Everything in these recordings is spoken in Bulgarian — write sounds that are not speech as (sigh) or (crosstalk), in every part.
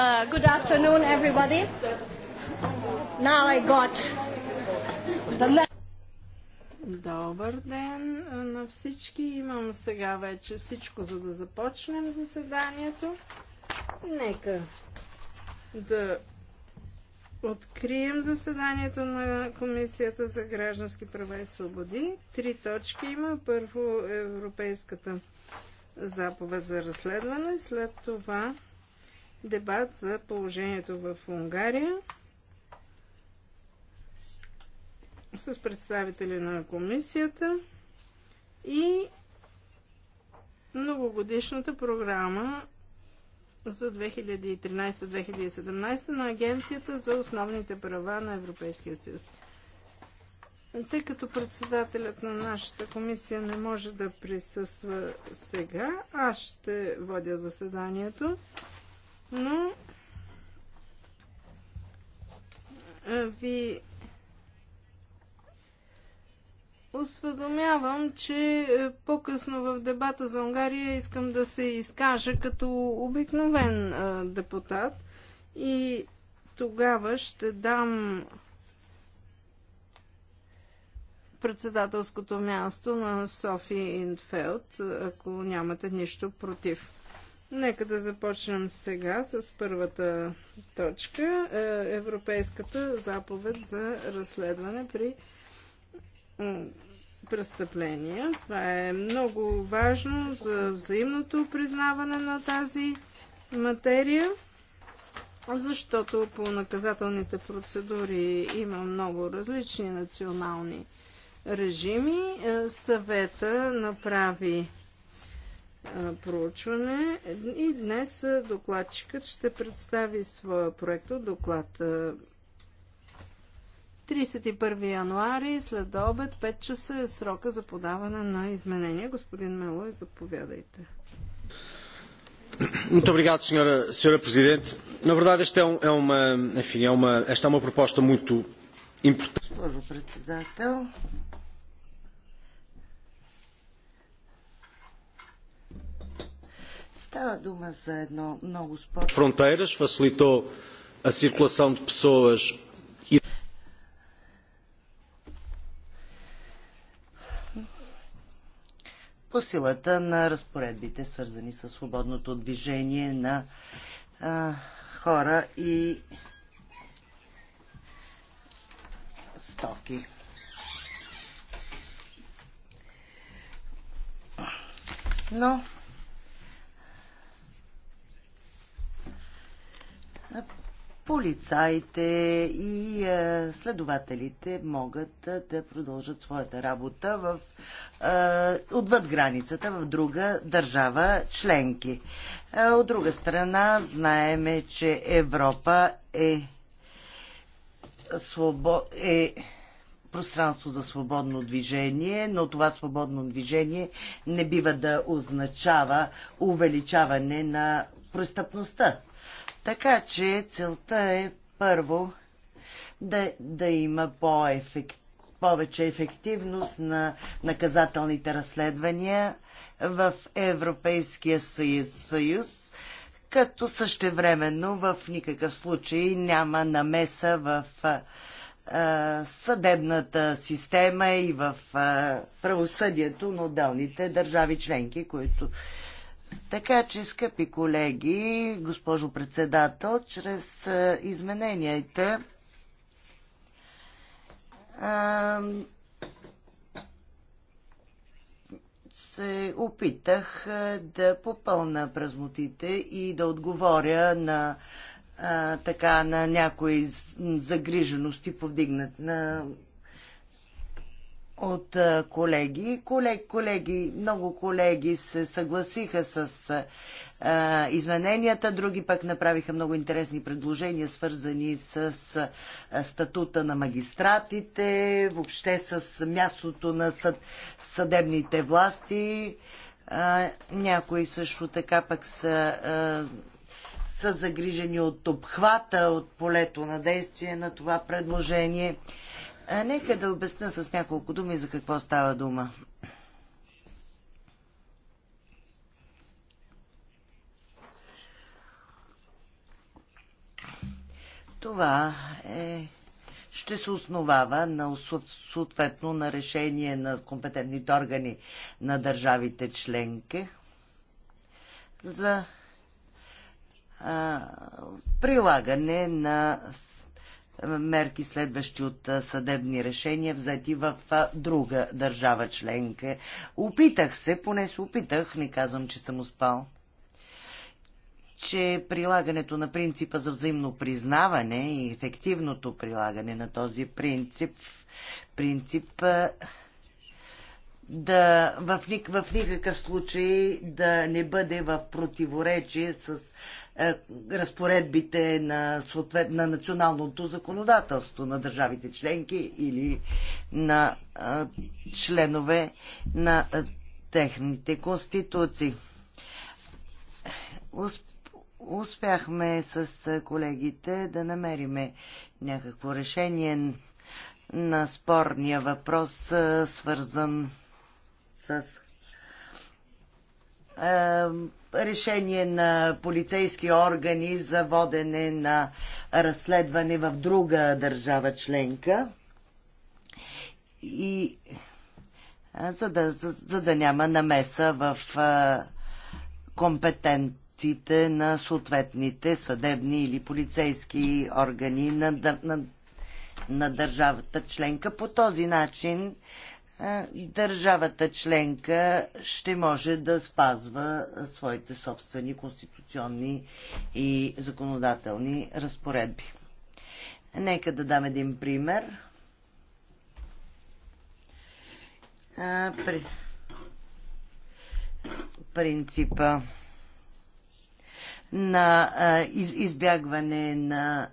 Uh, good afternoon, everybody. Now I got the Добър ден на всички. Имам сега вече всичко, за да започнем заседанието. Нека да открием заседанието на Комисията за граждански права и свободи. Три точки има. Първо Европейската заповед за разследване, след това дебат за положението в Унгария с представители на комисията и многогодишната програма за 2013-2017 на Агенцията за основните права на Европейския съюз. Тъй като председателят на нашата комисия не може да присъства сега, аз ще водя заседанието но ви осведомявам, че е, по-късно в дебата за Унгария искам да се изкажа като обикновен депутат и тогава ще дам председателското място на Софи Инфелд, ако нямате нищо против. Нека да започнем сега с първата точка. Е, Европейската заповед за разследване при престъпления. Това е много важно за взаимното признаване на тази материя, защото по наказателните процедури има много различни национални режими. Е, съвета направи проучване и днес докладчикът ще представи своя проект от доклад. 31 януари, след обед, 5 часа е срока за подаване на изменения. Господин Мелой, заповядайте. Muito obrigado, senhora, senhora Presidente. Na verdade, esta é, um, é uma, enfim, é uma, esta é uma proposta muito importante. Става дума за едно много спорно. Фронтейрас фасилито a circulação de pessoas и e- по силата на разпоредбите, свързани с свободното движение на а, хора и стоки. Но полицаите и е, следователите могат е, да продължат своята работа в, е, отвъд границата в друга държава членки. От друга страна, знаеме, че Европа е, слабо, е пространство за свободно движение, но това свободно движение не бива да означава увеличаване на престъпността. Така че целта е първо да, да има по-ефект, повече ефективност на наказателните разследвания в Европейския съюз, съюз като същевременно в никакъв случай няма намеса в а, съдебната система и в а, правосъдието на отделните държави членки, които така че, скъпи колеги, госпожо председател, чрез измененията се опитах да попълна празнотите и да отговоря на а, така на някои загрижености повдигнат на от колеги. Колег, колеги, много колеги се съгласиха с а, измененията, други пък направиха много интересни предложения, свързани с а, статута на магистратите, въобще с мястото на съд, съдебните власти. А, някои също така пък са. А, са загрижени от обхвата, от полето на действие на това предложение. А, нека да обясня с няколко думи за какво става дума. Това е ще се основава на, съответно на решение на компетентните органи на държавите членки за а, прилагане на мерки, следващи от съдебни решения, взети в друга държава членка. Опитах се, поне се опитах, не казвам, че съм успал, че прилагането на принципа за взаимно признаване и ефективното прилагане на този принцип, принцип да в, ник, в никакъв случай да не бъде в противоречие с е, разпоредбите на, съответ, на националното законодателство на държавите членки или на е, членове на е, техните конституции. успяхме с е, колегите да намериме някакво решение на спорния въпрос, е, свързан с е, решение на полицейски органи за водене на разследване в друга държава членка. И е, за да, за, за да няма намеса в а, е, компетентите на съответните съдебни или полицейски органи на, на, на държавата членка. По този начин държавата членка ще може да спазва своите собствени конституционни и законодателни разпоредби. Нека да дам един пример. При... Принципа на избягване на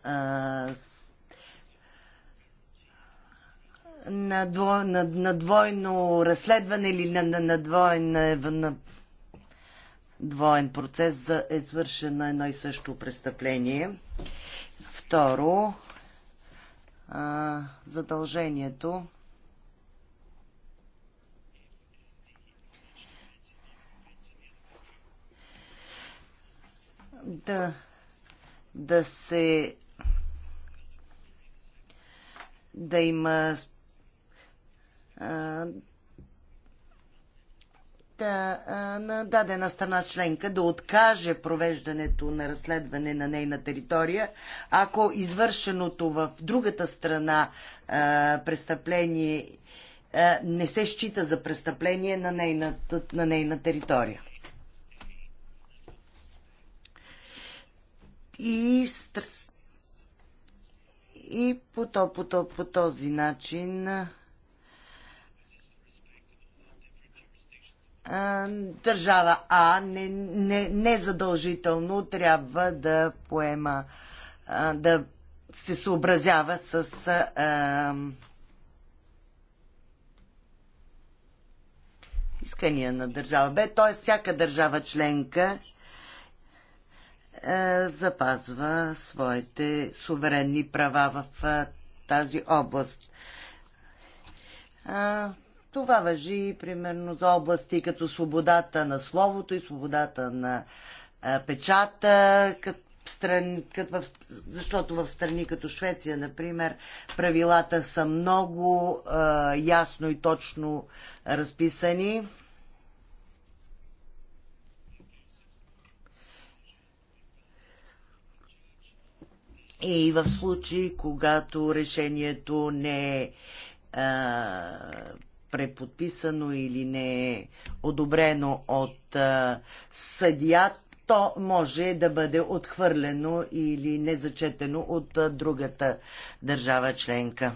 на, дво, на, на двойно разследване или на, на, на, двоен, на двоен процес за е свършено едно и също престъпление. Второ, а, задължението да, да се да има да, на дадена страна членка да откаже провеждането на разследване на нейна територия, ако извършеното в другата страна а, престъпление а, не се счита за престъпление на нейна, на нейна територия. И, и по, то, по, то, по този начин. А, държава А не, не, не задължително трябва да поема, да се съобразява с а, искания на държава Б, т.е. всяка държава членка а, запазва своите суверенни права в а, тази област. Това въжи примерно за области като свободата на словото и свободата на а, печата, като Стран, като в, защото в страни като Швеция, например, правилата са много е, ясно и точно разписани. И в случай, когато решението не е преподписано или не е одобрено от а, съдия, то може да бъде отхвърлено или незачетено от а, другата държава членка.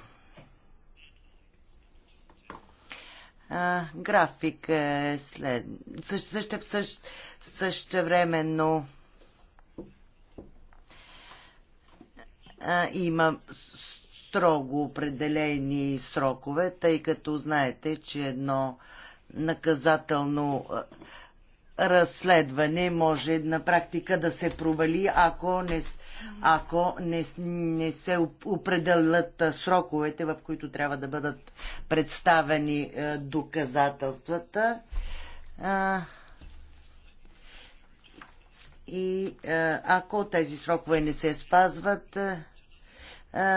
А, график е след... Също, също, също, същевременно а, има строго определени срокове, тъй като знаете, че едно наказателно разследване може на практика да се провали, ако не, ако не, не се определят сроковете, в които трябва да бъдат представени доказателствата. И ако тези срокове не се спазват,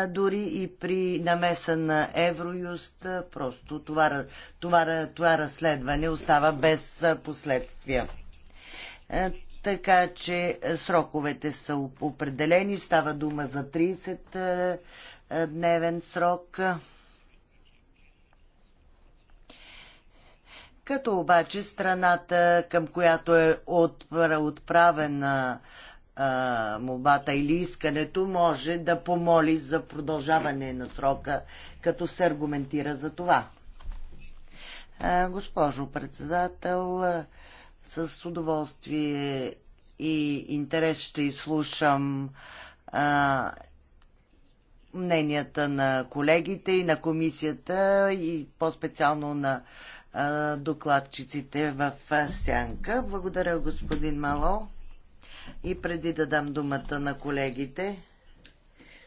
дори и при намеса на Евроюст, просто това, това, това разследване остава без последствия. Така че сроковете са определени. Става дума за 30-дневен срок. Като обаче страната, към която е отправена а, мобата или искането, може да помоли за продължаване на срока, като се аргументира за това. А, госпожо председател, с удоволствие и интерес ще изслушам а, мненията на колегите и на комисията и по-специално на а, докладчиците в Сянка. Благодаря, господин Мало. И преди да дам думата на колегите,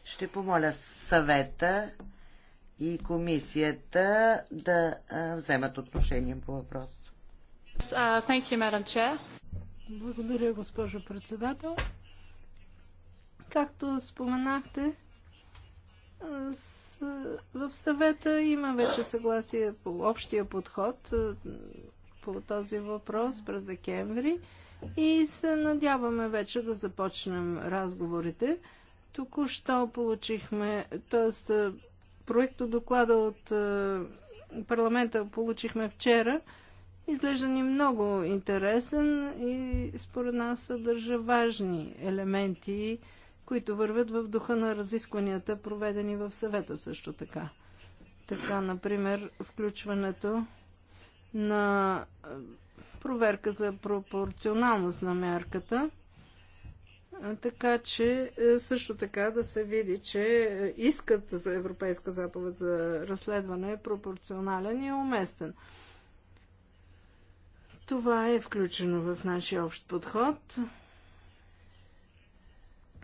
ще помоля съвета и комисията да вземат отношение по въпрос. Uh, you, Благодаря, госпожо председател. Както споменахте, в съвета има вече съгласие по общия подход по този въпрос през декември и се надяваме вече да започнем разговорите. Току-що получихме, т.е. проекто доклада от е, парламента получихме вчера. Изглежда ни много интересен и според нас съдържа важни елементи, които вървят в духа на разискванията, проведени в съвета също така. Така, например, включването на е, проверка за пропорционалност на мярката, така че е, също така да се види, че е, искът за Европейска заповед за разследване е пропорционален и е уместен. Това е включено в нашия общ подход.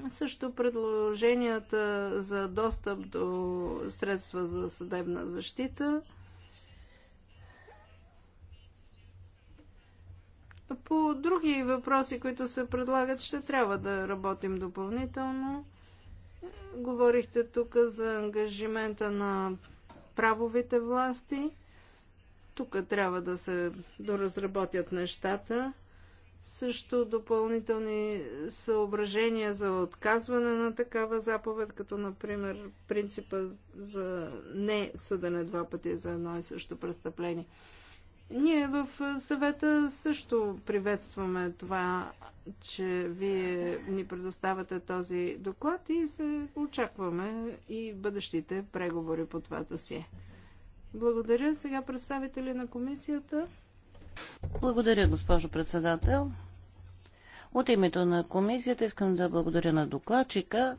Също предложенията за достъп до средства за съдебна защита – По други въпроси, които се предлагат, ще трябва да работим допълнително. Говорихте тук за ангажимента на правовите власти. Тук трябва да се доразработят нещата. Също допълнителни съображения за отказване на такава заповед, като например принципа за не съдане два пъти за едно и също престъпление. Ние в съвета също приветстваме това, че вие ни предоставяте този доклад и се очакваме и бъдещите преговори по това досие. Благодаря. Сега представители на комисията. Благодаря, госпожо председател. От името на комисията искам да благодаря на докладчика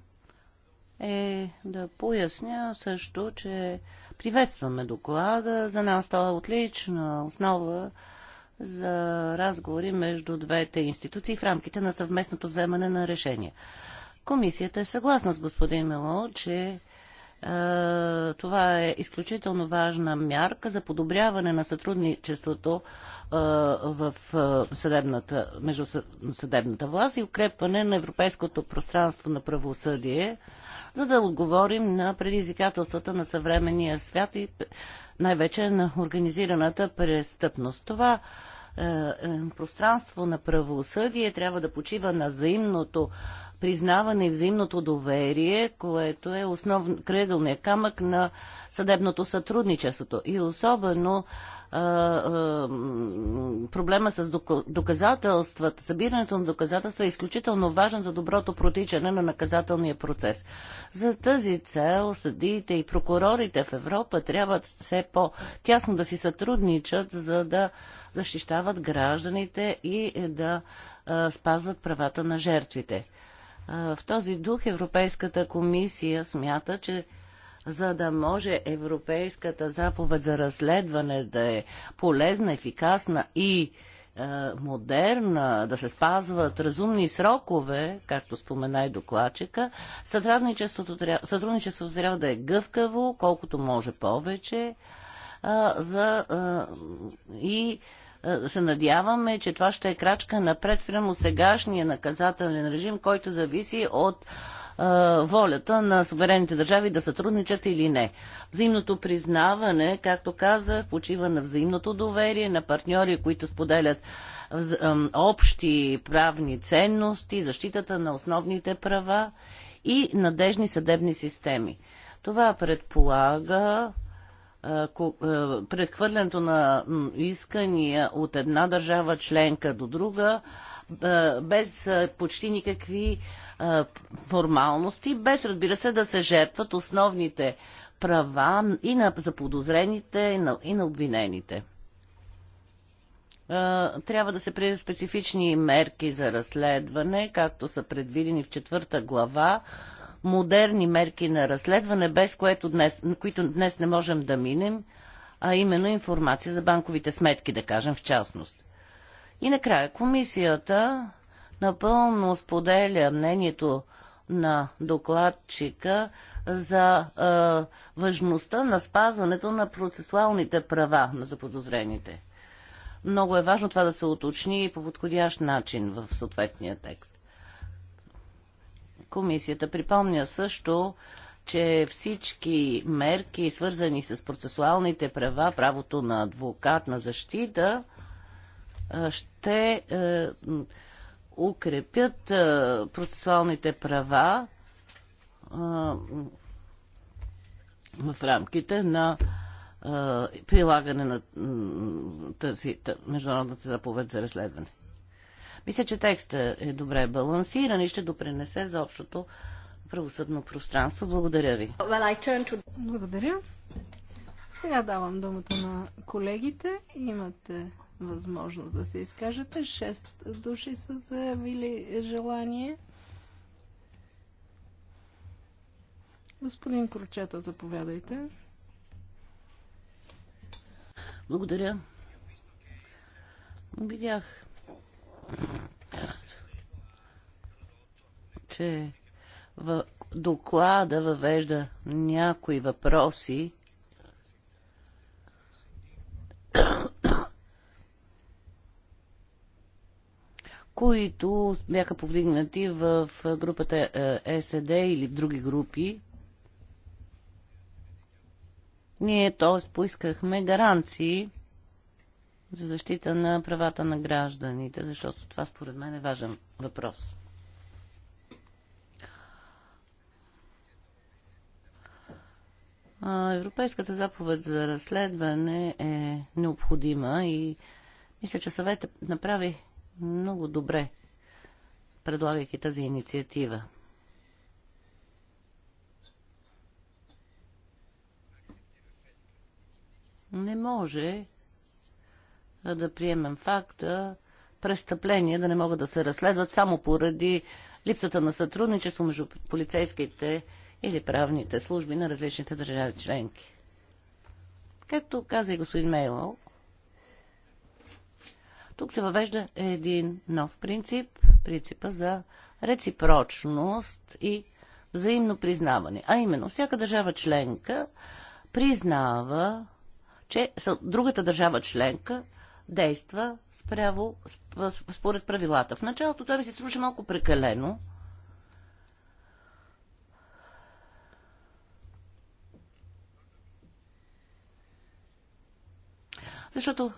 е да поясня също, че Приветстваме доклада. За нас това е отлична основа за разговори между двете институции в рамките на съвместното вземане на решения. Комисията е съгласна с господин Мело, че е, това е изключително важна мярка за подобряване на сътрудничеството е, в е, съдебната, между съдебната власт и укрепване на европейското пространство на правосъдие, за да отговорим на предизвикателствата на съвременния свят и най-вече на организираната престъпност. Това е, е, пространство на правосъдие трябва да почива на взаимното признаване и взаимното доверие, което е основ... кръгълният камък на съдебното сътрудничеството. И особено е, проблема с доказателствата, събирането на доказателства е изключително важен за доброто протичане на наказателния процес. За тази цел съдиите и прокурорите в Европа трябва все по-тясно да си сътрудничат, за да защищават гражданите и да спазват правата на жертвите. В този дух Европейската комисия смята, че за да може Европейската заповед за разследване да е полезна, ефикасна и е, модерна, да се спазват разумни срокове, както спомена и докладчика, сътрудничеството, сътрудничеството трябва да е гъвкаво, колкото може повече, а, за, а, и е, се надяваме, че това ще е крачка напред спрямо сегашния наказателен режим, който зависи от е, волята на суверенните държави да сътрудничат или не. Взаимното признаване, както казах, почива на взаимното доверие на партньори, които споделят общи правни ценности, защитата на основните права и надежни съдебни системи. Това предполага прехвърлянето на искания от една държава членка до друга, без почти никакви формалности, без разбира се да се жертват основните права и на заподозрените, и на, и на обвинените. Трябва да се приедат специфични мерки за разследване, както са предвидени в четвърта глава модерни мерки на разследване, без което днес, които днес не можем да минем, а именно информация за банковите сметки, да кажем в частност. И накрая комисията напълно споделя мнението на докладчика за е, важността на спазването на процесуалните права на заподозрените. Много е важно това да се уточни и по подходящ начин в съответния текст. Комисията припомня също, че всички мерки, свързани с процесуалните права, правото на адвокат, на защита, ще е, укрепят е, процесуалните права е, в рамките на прилагане на тази международната заповед за разследване. Мисля, че текста е добре балансиран и ще допренесе за общото правосъдно пространство. Благодаря ви. Благодаря. Сега давам думата на колегите. Имате възможност да се изкажете. Шест души са заявили желание. Господин Кручета, заповядайте. Благодаря. Видях че в доклада въвежда някои въпроси, които бяха повдигнати в групата е, СД е или в други групи. Ние, т.е., поискахме гаранции за защита на правата на гражданите, защото това според мен е важен въпрос. Европейската заповед за разследване е необходима и мисля, че съветът направи много добре, предлагайки тази инициатива. Не може да приемем факта престъпления да не могат да се разследват само поради липсата на сътрудничество между полицейските или правните служби на различните държави членки. Както каза и господин Мейло, тук се въвежда един нов принцип, принципа за реципрочност и взаимно признаване. А именно, всяка държава членка признава, че другата държава членка действа спряво, според правилата. В началото това ми се струваше малко прекалено. Защото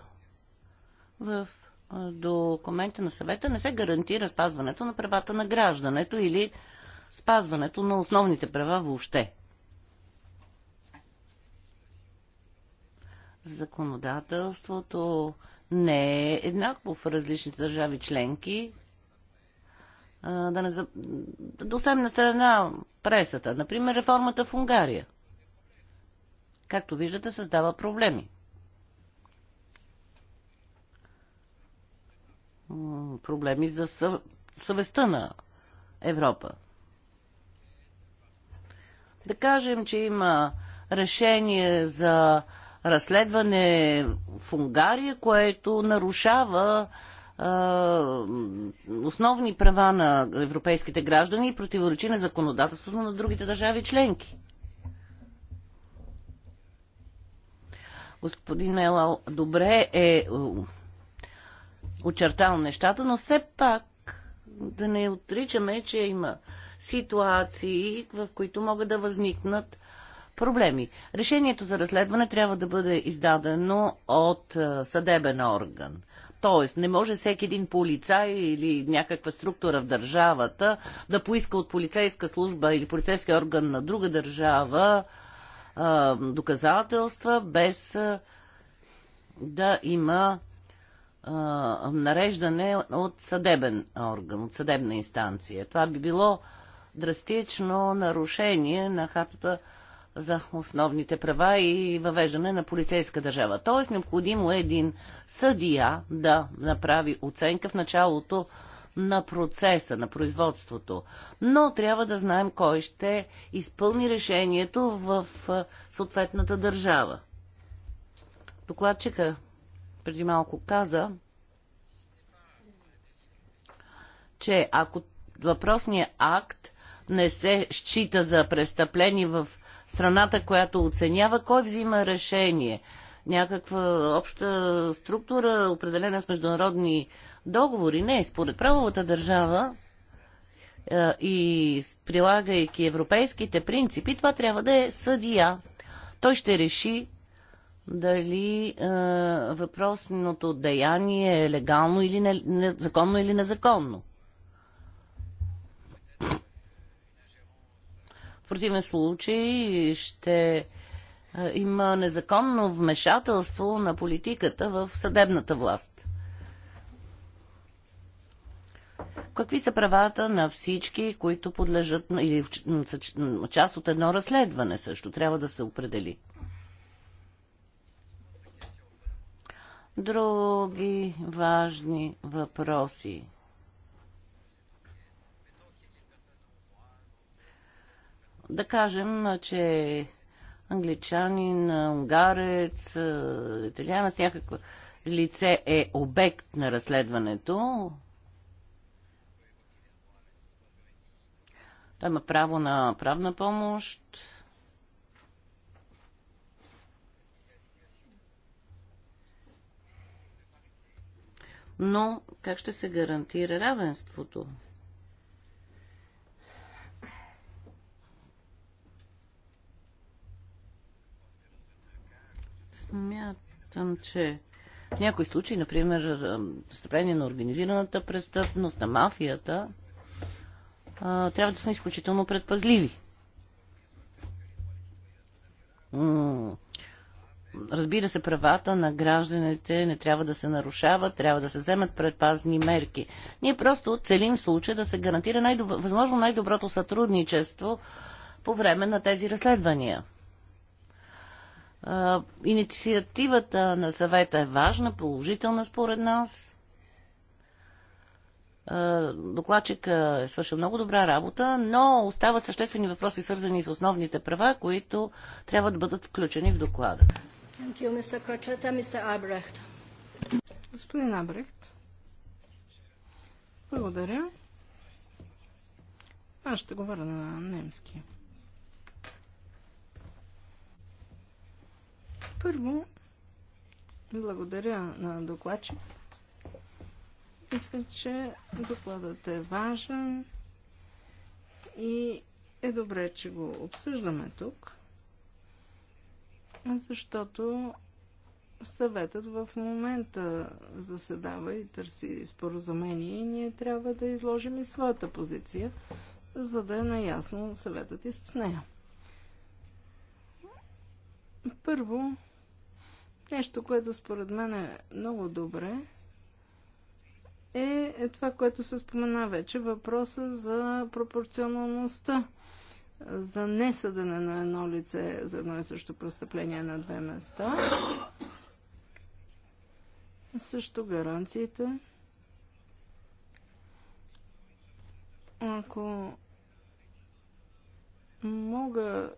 в документа на съвета не се гарантира спазването на правата на граждането или спазването на основните права въобще. Законодателството не е еднакво в различните държави членки. да, не за... да оставим на страна пресата. Например, реформата в Унгария. Както виждате, създава проблеми. Проблеми за съ... съвестта на Европа. Да кажем, че има решение за разследване в Унгария, което нарушава основни права на европейските граждани и противоречи на законодателството на другите държави членки. Господин Ела, добре е очертал нещата, но все пак да не отричаме, че има ситуации, в които могат да възникнат проблеми. Решението за разследване трябва да бъде издадено от съдебен орган. Тоест, не може всеки един полицай или някаква структура в държавата да поиска от полицейска служба или полицейски орган на друга държава а, доказателства без а, да има а, нареждане от съдебен орган, от съдебна инстанция. Това би било драстично нарушение на хартата за основните права и въвеждане на полицейска държава. Тоест, необходимо е един съдия да направи оценка в началото на процеса, на производството. Но трябва да знаем кой ще изпълни решението в съответната държава. Докладчика преди малко каза, че ако въпросният акт не се счита за престъпление в страната, която оценява, кой взима решение? Някаква обща структура, определена с международни договори? Не, според правовата държава е, и прилагайки европейските принципи, това трябва да е съдия. Той ще реши дали е, въпросното деяние е легално или не, или незаконно. В противен случай ще има незаконно вмешателство на политиката в съдебната власт. Какви са правата на всички, които подлежат или част от едно разследване също? Трябва да се определи. Други важни въпроси. Да кажем, че англичанин, унгарец, е, италианец, някакво лице е обект на разследването, Той има право на правна помощ. Но как ще се гарантира равенството? Смятам, че в някои случаи, например, престъпление на организираната престъпност, на мафията, трябва да сме изключително предпазливи. Разбира се, правата на гражданите не трябва да се нарушават, трябва да се вземат предпазни мерки. Ние просто целим в случая да се гарантира най възможно най-доброто сътрудничество по време на тези разследвания инициативата на съвета е важна, положителна според нас. докладчика е свършил много добра работа, но остават съществени въпроси, свързани с основните права, които трябва да бъдат включени в доклада. Господин Абрехт, благодаря. Аз ще говоря на немски. Първо, благодаря на докладчик. Мисля, че докладът е важен и е добре, че го обсъждаме тук, защото съветът в момента заседава и търси споразумение и ние трябва да изложим и своята позиция, за да е наясно съветът и с нея. Първо, Нещо, което според мен е много добре, е, е това, което се спомена вече, въпроса за пропорционалността, за несъдане на едно лице за едно и също престъпление на две места. Също гаранциите. Ако мога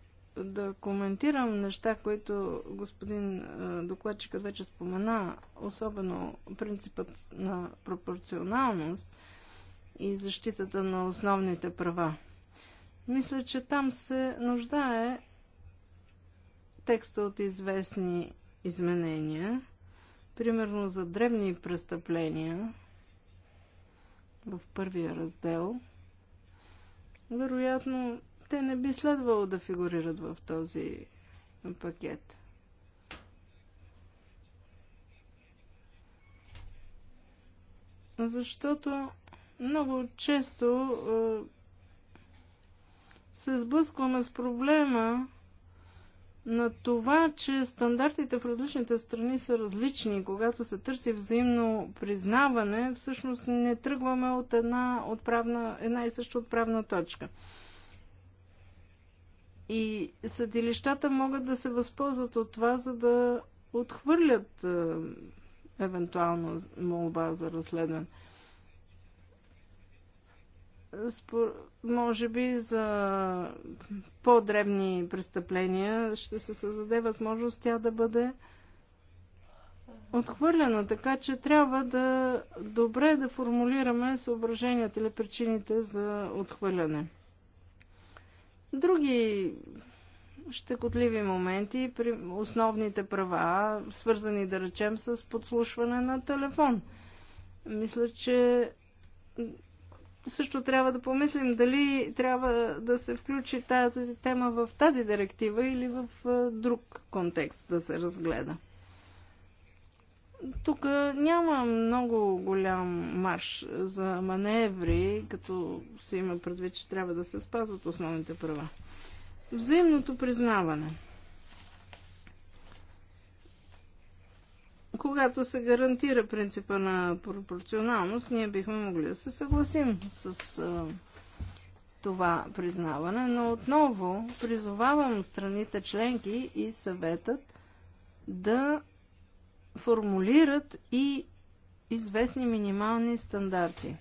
да коментирам неща, които господин е, докладчикът вече спомена, особено принципът на пропорционалност и защитата на основните права. Мисля, че там се нуждае текста от известни изменения, примерно за древни престъпления в първия раздел. Вероятно, те не би следвало да фигурират в този пакет. Защото много често се сблъскваме с проблема на това, че стандартите в различните страни са различни. Когато се търси взаимно признаване, всъщност не тръгваме от една, правна, една и съща отправна точка. И съдилищата могат да се възползват от това, за да отхвърлят е, евентуално молба за разследване. Спор... Може би за по-дребни престъпления ще се създаде възможност тя да бъде отхвърлена, така че трябва да добре да формулираме съображенията или причините за отхвърляне. Други щекотливи моменти при основните права, свързани да речем с подслушване на телефон. Мисля, че също трябва да помислим дали трябва да се включи тази тема в тази директива или в друг контекст да се разгледа. Тук няма много голям марш за маневри, като се има предвид, че трябва да се спазват основните права. Взаимното признаване. Когато се гарантира принципа на пропорционалност, ние бихме могли да се съгласим с а, това признаване, но отново призовавам страните членки и съветът да формулират и известни минимални стандарти.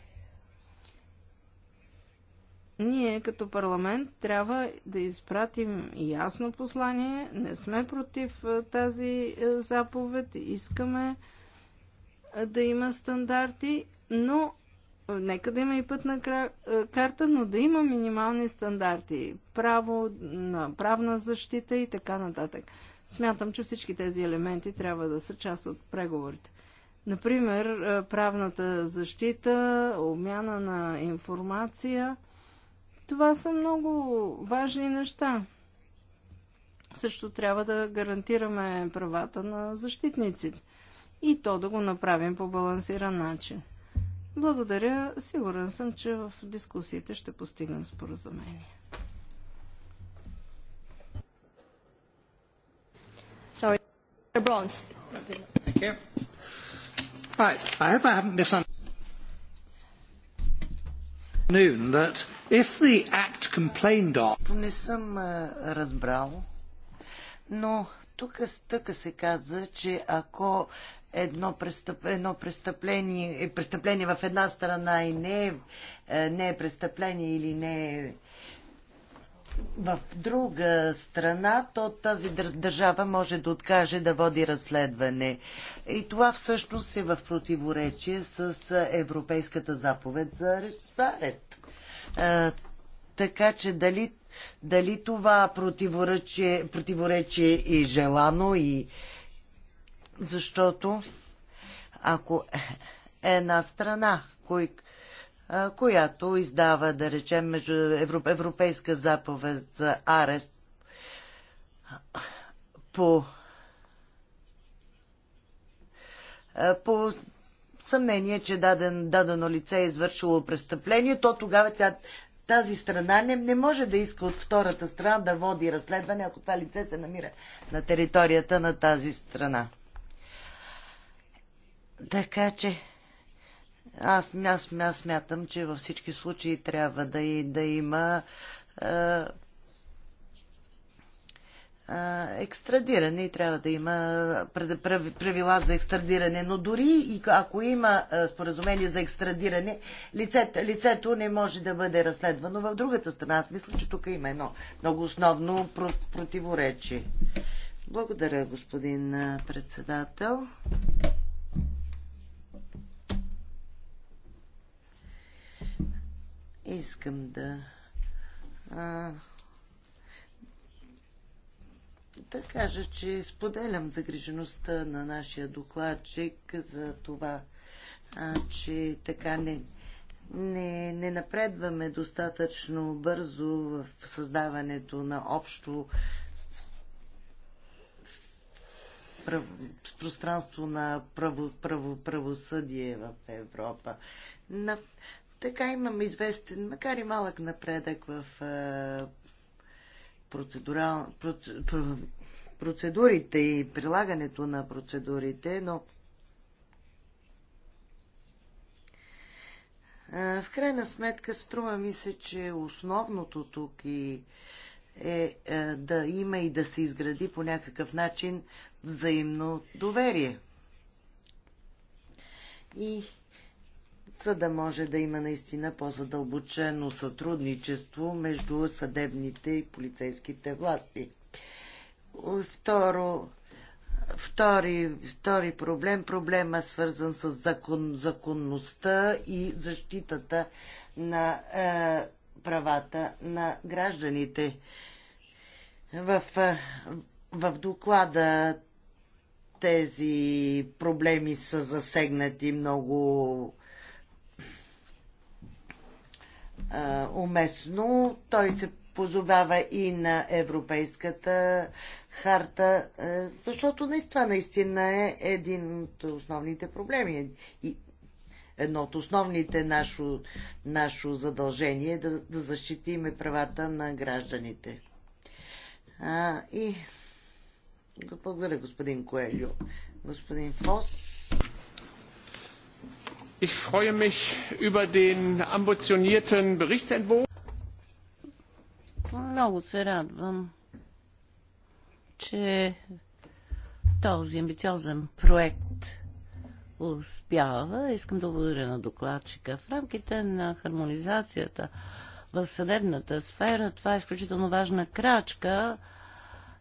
Ние като парламент трябва да изпратим ясно послание. Не сме против тази заповед. Искаме да има стандарти, но нека да има и пътна карта, но да има минимални стандарти. Право на правна защита и така нататък. Смятам, че всички тези елементи трябва да са част от преговорите. Например, е, правната защита, обмяна на информация. Това са много важни неща. Също трябва да гарантираме правата на защитниците и то да го направим по балансиран начин. Благодаря. Сигурен съм, че в дискусиите ще постигнем споразумение. Sorry, Mr. Bronze. Thank you. Right, I hope I haven't misunderstood that if the act complained of... Не съм разбрал, но тук, стъка се каза, че ако едно, престъп, едно престъпление, е престъпление в една страна и не е, не е престъпление или не е в друга страна, то тази държава може да откаже да води разследване. И това всъщност е в противоречие с Европейската заповед за арест. Така че дали, дали това противоречие, противоречие е желано и защото ако е една страна, кой, която издава, да речем, между европейска заповед за арест по, по съмнение, че даден, дадено лице е извършило престъпление, то тогава тя, тази страна не, не може да иска от втората страна да води разследване, ако това лице се намира на територията на тази страна. Така че аз, аз, аз смятам, че във всички случаи трябва да, и, да има екстрадиране и трябва да има правила за екстрадиране. Но дори и ако има споразумение за екстрадиране, лицето, лицето не може да бъде разследвано в другата страна. Аз мисля, че тук има едно много основно противоречие. Благодаря, господин председател. Искам да а, да кажа, че споделям загрижеността на нашия докладчик за това, а, че така не, не, не напредваме достатъчно бързо в създаването на общо с, с, с пространство на право, право, правосъдие в Европа. На, така имам известен, макар и малък напредък в процедурал, процедурите и прилагането на процедурите, но в крайна сметка струва ми се, че основното тук и е да има и да се изгради по някакъв начин взаимно доверие. И за да може да има наистина по-задълбочено сътрудничество между съдебните и полицейските власти. Второ, втори, втори проблем, проблема свързан с закон, законността и защитата на е, правата на гражданите. В, е, в доклада тези проблеми са засегнати много а, уместно. Той се позовава и на Европейската харта, а, защото наистина, наистина е един от основните проблеми. И едно от основните нашо, нашо задължение е да, да защитим правата на гражданите. А, и благодаря, господин Коелю. Господин Фос. Ich freue mich über den ambitionierten Berichtsentwurf. Много се радвам, че този амбициозен проект успява. Искам да благодаря на докладчика. В рамките на хармонизацията в съдебната сфера това е изключително важна крачка.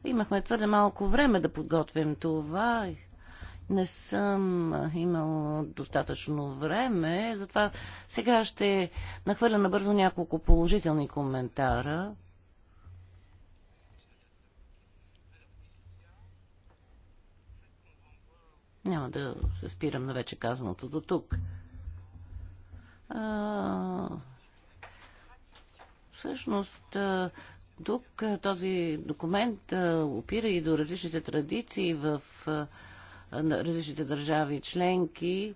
Имахме твърде малко време да подготвим това не съм имал достатъчно време, затова сега ще нахвърля набързо няколко положителни коментара. Няма да се спирам на вече казаното до тук. А, всъщност, тук този документ опира и до различните традиции в а, на различните държави членки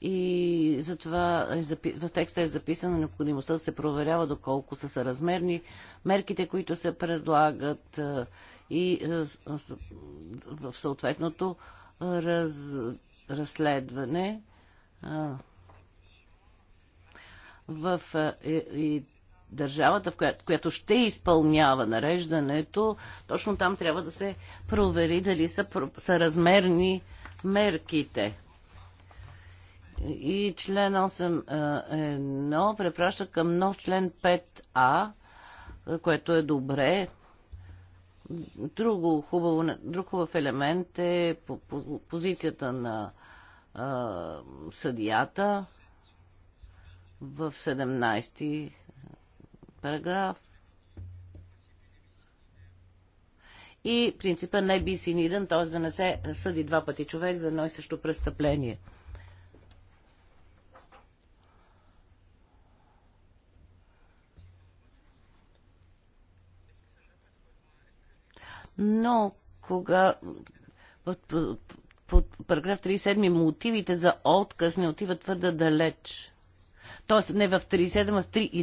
и затова е запи... в текста е записана необходимостта да се проверява доколко са съразмерни мерките, които се предлагат и в съответното раз... разследване. В държавата, в която, която ще изпълнява нареждането, точно там трябва да се провери дали са, са размерни мерките. И член 8.1 препраща към нов член 5а, което е добре. Друго хубаво, друг хубав елемент е позицията на а, съдията в 17 параграф. И принципа не би си ниден, т.е. да не се съди два пъти човек за едно и също престъпление. Но кога по, параграф 37 мотивите за отказ не отиват твърде далеч. Тоест не в 37, а в 3 и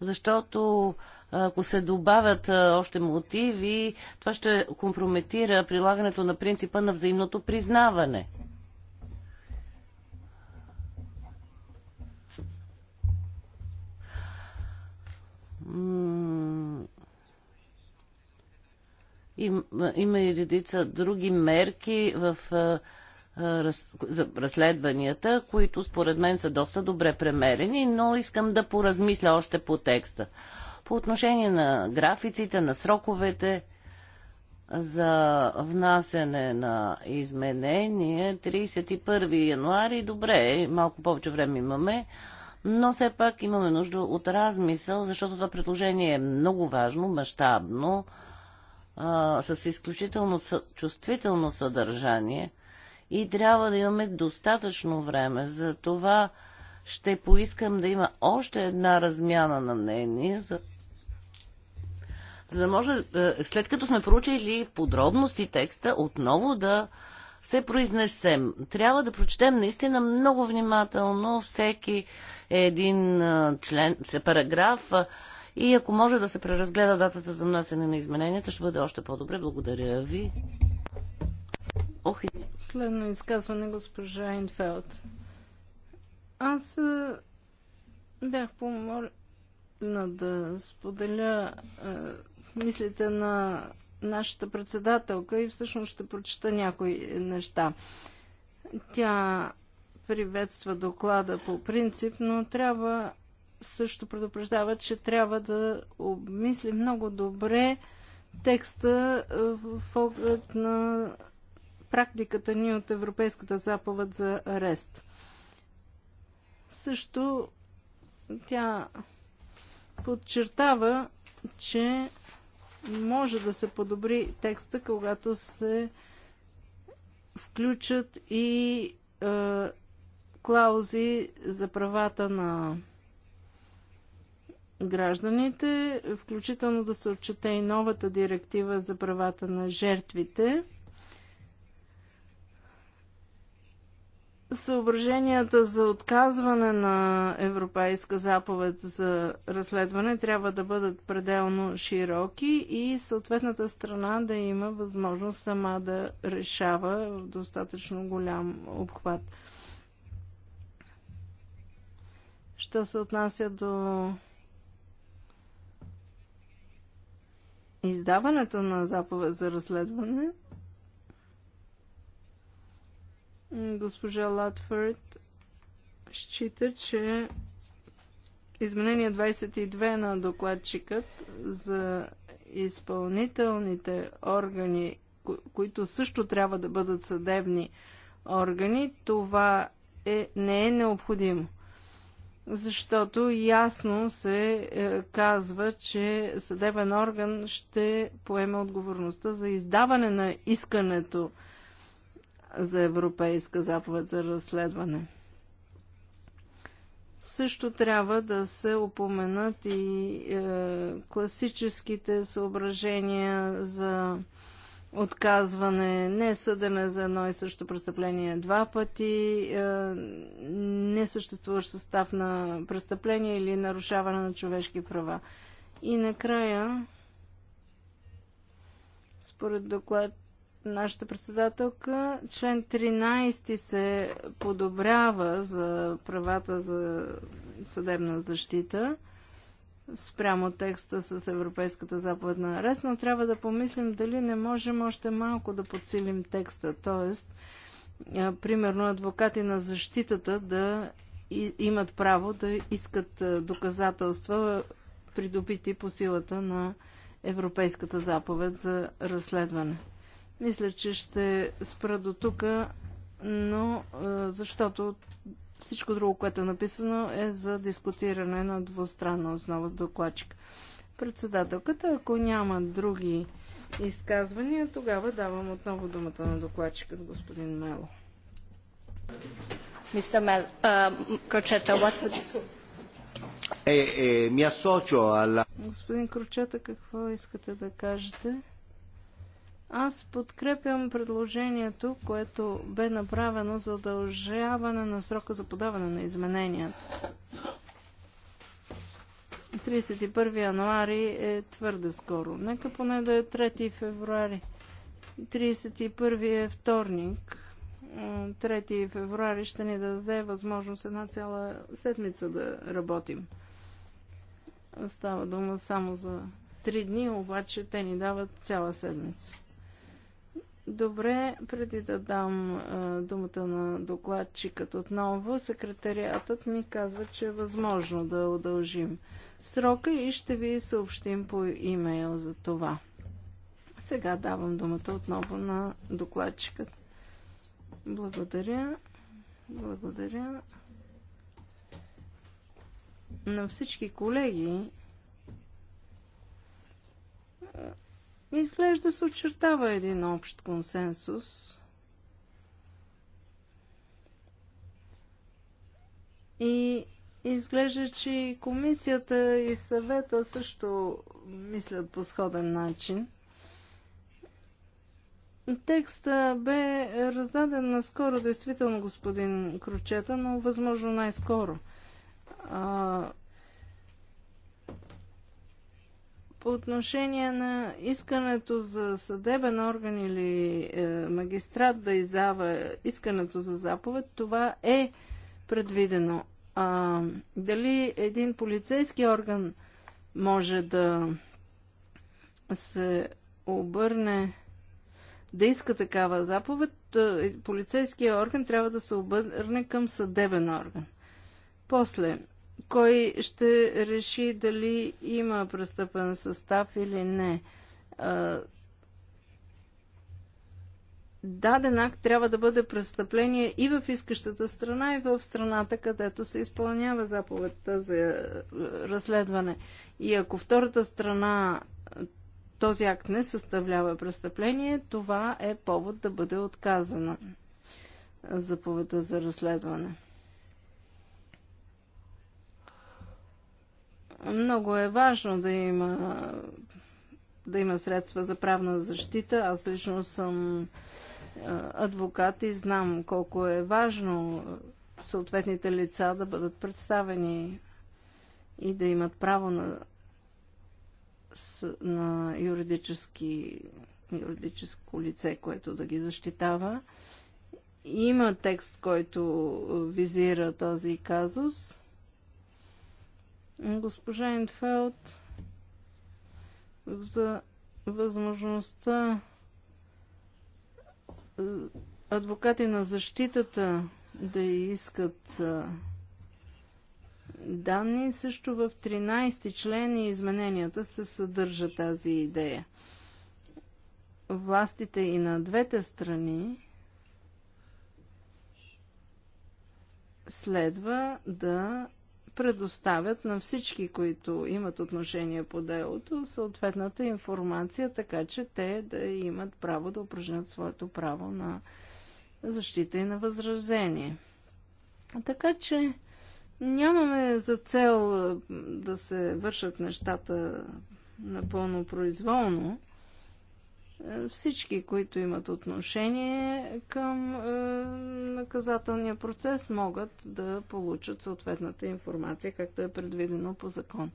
защото ако се добавят още мотиви, това ще компрометира прилагането на принципа на взаимното признаване. Има и редица други мерки в раз, за разследванията, които според мен са доста добре премерени, но искам да поразмисля още по текста. По отношение на графиците, на сроковете за внасене на изменение 31 януари, добре, малко повече време имаме, но все пак имаме нужда от размисъл, защото това предложение е много важно, мащабно, с изключително чувствително съдържание – и трябва да имаме достатъчно време. За това ще поискам да има още една размяна на мнение, за, за да може, е, след като сме проучили подробности текста, отново да се произнесем. Трябва да прочетем наистина много внимателно всеки един е, член, параграф е, и ако може да се преразгледа датата за внасяне на измененията, ще бъде още по-добре. Благодаря ви. Следно изказване госпожа Инфелд. Аз бях помолена да споделя е, мислите на нашата председателка и всъщност ще прочета някои неща. Тя приветства доклада по принцип, но трябва също предупреждава, че трябва да обмисли много добре текста в оглед на практиката ни от Европейската заповед за арест. Също тя подчертава, че може да се подобри текста, когато се включат и е, клаузи за правата на гражданите, включително да се отчете и новата директива за правата на жертвите. Съображенията за отказване на Европейска заповед за разследване трябва да бъдат пределно широки и съответната страна да има възможност сама да решава в достатъчно голям обхват. Що се отнася до издаването на заповед за разследване, Госпожа Латфорд счита, че изменение 22 на докладчикът за изпълнителните органи, които също трябва да бъдат съдебни органи, това е, не е необходимо защото ясно се е, казва, че съдебен орган ще поеме отговорността за издаване на искането за Европейска заповед за разследване. Също трябва да се упоменат и е, класическите съображения за отказване, не съдене за едно и също престъпление два пъти, е, съществуващ състав на престъпление или нарушаване на човешки права. И накрая, според доклад нашата председателка. Член 13 се подобрява за правата за съдебна защита спрямо текста с Европейската заповед на арест, но трябва да помислим дали не можем още малко да подсилим текста, т.е. примерно адвокати на защитата да имат право да искат доказателства, придобити по силата на Европейската заповед за разследване. Мисля, че ще спра до тук, но е, защото всичко друго, което е написано, е за дискутиране на двустранна основа с докладчик. Председателката, ако няма други изказвания, тогава давам отново думата на докладчикът господин Мело. Mr. Mel, uh, Crocetta, what would you... Е, е, господин Крочета, какво искате да кажете? Аз подкрепям предложението, което бе направено за удължаване на срока за подаване на измененията. 31 януари е твърде скоро. Нека поне да е 3 февруари. 31 е вторник. 3 февруари ще ни даде възможност една цяла седмица да работим. Става дума само за 3 дни, обаче те ни дават цяла седмица. Добре, преди да дам а, думата на докладчикът отново, секретариатът ми казва, че е възможно да удължим срока и ще ви съобщим по имейл за това. Сега давам думата отново на докладчикът. Благодаря. Благодаря на всички колеги Изглежда се очертава един общ консенсус. И изглежда, че и комисията и съвета също мислят по сходен начин. Текста бе раздаден наскоро, действително, господин Кручета, но възможно най-скоро. По отношение на искането за съдебен орган или е, магистрат да издава искането за заповед, това е предвидено. А, дали един полицейски орган може да се обърне да иска такава заповед, е, полицейския орган трябва да се обърне към съдебен орган. После, кой ще реши дали има престъпен състав или не. Даден акт трябва да бъде престъпление и в искащата страна, и в страната, където се изпълнява заповедта за е, разследване. И ако втората страна е, този акт не съставлява престъпление, това е повод да бъде отказана е, заповедта за разследване. Много е важно да има, да има средства за правна защита. Аз лично съм адвокат и знам колко е важно съответните лица да бъдат представени и да имат право на, на юридически, юридическо лице, което да ги защитава. Има текст, който визира този казус госпожа Инфелд за възможността е, адвокати на защитата да искат е, данни. Също в 13 член и измененията се съдържа тази идея. Властите и на двете страни следва да предоставят на всички, които имат отношение по делото, съответната информация, така че те да имат право да упражнят своето право на защита и на възражение. Така че нямаме за цел да се вършат нещата напълно произволно. Всички, които имат отношение към е, наказателния процес, могат да получат съответната информация, както е предвидено по закон.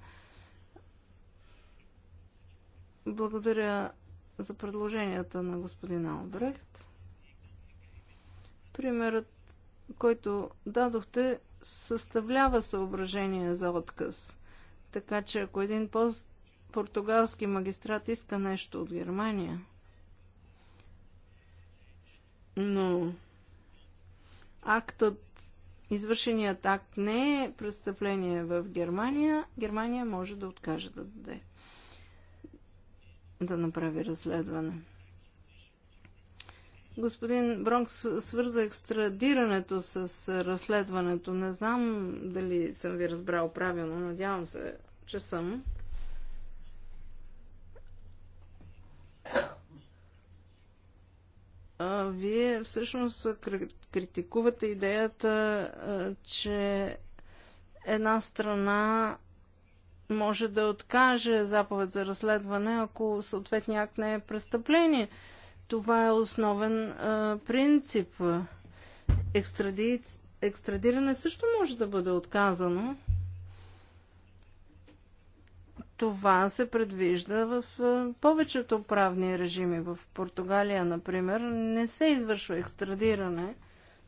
Благодаря за предложенията на господин Албрехт. Примерът, който дадохте, съставлява съображение за отказ. Така че ако един пост португалски магистрат иска нещо от Германия, но актът, извършеният акт не е престъпление в Германия. Германия може да откаже да даде да направи разследване. Господин Бронкс свърза екстрадирането с разследването. Не знам дали съм ви разбрал правилно. Надявам се, че съм. вие всъщност критикувате идеята, че една страна може да откаже заповед за разследване, ако съответния акт не е престъпление. Това е основен а, принцип. Екстради... Екстрадиране също може да бъде отказано, това се предвижда в повечето правни режими. В Португалия, например, не се извършва екстрадиране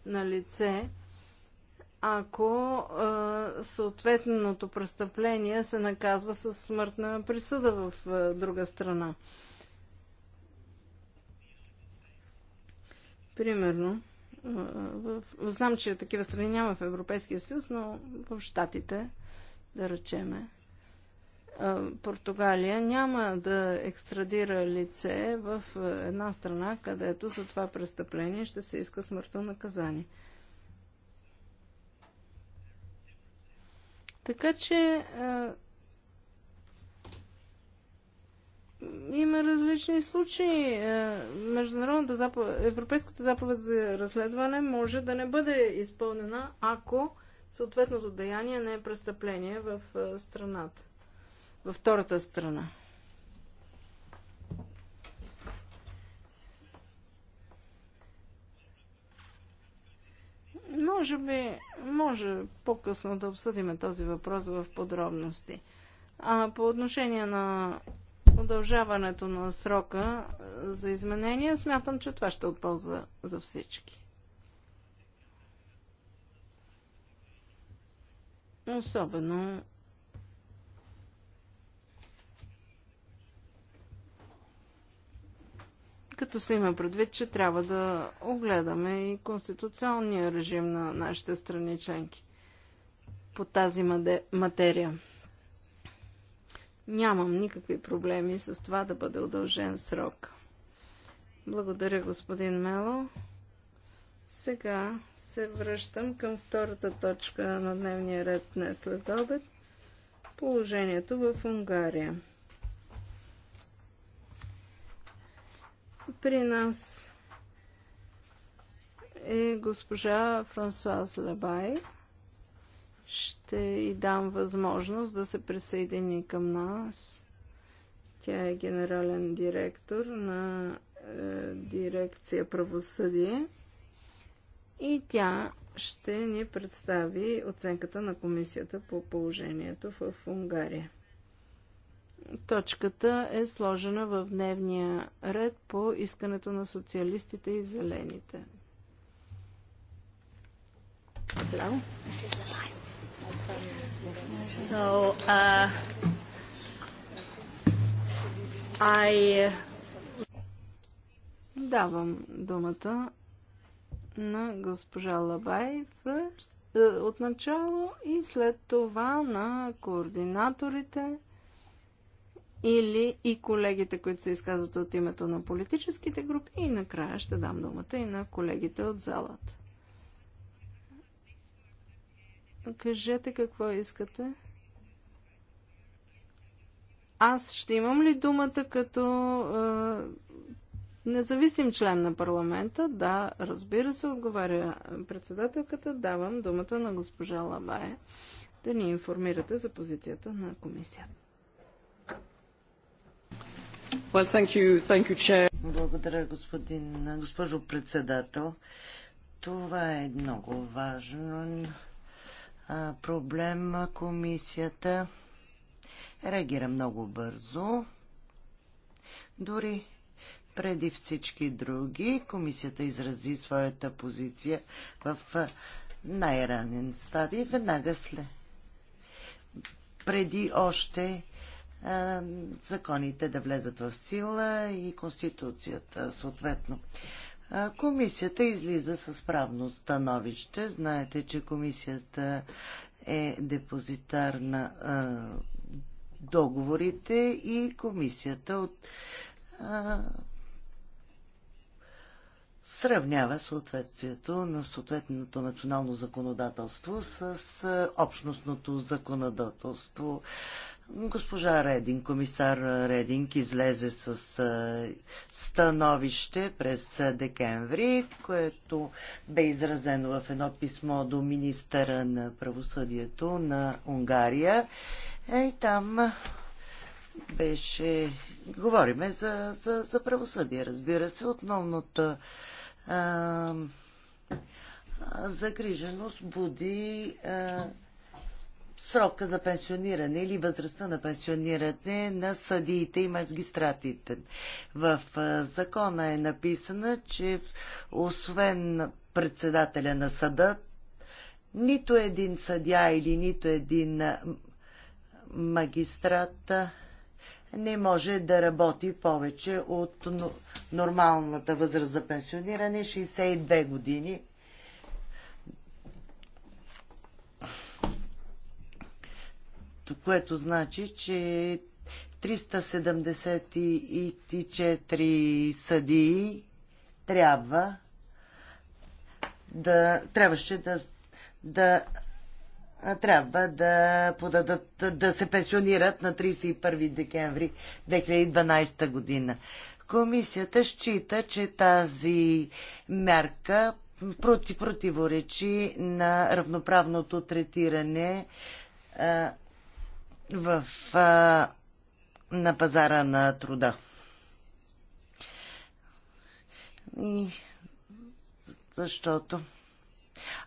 на лице, ако е, съответното престъпление се наказва със смъртна присъда в е, друга страна. Примерно, е, в, знам, че такива страни няма в Европейския съюз, но в Штатите, да речеме, Португалия няма да екстрадира лице в една страна, където за това престъпление ще се иска смъртно наказание. Така че е, има различни случаи. Е, международната заповед, Европейската заповед за разследване може да не бъде изпълнена, ако съответното деяние не е престъпление в страната във втората страна. Може би, може по-късно да обсъдим този въпрос в подробности. А по отношение на удължаването на срока за изменение, смятам, че това ще е отполза за всички. Особено като се има предвид, че трябва да огледаме и конституционния режим на нашите страни членки по тази материя. Нямам никакви проблеми с това да бъде удължен срок. Благодаря, господин Мело. Сега се връщам към втората точка на дневния ред днес след обед. Положението в Унгария. При нас е госпожа Франсуаз Лебай. Ще й дам възможност да се присъедини към нас. Тя е генерален директор на е, дирекция правосъдие и тя ще ни представи оценката на комисията по положението в Унгария. Точката е сложена в дневния ред по искането на социалистите и зелените. Hello? So, uh, I... Uh, Давам думата на госпожа Лабай first, uh, е, от начало и след това на координаторите или и колегите, които се изказват от името на политическите групи. И накрая ще дам думата и на колегите от залата. Кажете какво искате. Аз ще имам ли думата като е, независим член на парламента? Да, разбира се, отговаря председателката. Давам думата на госпожа Лабая да ни информирате за позицията на комисията. Благодаря, госпожо председател. Това е много важен проблем. Комисията реагира много бързо. Дори преди всички други, комисията изрази своята позиция в най-ранен стадий, веднага след. Преди още законите да влезат в сила и Конституцията съответно. Комисията излиза с правно становище. Знаете, че комисията е депозитар на а, договорите и комисията от, а, сравнява съответствието на съответното национално законодателство с а, общностното законодателство. А, Госпожа Редин, комисар Рединг, излезе с становище през декември, което бе изразено в едно писмо до министъра на правосъдието на Унгария. Е, и там беше... Говориме за, за, за правосъдие, разбира се. Основната а, загриженост буди а, срока за пенсиониране или възрастта на пенсиониране на съдиите и магистратите. В закона е написано, че освен председателя на съда, нито един съдя или нито един магистрат не може да работи повече от нормалната възраст за пенсиониране 62 години което значи, че 374 съдии трябва да трябваше да, да трябва да подадат, да се пенсионират на 31 декември 2012 година. Комисията счита, че тази мярка против, противоречи на равноправното третиране а, в, а, на пазара на труда. И защото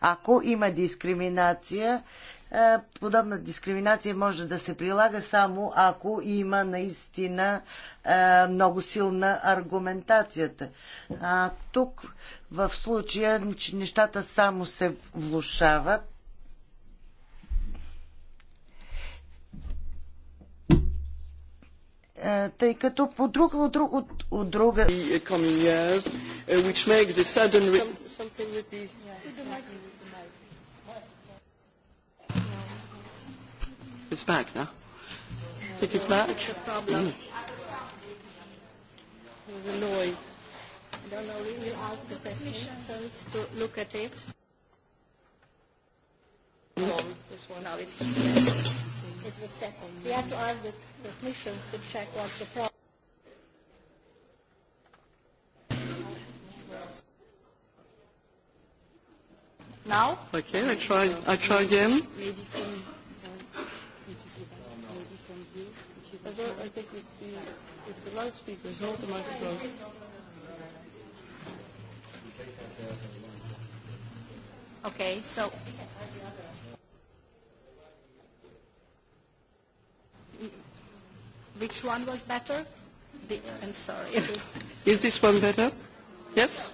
ако има дискриминация, подобна дискриминация може да се прилага само ако има наистина много силна аргументацията. А тук в случая нещата само се влушават тъй като по друг, от, друг, от, от друга... It's back now. I think it's back. Mm. The noise. I don't know. We will ask the technicians to look at it long, this one. now it's the second. It's the second. We have to ask the technicians to check what the problem. Now? Okay, I try, I try again. Maybe from, Mrs. maybe from you. I, I think it's the, it's the loudspeakers, not the microphone. Okay, so Which one was better? The, I'm sorry. Is this one better? Yes?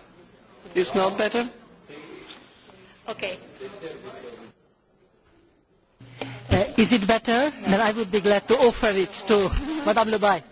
It's not better? Okay. Uh, is it better? Then I would be glad to offer it to Madame Lebay.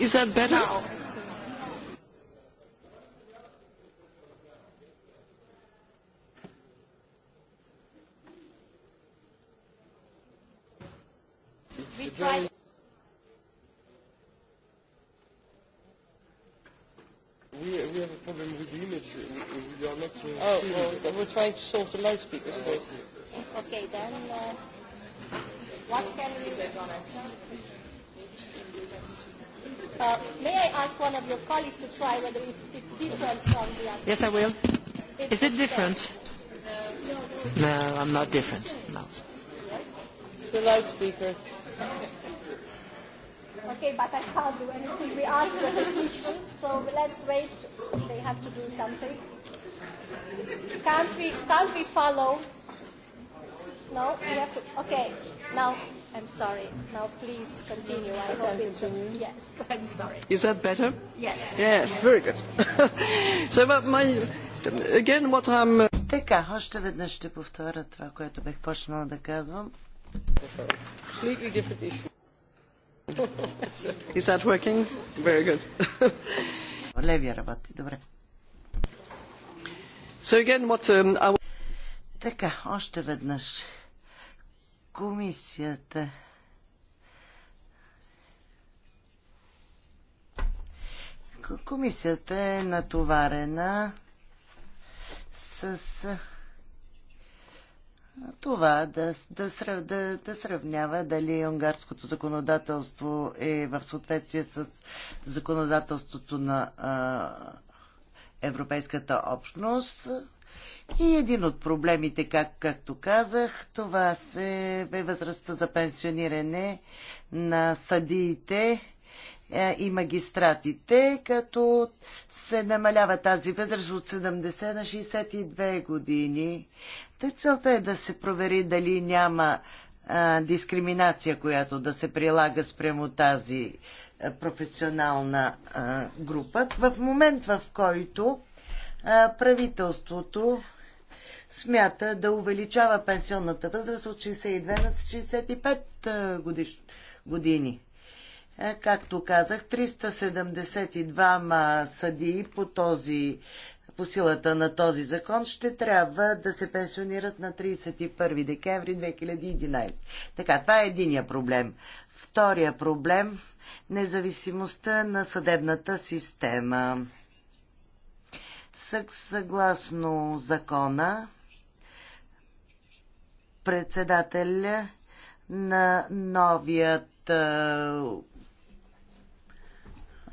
Is that better? We We, have a problem with the image. We, we are not. Uh, oh, well, we're trying to solve the light speaker's first. Okay, then. Uh, what can we do? Uh, may I ask one of your colleagues to try whether it's, it's different from the other? Yes, I will. Is it different? No, I'm not different. No. The loudspeaker. Okay, but I can't do anything. We asked the technicians, so let's wait. They have to do something. Can't we, can't we follow? No, we have to. Okay, now I'm sorry. Now please continue. I hope it's yes. I'm sorry. Is that better? Yes. Yes, very good. so my again what I'm Така, още веднъж ще повторя това, което бех почнала да казвам. Is that working? Very good. Левия работи, добре. So again, what, um, I... Така, още веднъж комисията. Комисията е натоварена с това да, да, срав, да, да сравнява дали унгарското законодателство е в съответствие с законодателството на а, Европейската общност. И един от проблемите, как, както казах, това се бе възрастта за пенсиониране на съдиите е, и магистратите, като се намалява тази възраст от 70 на 62 години. Та целта е да се провери дали няма а, дискриминация, която да се прилага спрямо тази професионална а, група. В момент, в който правителството смята да увеличава пенсионната възраст от 62 на 65 години. Както казах, 372 съдии по, този, по силата на този закон ще трябва да се пенсионират на 31 декември 2011. Така, това е единия проблем. Втория проблем – независимостта на съдебната система. Съгласно закона, председател на новият а,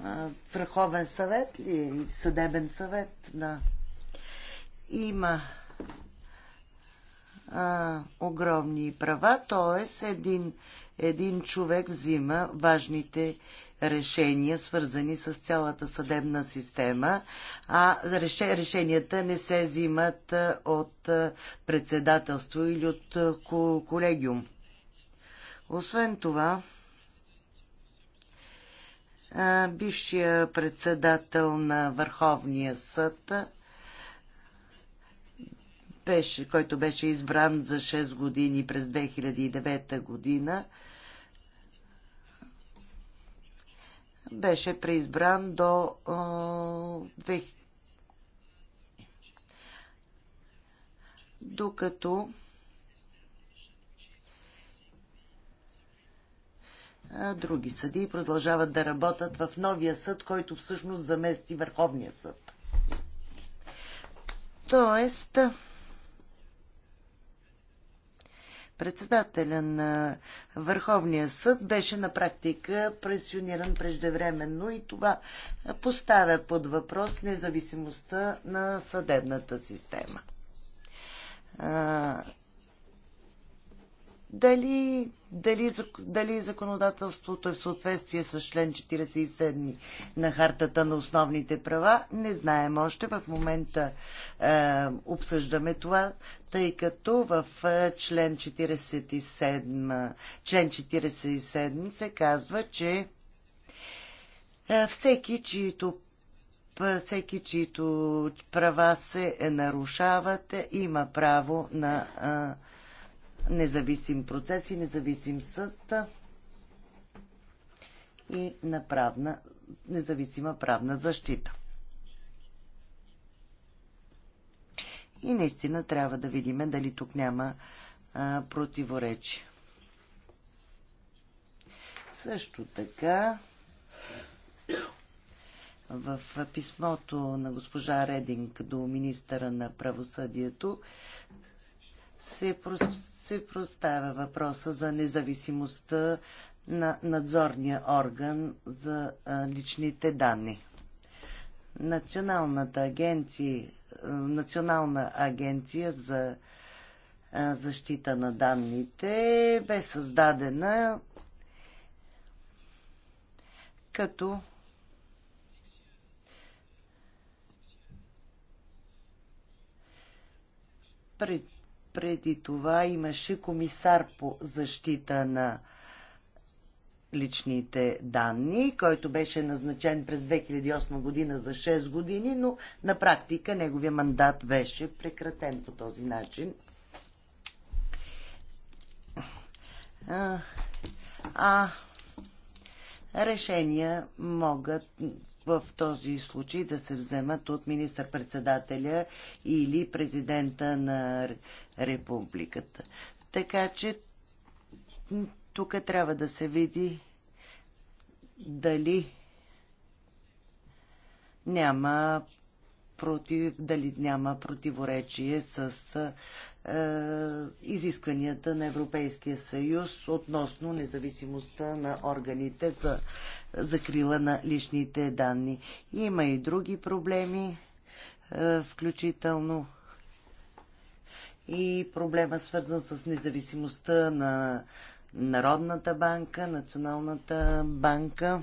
а, Върховен съвет или Съдебен съвет, да. Има а, огромни права, т.е. Един, един човек взима важните решения, свързани с цялата съдебна система, а решенията не се взимат от председателство или от колегиум. Освен това, бившия председател на Върховния съд, беше, който беше избран за 6 години през 2009 година, беше преизбран до 2000. Докато други съди продължават да работят в новия съд, който всъщност замести Върховния съд. Тоест, председателя на Върховния съд беше на практика пресиониран преждевременно и това поставя под въпрос независимостта на съдебната система. А, дали дали, дали законодателството е в съответствие с член 47 на Хартата на основните права, не знаем още. В момента е, обсъждаме това, тъй като в е, член 47, член 47 се казва, че е, всеки, чието всеки, чието права се нарушават, е, има право на а, независим процес и независим съд и на правна, независима правна защита. И наистина трябва да видим дали тук няма а, противоречие. Също така, в писмото на госпожа Рединг до министъра на правосъдието се, про... се проставя въпроса за независимостта на надзорния орган за личните данни. Националната агенция, Национална агенция за защита на данните бе създадена като пред преди това имаше комисар по защита на личните данни, който беше назначен през 2008 година за 6 години, но на практика неговия мандат беше прекратен по този начин. А, а решения могат в този случай да се вземат от министър-председателя или президента на републиката. Така че тук трябва да се види дали няма против, дали няма противоречие с е, изискванията на Европейския съюз относно независимостта на органите за закрила на личните данни. Има и други проблеми, е, включително и проблема свързан с независимостта на Народната банка, Националната банка.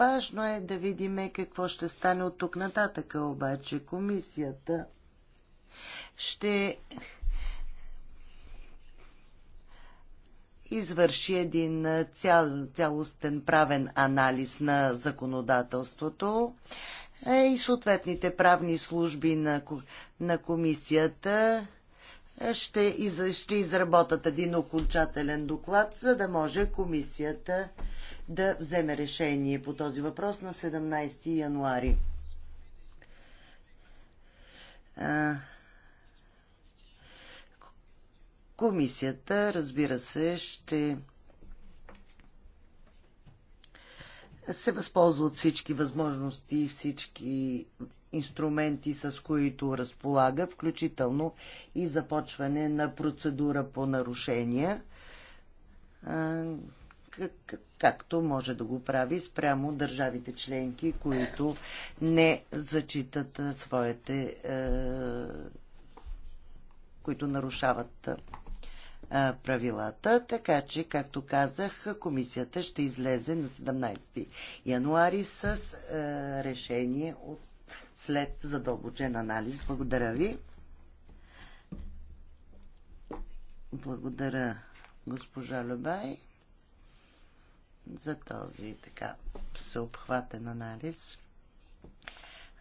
Важно е да видим какво ще стане от тук нататъка, обаче комисията ще извърши един цял, цялостен правен анализ на законодателството е, и съответните правни служби на, на комисията ще, из, ще изработат един окончателен доклад, за да може комисията да вземе решение по този въпрос на 17 януари. Комисията, разбира се, ще се възползва от всички възможности и всички инструменти, с които разполага, включително и започване на процедура по нарушения, както може да го прави спрямо държавите членки, които не зачитат своите, които нарушават правилата, така че, както казах, комисията ще излезе на 17 януари с решение от след задълбочен анализ. Благодаря ви. Благодаря госпожа Любай за този така всеобхватен анализ.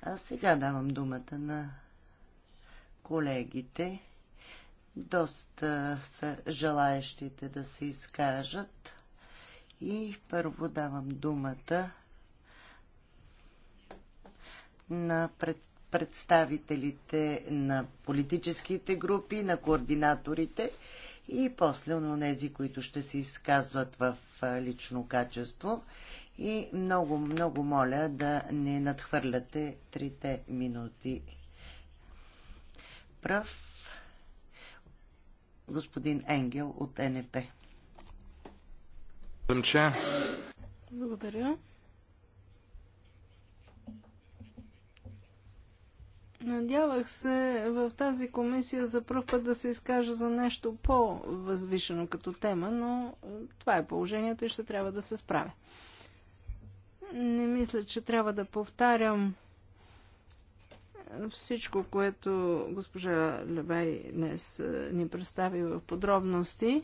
А сега давам думата на колегите. Доста са желаящите да се изкажат. И първо давам думата на пред, представителите на политическите групи, на координаторите и после на тези, които ще се изказват в лично качество. И много, много моля да не надхвърляте трите минути. Прав господин Енгел от НП. Благодаря. Надявах се в тази комисия за първ път да се изкажа за нещо по-възвишено като тема, но е, това е положението и ще трябва да се справя. Не мисля, че трябва да повтарям всичко, което госпожа Лебей днес е, ни представи в подробности.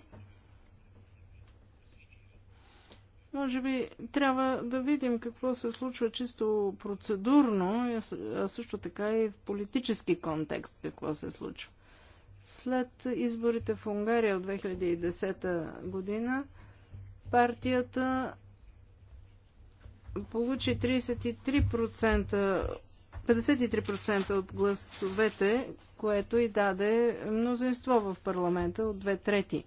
Може би трябва да видим какво се случва чисто процедурно, а също така и в политически контекст какво се случва. След изборите в Унгария от 2010 година, партията получи 33%, 53% от гласовете, което и даде мнозинство в парламента от две трети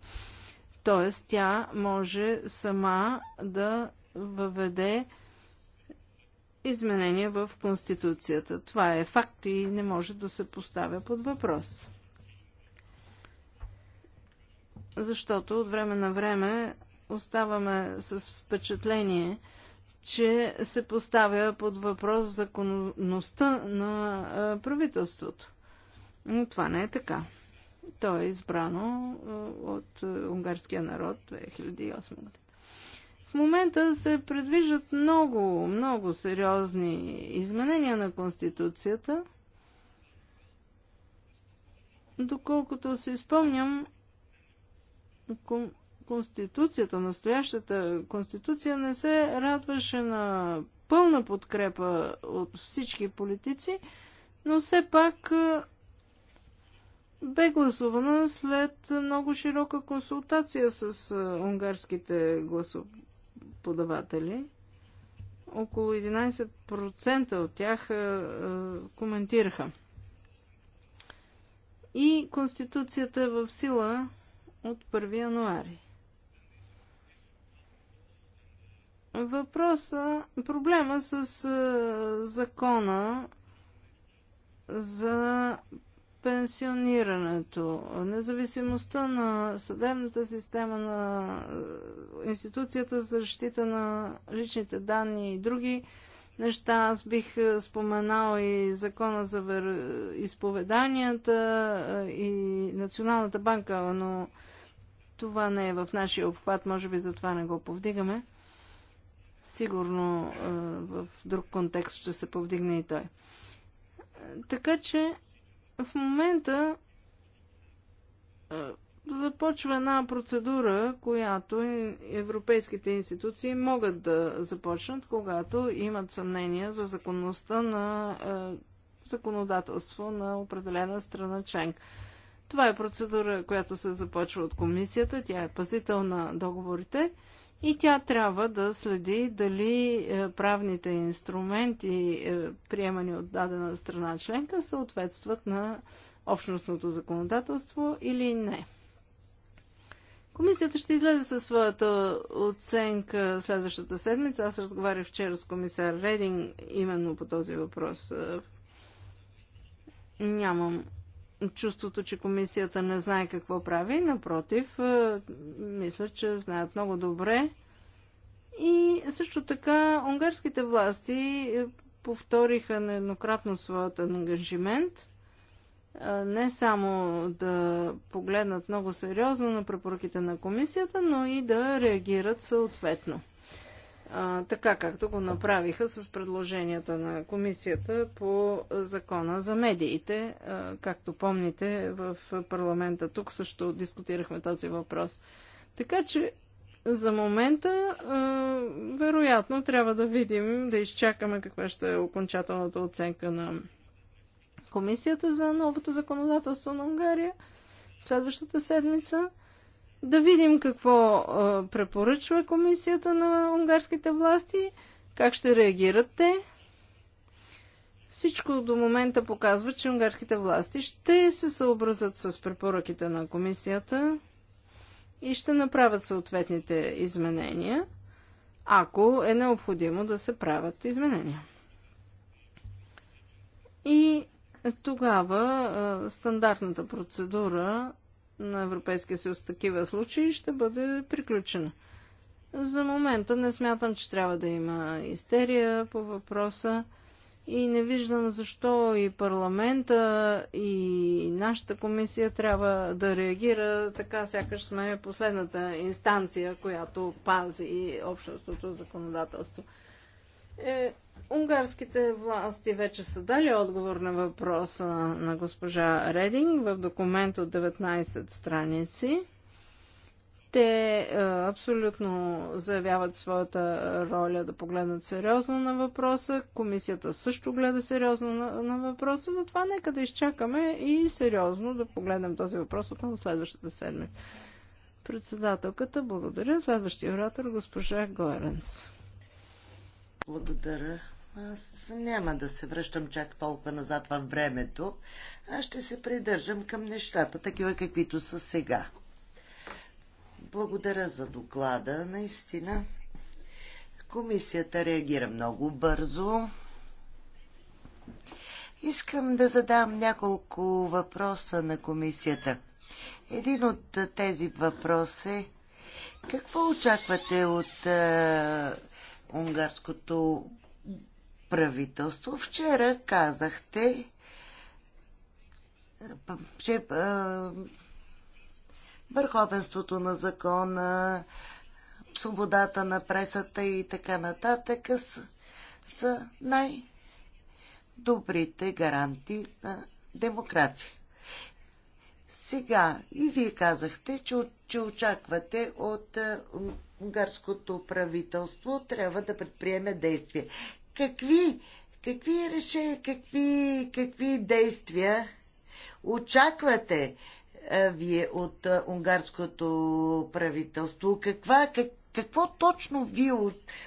т.е. тя може сама да въведе изменения в Конституцията. Това е факт и не може да се поставя под въпрос. Защото от време на време оставаме с впечатление, че се поставя под въпрос законността на правителството. Но това не е така. То е избрано от унгарския народ 2008 година. В момента се предвиждат много, много сериозни изменения на Конституцията. Доколкото си спомням, Конституцията, настоящата Конституция не се радваше на пълна подкрепа от всички политици, но все пак бе гласувана след много широка консултация с унгарските гласоподаватели. Около 11% от тях коментираха. И Конституцията е в сила от 1 януари. Въпроса, проблема с закона за пенсионирането, независимостта на съдебната система, на е, институцията за защита на личните данни и други неща. Аз бих е, споменал и закона за е, изповеданията и Националната банка, но това не е в нашия обхват, може би затова не го повдигаме. Сигурно в друг контекст ще се повдигне и той. Така че в момента започва една процедура, която европейските институции могат да започнат, когато имат съмнение за законността на законодателство на определена страна членка. Това е процедура, която се започва от комисията, тя е пазител на договорите и тя трябва да следи дали е, правните инструменти, е, приемани от дадена страна членка, съответстват на общностното законодателство или не. Комисията ще излезе със своята оценка следващата седмица. Аз разговарях вчера с комисар Рединг именно по този въпрос. Е, нямам чувството, че комисията не знае какво прави. Напротив, е, мисля, че знаят много добре. И също така унгарските власти е, повториха нееднократно своят ангажимент е, не само да погледнат много сериозно на препоръките на комисията, но и да реагират съответно а, така както го направиха с предложенията на комисията по закона за медиите. А, както помните, в парламента тук също дискутирахме този въпрос. Така че за момента, а, вероятно, трябва да видим, да изчакаме каква ще е окончателната оценка на комисията за новото законодателство на Унгария следващата седмица – да видим какво препоръчва комисията на унгарските власти, как ще реагират те. Всичко до момента показва, че унгарските власти ще се съобразят с препоръките на комисията и ще направят съответните изменения, ако е необходимо да се правят изменения. И тогава стандартната процедура на Европейския съюз в такива случаи ще бъде приключена. За момента не смятам, че трябва да има истерия по въпроса и не виждам защо и парламента, и нашата комисия трябва да реагира така, сякаш сме последната инстанция, която пази общностното законодателство. Е, унгарските власти вече са дали отговор на въпроса на госпожа Рединг в документ от 19 страници. Те е, абсолютно заявяват своята роля да погледнат сериозно на въпроса. Комисията също гледа сериозно на, на въпроса. Затова нека да изчакаме и сериозно да погледнем този въпрос на следващата седмица. Председателката, благодаря. Следващия оратор, госпожа Горенц. Благодаря. Аз няма да се връщам чак толкова назад във времето. Аз ще се придържам към нещата, такива каквито са сега. Благодаря за доклада. Наистина, комисията реагира много бързо. Искам да задам няколко въпроса на комисията. Един от тези въпрос е какво очаквате от унгарското правителство. Вчера казахте, че върховенството на закона, свободата на пресата и така нататък са, са най-добрите гаранти на демокрация. Сега и вие казахте, че, че очаквате от унгарското правителство трябва да предприеме действия. Какви, какви решения, какви, какви действия очаквате а, вие от а, унгарското правителство? Каква, как, какво точно вие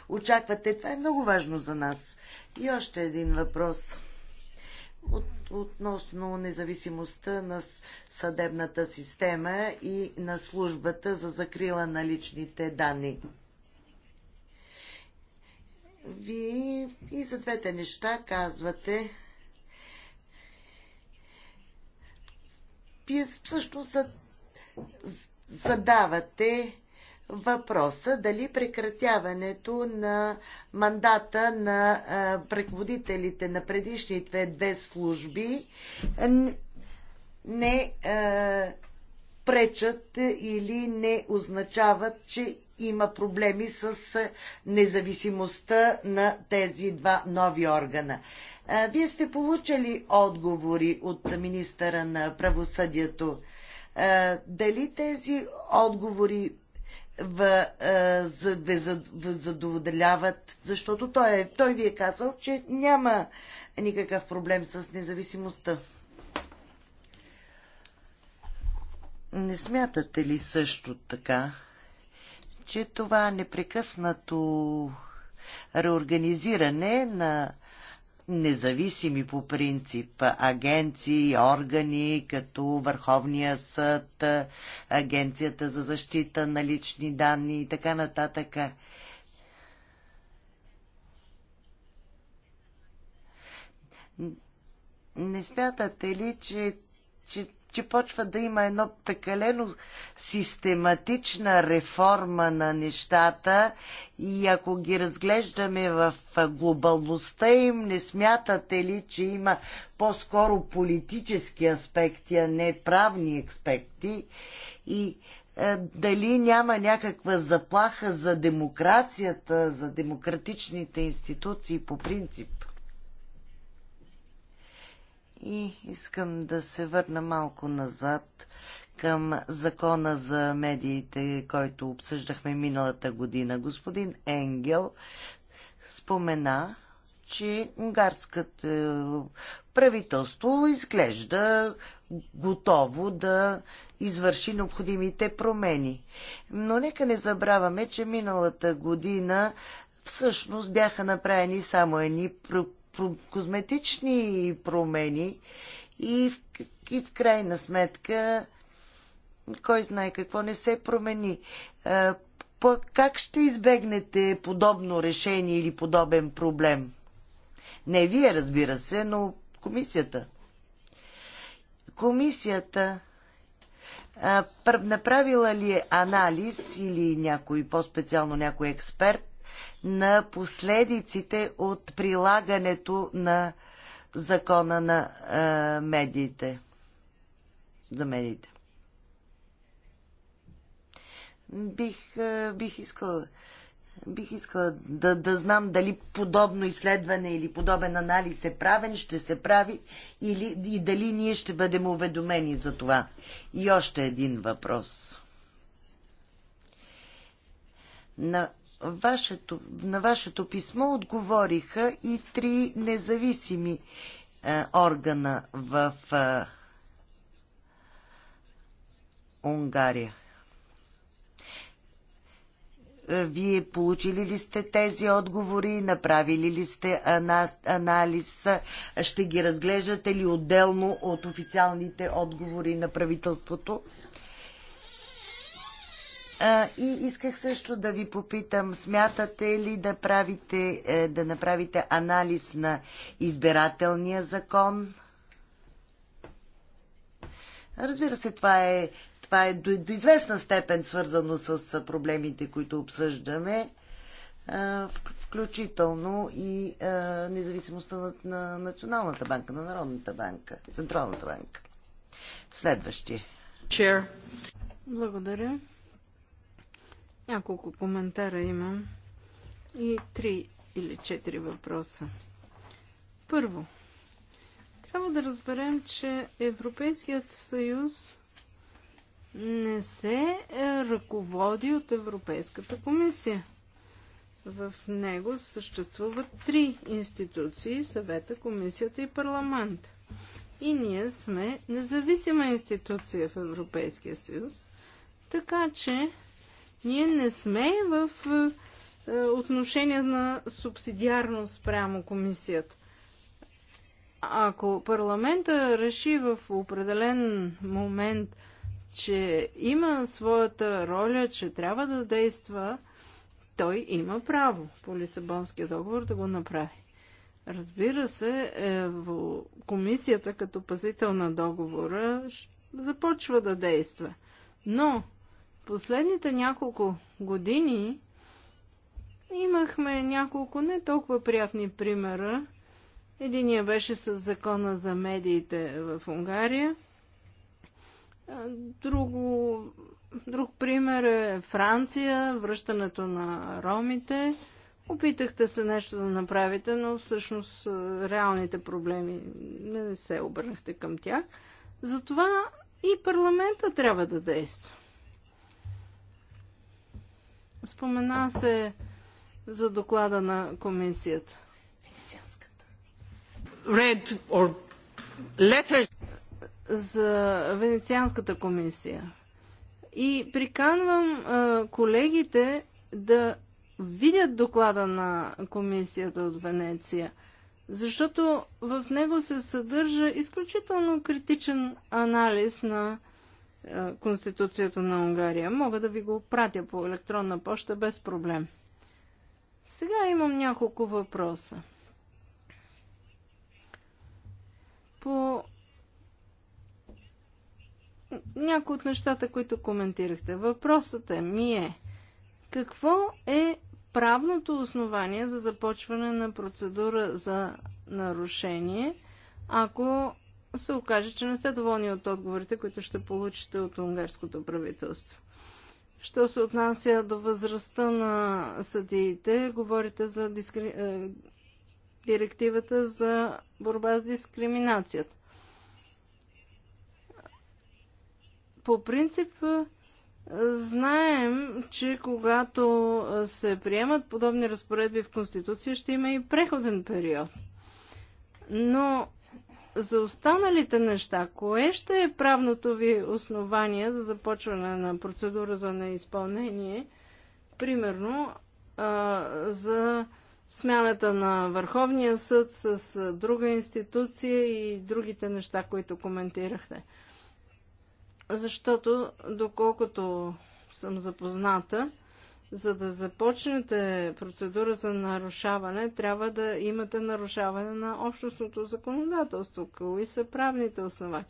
очаквате? Това е много важно за нас. И още един въпрос. От, относно независимостта на съдебната система и на службата за закрила на личните данни. Вие и за двете неща казвате, вие всъщност задавате въпроса дали прекратяването на мандата на преководителите на предишните две служби не пречат или не означават, че има проблеми с независимостта на тези два нови органа. Вие сте получили отговори от министъра на правосъдието. Дали тези отговори в, за, ви задоволяват, защото той, е, той ви е казал, че няма никакъв проблем с независимостта. Не смятате ли също така, че това непрекъснато реорганизиране на независими по принцип агенции, органи, като Върховния съд, Агенцията за защита на лични данни и така нататък. Не смятате ли, че, че че почва да има едно прекалено систематична реформа на нещата и ако ги разглеждаме в глобалността им, не смятате ли, че има по-скоро политически аспекти, а не правни аспекти? И е, дали няма някаква заплаха за демокрацията, за демократичните институции по принцип? И искам да се върна малко назад към закона за медиите, който обсъждахме миналата година. Господин Енгел спомена, че унгарското е, правителство изглежда готово да извърши необходимите промени. Но нека не забравяме, че миналата година всъщност бяха направени само едни козметични промени и в, и в крайна сметка кой знае какво не се промени. Е, как ще избегнете подобно решение или подобен проблем? Не вие, разбира се, но комисията. Комисията е, направила ли е анализ или някой, по-специално някой експерт, на последиците от прилагането на закона на а, е, медиите. За медиите. Бих, а, е, бих искала, бих искала да, да знам дали подобно изследване или подобен анализ е правен, ще се прави или, и дали ние ще бъдем уведомени за това. И още един въпрос. На вашето, на вашето писмо отговориха и три независими е, органа в е, Унгария. Е, вие получили ли сте тези отговори, направили ли сте анализ, ще ги разглеждате ли отделно от официалните отговори на правителството? И исках също да ви попитам, смятате ли да, правите, е, да направите анализ на избирателния закон? Разбира се, това е, това е до, до известна степен свързано с проблемите, които обсъждаме, включително и независимостта на, на Националната банка, на Народната банка, Централната банка. Следващия. Благодаря. Няколко коментара имам и три или четири въпроса. Първо, трябва да разберем, че Европейският съюз не се е, ръководи от Европейската комисия. В него съществуват три институции съвета, комисията и парламент. И ние сме независима институция в Европейския съюз, така че ние не сме в е, е, отношение на субсидиарност прямо комисията. Ако парламента реши в определен момент, че има своята роля, че трябва да действа, той има право по Лисабонския договор да го направи. Разбира се, е, в комисията като пазител на договора започва да действа. Но последните няколко години имахме няколко не толкова приятни примера. Единия беше с закона за медиите в Унгария. Друго, друг пример е Франция, връщането на ромите. Опитахте се нещо да направите, но всъщност реалните проблеми не се обърнахте към тях. Затова и парламента трябва да действа. Спомена се за доклада на комисията. Red or letters. За Венецианската комисия. И приканвам а, колегите да видят доклада на комисията от Венеция, защото в него се съдържа изключително критичен анализ на е, Конституцията на Унгария. Мога да ви го пратя по електронна почта без проблем. Сега имам няколко въпроса. По някои от нещата, които коментирахте. Въпросът е ми е какво е правното основание за започване на процедура за нарушение, ако се окаже, че не сте доволни от отговорите, които ще получите от унгарското правителство. Що се отнася до възрастта на съдиите, говорите за дискри... Е, директивата за борба с дискриминацията. По принцип, е, знаем, че когато се приемат подобни разпоредби в Конституция, ще има и преходен период. Но за останалите неща, кое ще е правното ви основание за започване на процедура за неизпълнение? Примерно, а, за смяната на Върховния съд с друга институция и другите неща, които коментирахте. Защото, доколкото съм запозната, за да започнете процедура за нарушаване, трябва да имате нарушаване на общностното законодателство, кои са правните основания.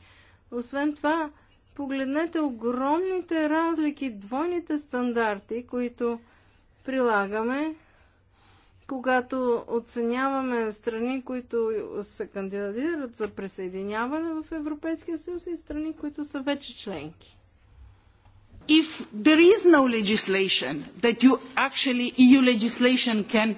Освен това, погледнете огромните разлики, двойните стандарти, които прилагаме, когато оценяваме страни, които се кандидатират за присъединяване в Европейския съюз и страни, които са вече членки if there is no legislation that you actually EU legislation can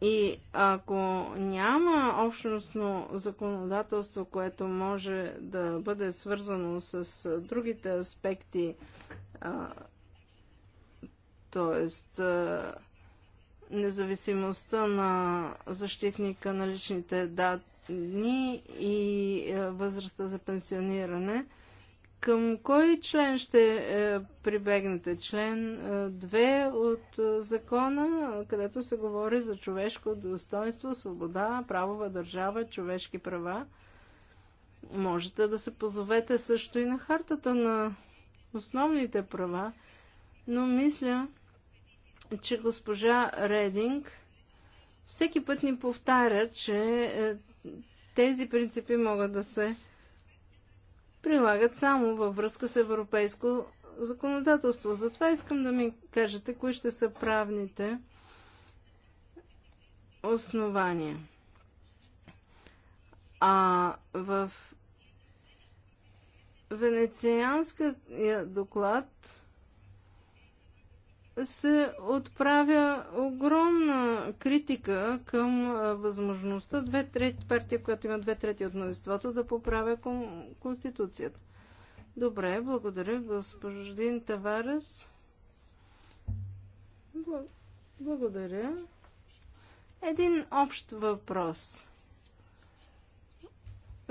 и ако няма общностно законодателство, което може да бъде свързано с другите аспекти, т.е. независимостта на защитника на личните данни и възрастта за пенсиониране, към кой член ще е, прибегнете? Член 2 е, от е, закона, където се говори за човешко достоинство, свобода, правова държава, човешки права. Можете да се позовете също и на хартата на основните права, но мисля, че госпожа Рединг всеки път ни повтаря, че тези принципи могат да се прилагат само във връзка с европейско законодателство. Затова искам да ми кажете, кои ще са правните основания. А в венецианския доклад се отправя огромна критика към възможността две трети, партия, която има две трети от мнозинството, да поправя Конституцията. Добре, благодаря, господин Таварес. Благодаря. Един общ въпрос.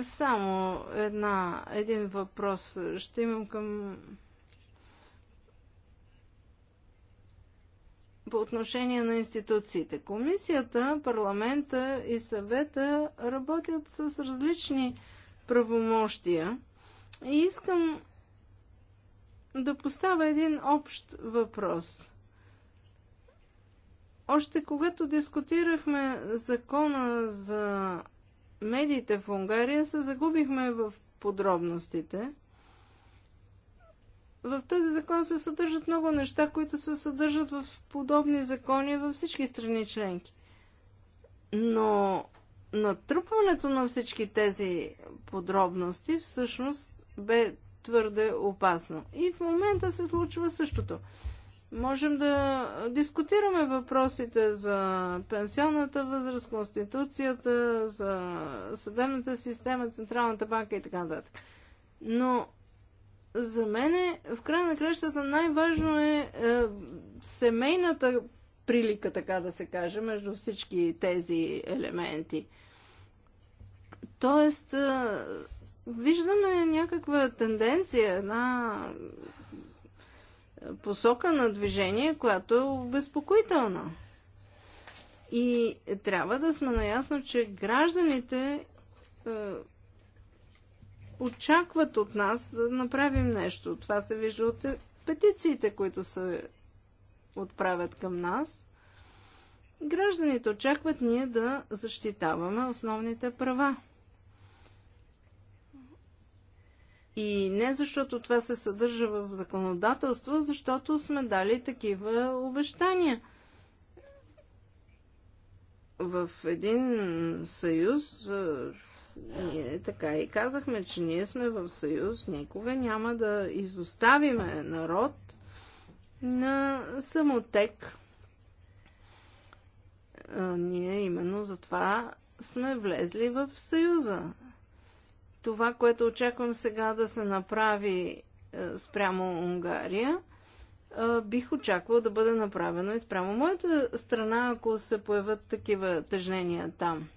Само една, един въпрос ще имам към по отношение на институциите. Комисията, парламента и съвета работят с различни правомощия и искам да поставя един общ въпрос. Още когато дискутирахме закона за медиите в Унгария, се загубихме в подробностите – в този закон се съдържат много неща, които се съдържат в подобни закони във всички страни членки. Но натрупването на всички тези подробности всъщност бе твърде опасно. И в момента се случва същото. Можем да дискутираме въпросите за пенсионната възраст, конституцията, за съдебната система, Централната банка и така нататък. Но за мен е, в края на кращата най-важно е, е семейната прилика, така да се каже, между всички тези елементи. Тоест, е, виждаме някаква тенденция, една е, посока на движение, която е обезпокоителна. И трябва да сме наясно, че гражданите е, очакват от нас да направим нещо. Това се вижда от петициите, които се отправят към нас. Гражданите очакват ние да защитаваме основните права. И не защото това се съдържа в законодателство, защото сме дали такива обещания. В един съюз ние така и казахме, че ние сме в съюз, никога няма да изоставиме народ на самотек. А, ние именно затова сме влезли в съюза. Това, което очаквам сега да се направи е, спрямо Унгария, е, бих очаквал да бъде направено и спрямо моята страна, ако се появят такива тъжнения там.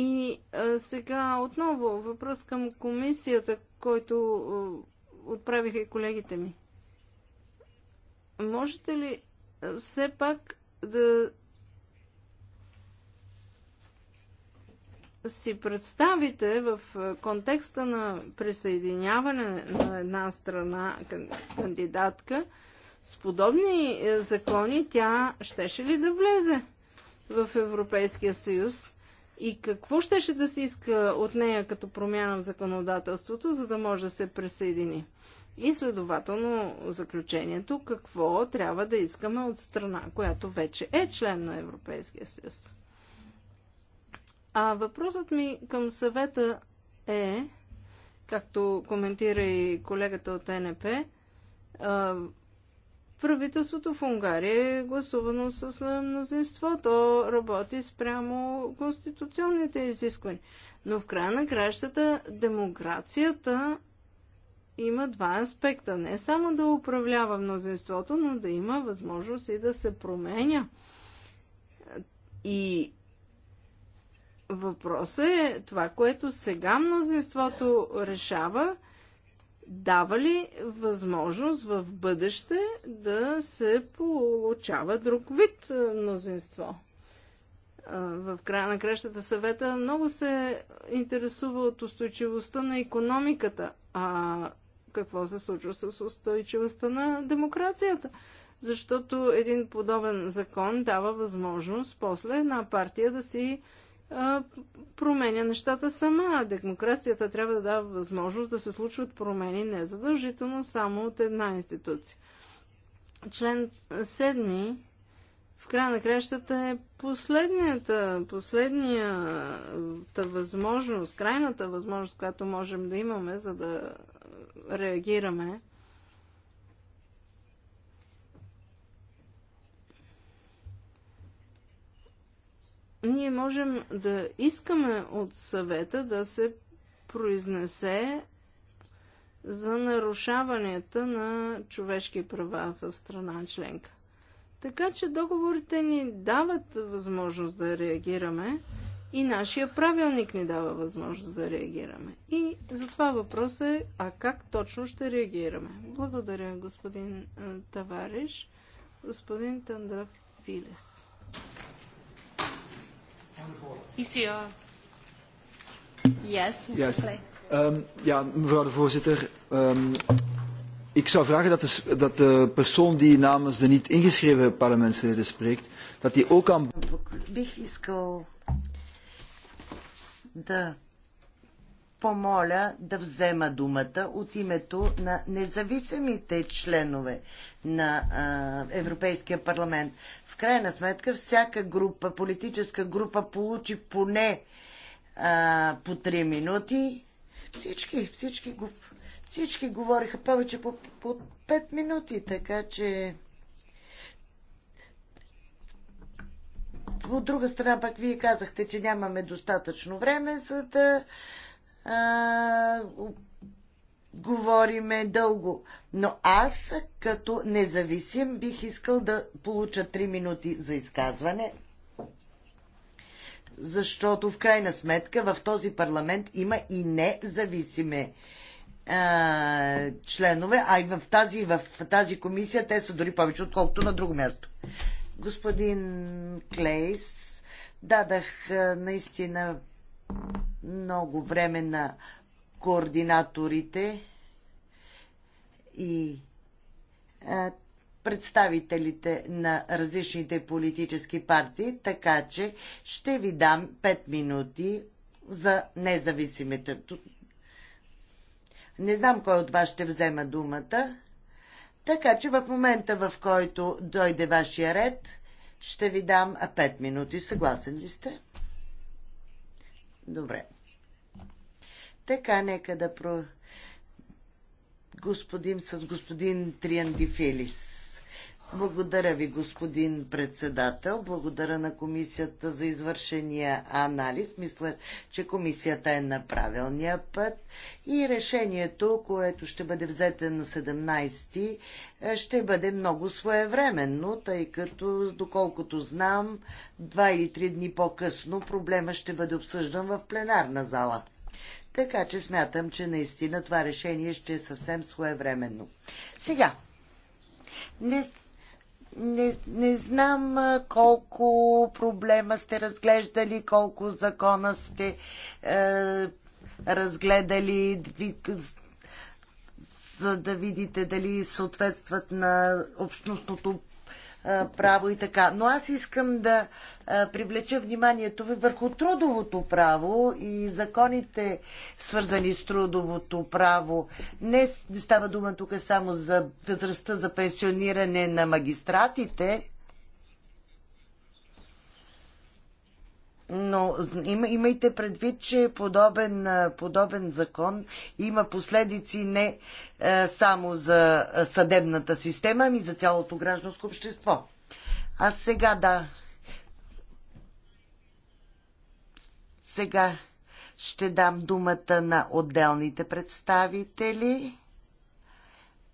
И а, сега отново въпрос към комисията, който а, отправиха и колегите ми. Можете ли а, все пак да си представите в контекста на присъединяване на една страна кандидатка, с подобни закони тя щеше ли да влезе в Европейския съюз? И какво щеше да се иска от нея като промяна в законодателството, за да може да се присъедини? И следователно заключението какво трябва да искаме от страна, която вече е член на Европейския съюз. А въпросът ми към съвета е, както коментира и колегата от НП, Правителството в Унгария е гласувано с мнозинство. То работи спрямо конституционните изисквания. Но в края на кращата демокрацията има два аспекта. Не само да управлява мнозинството, но да има възможност и да се променя. И въпросът е това, което сега мнозинството решава, дава ли възможност в бъдеще да се получава друг вид мнозинство? В края на кращата съвета много се интересува от устойчивостта на економиката. А какво се случва с устойчивостта на демокрацията? Защото един подобен закон дава възможност после една партия да си променя нещата сама. Демокрацията трябва да дава възможност да се случват промени незадължително само от една институция. Член 7 в края на кращата е последната, последнията възможност, крайната възможност, която можем да имаме, за да реагираме ние можем да искаме от съвета да се произнесе за нарушаванията на човешки права в страна членка. Така че договорите ни дават възможност да реагираме и нашия правилник ни дава възможност да реагираме. И затова въпрос е, а как точно ще реагираме? Благодаря, господин е, Тавариш, господин Тандра Филес. Yes, Mr. Yes. Um, ja, mevrouw de voorzitter. Um, ik zou vragen dat de, dat de persoon die namens de niet ingeschreven parlementsleden spreekt, dat die ook aan... Бих искал помоля да взема думата от името на независимите членове на а, Европейския парламент. В крайна сметка, всяка група, политическа група получи поне а, по 3 минути. Всички, всички, всички говориха повече по, по 5 минути, така че. От друга страна, пак вие казахте, че нямаме достатъчно време, за да а, говориме дълго. Но аз, като независим, бих искал да получа 3 минути за изказване, защото в крайна сметка в този парламент има и независиме членове, а и в тази, в тази комисия те са дори повече, отколкото на друго място. Господин Клейс, дадах наистина много време на координаторите и представителите на различните политически партии, така че ще ви дам 5 минути за независимите. Не знам кой от вас ще взема думата, така че в момента, в който дойде вашия ред, ще ви дам 5 минути. Съгласен ли сте? Добре. Така, нека да про... Господин, с господин Триандифилис. Благодаря ви, господин председател. Благодаря на комисията за извършения анализ. Мисля, че комисията е на правилния път и решението, което ще бъде взете на 17 е, ще бъде много своевременно, тъй като, доколкото знам, два или три дни по-късно проблема ще бъде обсъждан в пленарна зала. Така че смятам, че наистина това решение ще е съвсем своевременно. Сега, не, не, не знам колко проблема сте разглеждали, колко закона сте е, разгледали, за да видите дали съответстват на общностното право и така. Но аз искам да привлеча вниманието ви върху трудовото право и законите, свързани с трудовото право. Не става дума тук само за възрастта за пенсиониране на магистратите, но има, имайте предвид, че подобен, подобен закон има последици не е, само за съдебната система, ами за цялото гражданско общество. А сега да. Сега ще дам думата на отделните представители.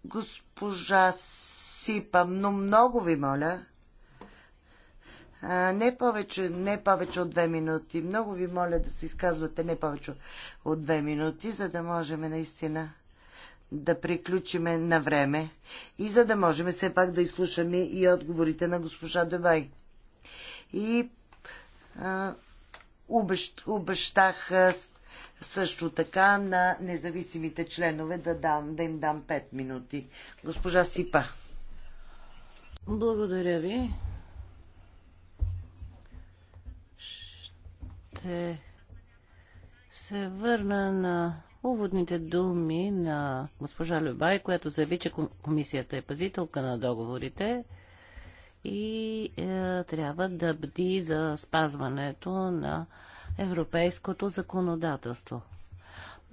Госпожа Сипа, но много ви моля не повече, не повече от две минути. Много ви моля да се изказвате не повече от две минути, за да можем наистина да приключиме на време и за да можем все пак да изслушаме и отговорите на госпожа Дебай. И а, обещах също така на независимите членове да, дам, да им дам 5 минути. Госпожа Сипа. Благодаря ви. ще се върна на уводните думи на госпожа Любай, която заяви, че комисията е пазителка на договорите и е, трябва да бди за спазването на европейското законодателство.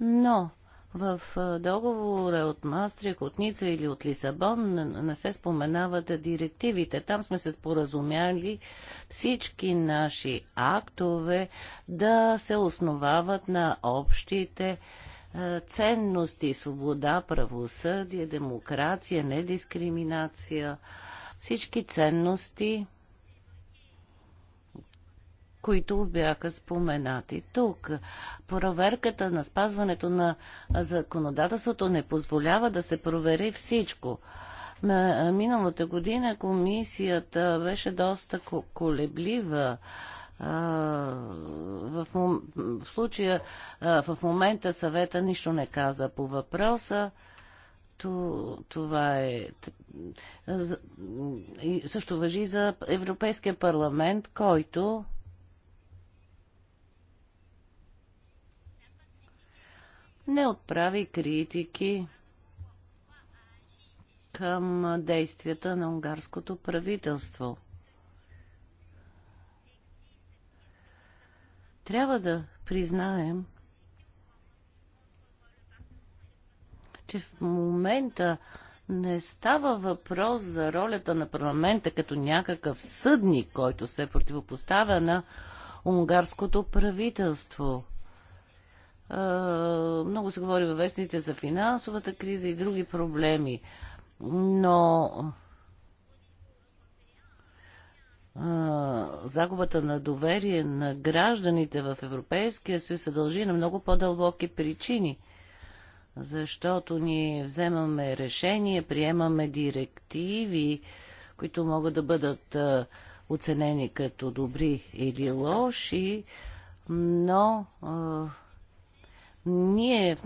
Но в договора от Мастрих, от Ница или от Лисабон не се споменават директивите. Там сме се споразумяли всички наши актове да се основават на общите ценности, свобода, правосъдие, демокрация, недискриминация, всички ценности, които бяха споменати тук. Проверката на спазването на законодателството не позволява да се провери всичко. Миналата година комисията беше доста колеблива. В, мом... в случая, в момента съвета нищо не каза по въпроса. Това е. Също въжи за Европейския парламент, който не отправи критики към действията на унгарското правителство. Трябва да признаем, че в момента не става въпрос за ролята на парламента като някакъв съдник, който се противопоставя на унгарското правителство. Много се говори във вестните за финансовата криза и други проблеми, но загубата на доверие на гражданите в Европейския съюз се дължи на много по-дълбоки причини. Защото ние вземаме решения, приемаме директиви, които могат да бъдат оценени като добри или лоши, но ние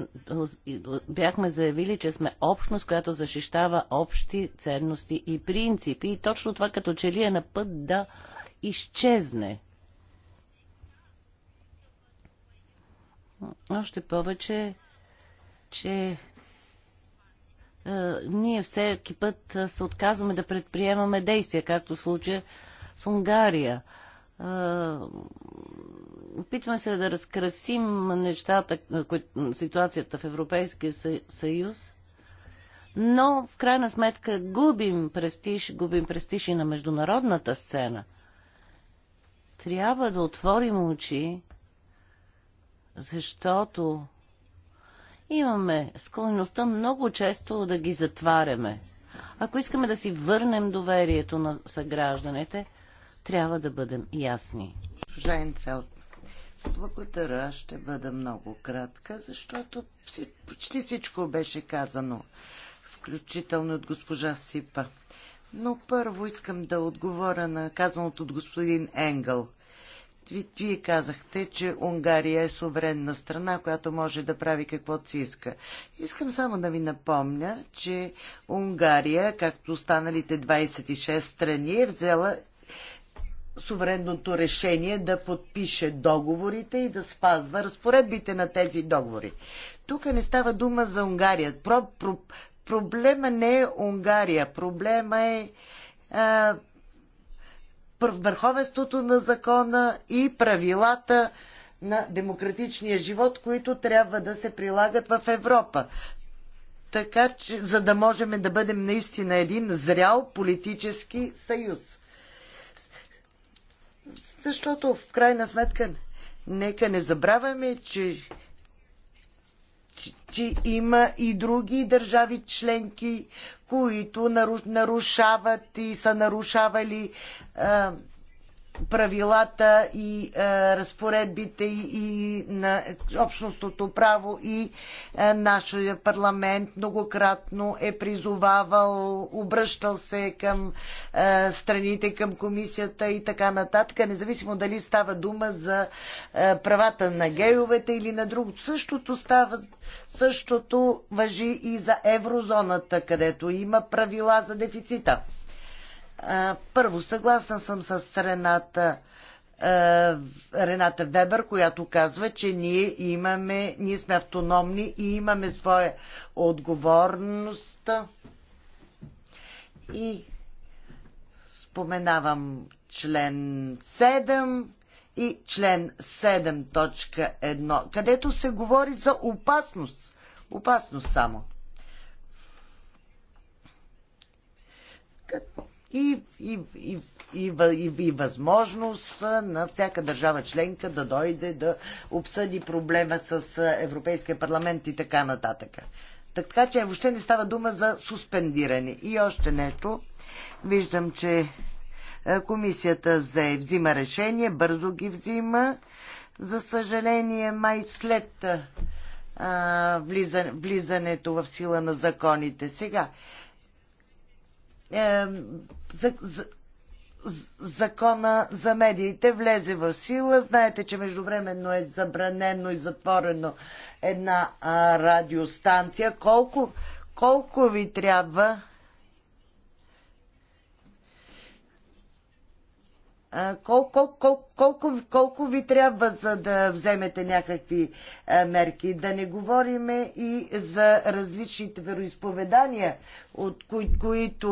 бяхме заявили, че сме общност, която защищава общи ценности и принципи. И точно това като че ли е на път да изчезне. Още повече, че е, ние всеки път е, се отказваме да предприемаме действия, както в случая с Унгария. Е, Опитваме се да разкрасим нещата, ситуацията в Европейския съюз, но в крайна сметка губим престиж, губим престиж и на международната сцена. Трябва да отворим очи, защото имаме склонността много често да ги затваряме. Ако искаме да си върнем доверието на съгражданите, трябва да бъдем ясни. Жайнфелд. Благодаря, ще бъда много кратка, защото почти всичко беше казано, включително от госпожа Сипа. Но първо искам да отговоря на казаното от господин Енгъл. Вие казахте, че Унгария е суверенна страна, която може да прави каквото си иска. Искам само да ви напомня, че Унгария, както останалите 26 страни, е взела суверенното решение да подпише договорите и да спазва разпоредбите на тези договори. Тук не става дума за Унгария. Про, про, проблема не е Унгария. Проблема е а, върховенството на закона и правилата на демократичния живот, които трябва да се прилагат в Европа. Така че, за да можем да бъдем наистина един зрял политически съюз защото в крайна сметка нека не забравяме, че, че, че има и други държави членки, които нарушават и са нарушавали а, правилата и а, е, разпоредбите и на общностното право и а, е, нашия парламент многократно е призовавал, обръщал се към а, е, страните, към комисията и така нататък, независимо дали става дума за а, правата на гейовете или на друго. Същото става, същото въжи и за еврозоната, където има правила за дефицита. Първо, съгласна съм с Рената, Рената Вебер, която казва, че ние имаме, ние сме автономни и имаме своя отговорност. И споменавам член 7 и член 7.1, където се говори за опасност. Опасност само. Като и, и, и, и, и, и възможност на всяка държава членка да дойде да обсъди проблема с Европейския парламент и така нататък. Така че въобще не става дума за суспендиране. И още нещо. Виждам, че комисията взе, взима решение, бързо ги взима. За съжаление, май след а, влизане, влизането в сила на законите. Сега, е, за, за, закона за медиите влезе в сила. Знаете, че междувременно е забранено и затворено една а, радиостанция. Колко, колко ви трябва Кол, кол, кол, колко, колко ви трябва, за да вземете някакви мерки? Да не говориме и за различните вероисповедания, от кои, които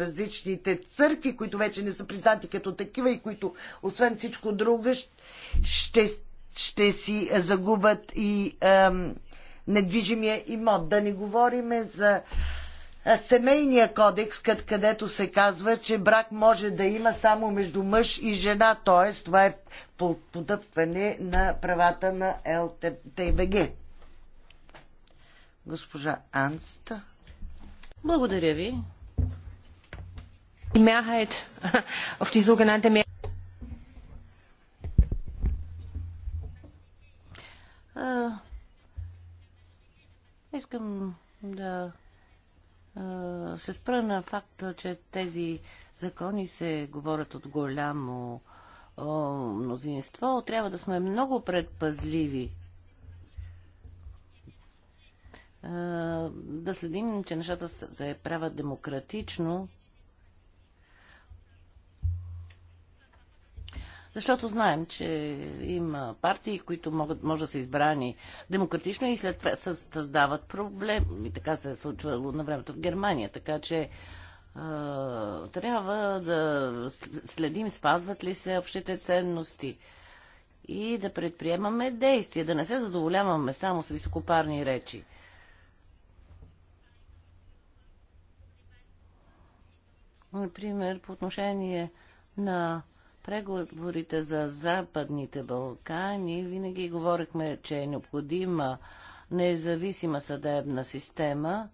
различните църкви, които вече не са признати като такива и които, освен всичко друго, ще, ще си загубят и ем, недвижимия имот. Да не говориме за семейния кодекс, където се казва, че брак може да има само между мъж и жена, т.е. това е подъпване на правата на ЛТБГ. Госпожа Анст. Благодаря ви. Искам да се спра на факта, че тези закони се говорят от голямо мнозинство. Трябва да сме много предпазливи да следим, че нещата се правят демократично Защото знаем, че има партии, които могат, може да са избрани демократично и след това създават проблем. И така се е случвало на времето в Германия. Така че а, трябва да следим спазват ли се общите ценности и да предприемаме действия, да не се задоволяваме само с високопарни речи. Например, по отношение на преговорите за Западните Балкани винаги говорихме, че е необходима независима съдебна система.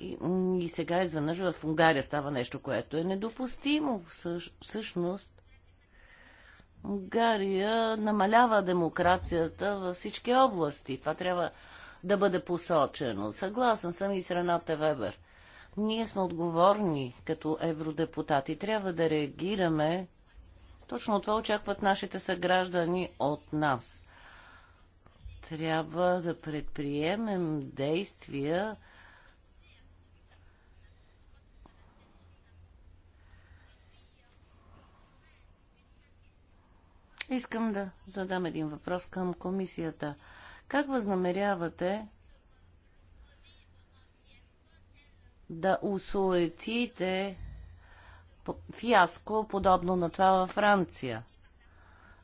И, сега изведнъж в Унгария става нещо, което е недопустимо. всъщност, Унгария намалява демокрацията във всички области. Това трябва да бъде посочено. Съгласен съм и с Рената Вебер. Ние сме отговорни като евродепутати. Трябва да реагираме точно това очакват нашите съграждани от нас. Трябва да предприемем действия, Искам да задам един въпрос към комисията. Как възнамерявате да усуетите фиаско, подобно на това във Франция.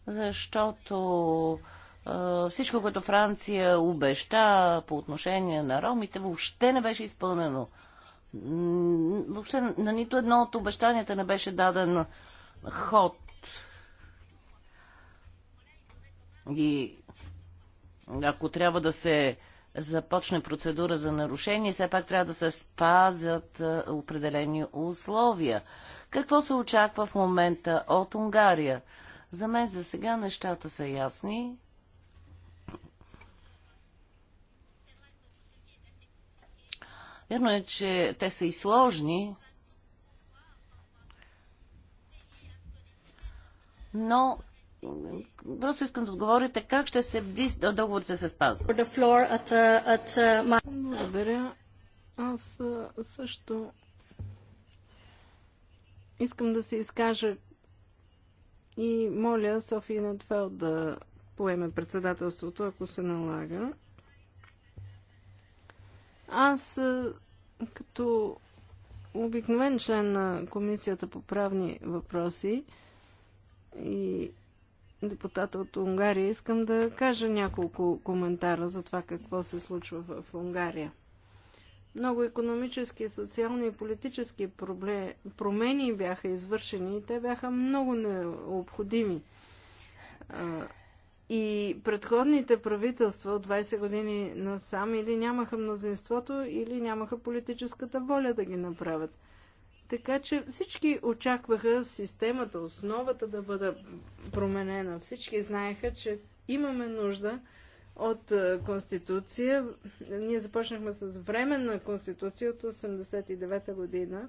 Защото е, всичко, което Франция обеща по отношение на ромите, въобще не беше изпълнено. Въобще на нито едно от обещанията не беше даден ход. И ако трябва да се започне процедура за нарушение, все пак трябва да се спазят е, определени условия. Какво се очаква в момента от Унгария? За мен за сега нещата са ясни. Верно е, че те са и сложни, но Просто искам да отговорите как ще се бди договорите се спазват. Uh, uh, Благодаря. Аз също искам да се изкажа и моля София Недфел да поеме председателството, ако се налага. Аз като обикновен член на Комисията по правни въпроси и депутата от Унгария, искам да кажа няколко коментара за това какво се случва в Унгария. Много економически, социални и политически промени бяха извършени и те бяха много необходими. И предходните правителства от 20 години насам или нямаха мнозинството, или нямаха политическата воля да ги направят. Така че всички очакваха системата, основата да бъде променена. Всички знаеха, че имаме нужда от е, Конституция. Ние започнахме с временна Конституция от 1989 година,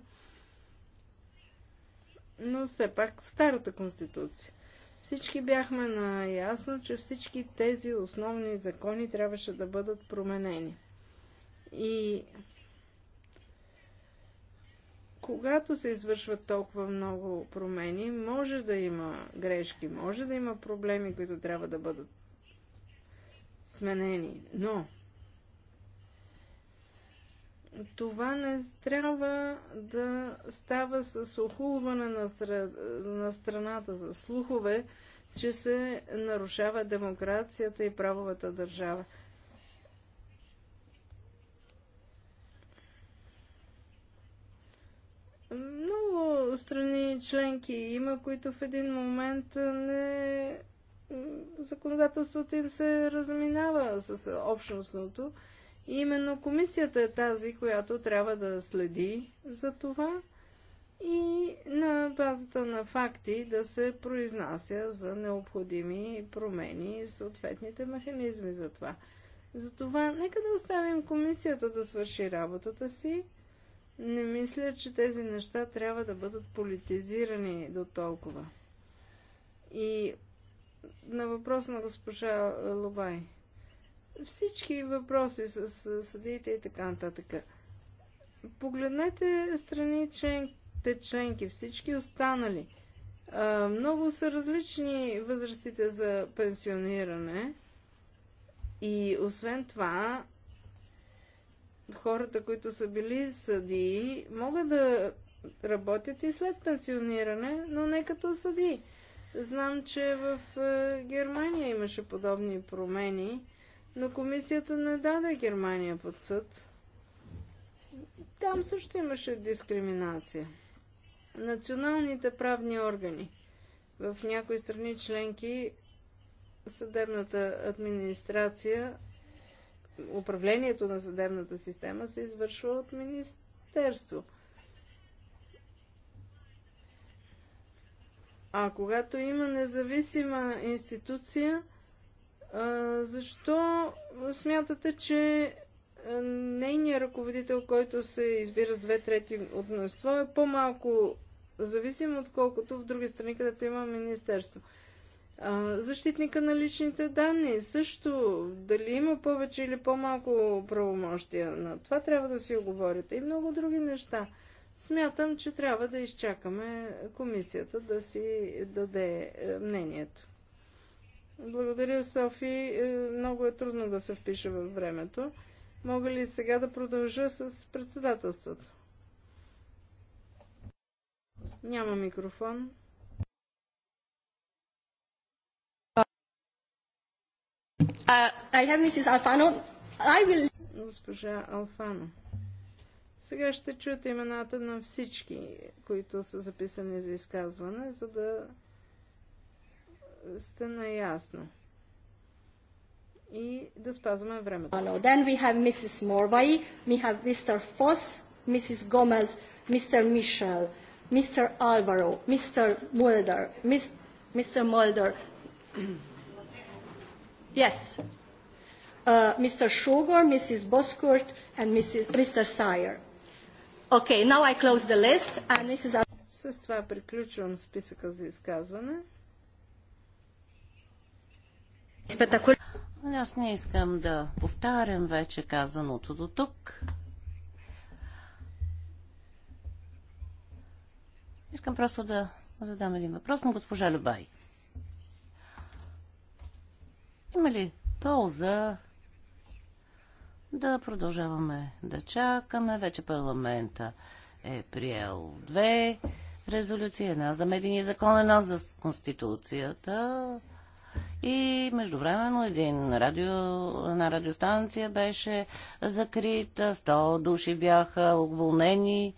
но все пак старата Конституция. Всички бяхме наясно, че всички тези основни закони трябваше да бъдат променени. И когато се извършват толкова много промени, може да има грешки, може да има проблеми, които трябва да бъдат сменени. Но това не трябва да става с охулване на, на страната, за слухове, че се нарушава демокрацията и правовата държава. страни членки. Има, които в един момент не... законодателството им се разминава с общностното. И именно комисията е тази, която трябва да следи за това и на базата на факти да се произнася за необходими промени и съответните механизми за това. Затова нека да оставим комисията да свърши работата си не мисля, че тези неща трябва да бъдат политизирани до толкова. И на въпрос на госпожа Лобай. Всички въпроси с съдиите и така нататък. Погледнете страни членките членки, всички останали. А, много са различни възрастите за пенсиониране. И освен това, хората, които са били съдии, могат да работят и след пенсиониране, но не като съдии. Знам, че в е, Германия имаше подобни промени, но комисията не даде Германия под съд. Там също имаше дискриминация. Националните правни органи. В някои страни членки съдебната администрация управлението на съдебната система се извършва от Министерство. А когато има независима институция, защо смятате, че нейният ръководител, който се избира с две трети от мнозинство, е по-малко зависим, отколкото в други страни, където има министерство? защитника на личните данни също, дали има повече или по-малко правомощия на това, трябва да си оговорите и много други неща. Смятам, че трябва да изчакаме комисията да си даде е, мнението. Благодаря, Софи. Е, много е трудно да се впише във времето. Мога ли сега да продължа с председателството? Няма микрофон. Uh, I have Mrs. Alfano. I will... Госпожа Алфано. Сега ще чуете имената на всички, които са записани за изказване, за да сте наясно. И да спазваме времето. Then we have Mrs. Morvai, we have Mr. Foss, Mrs. Gomez, Mr. Michel, Mr. Alvaro, Mr. Mulder, Mr. Mulder, Yes. Uh, Mr. Sugar, Mrs. Boskurt, and Mrs. Mr. Sire. Okay, now I close the list, and С това приключвам списъка за изказване. Ами аз не искам да повтарям вече казаното до тук. Искам просто да задам един въпрос на госпожа Любай. Има ли полза да продължаваме да чакаме? Вече парламента е приел две резолюции. Една за медийния закон, една за конституцията. И междувременно един радио, една радиостанция беше закрита, 100 души бяха уволнени.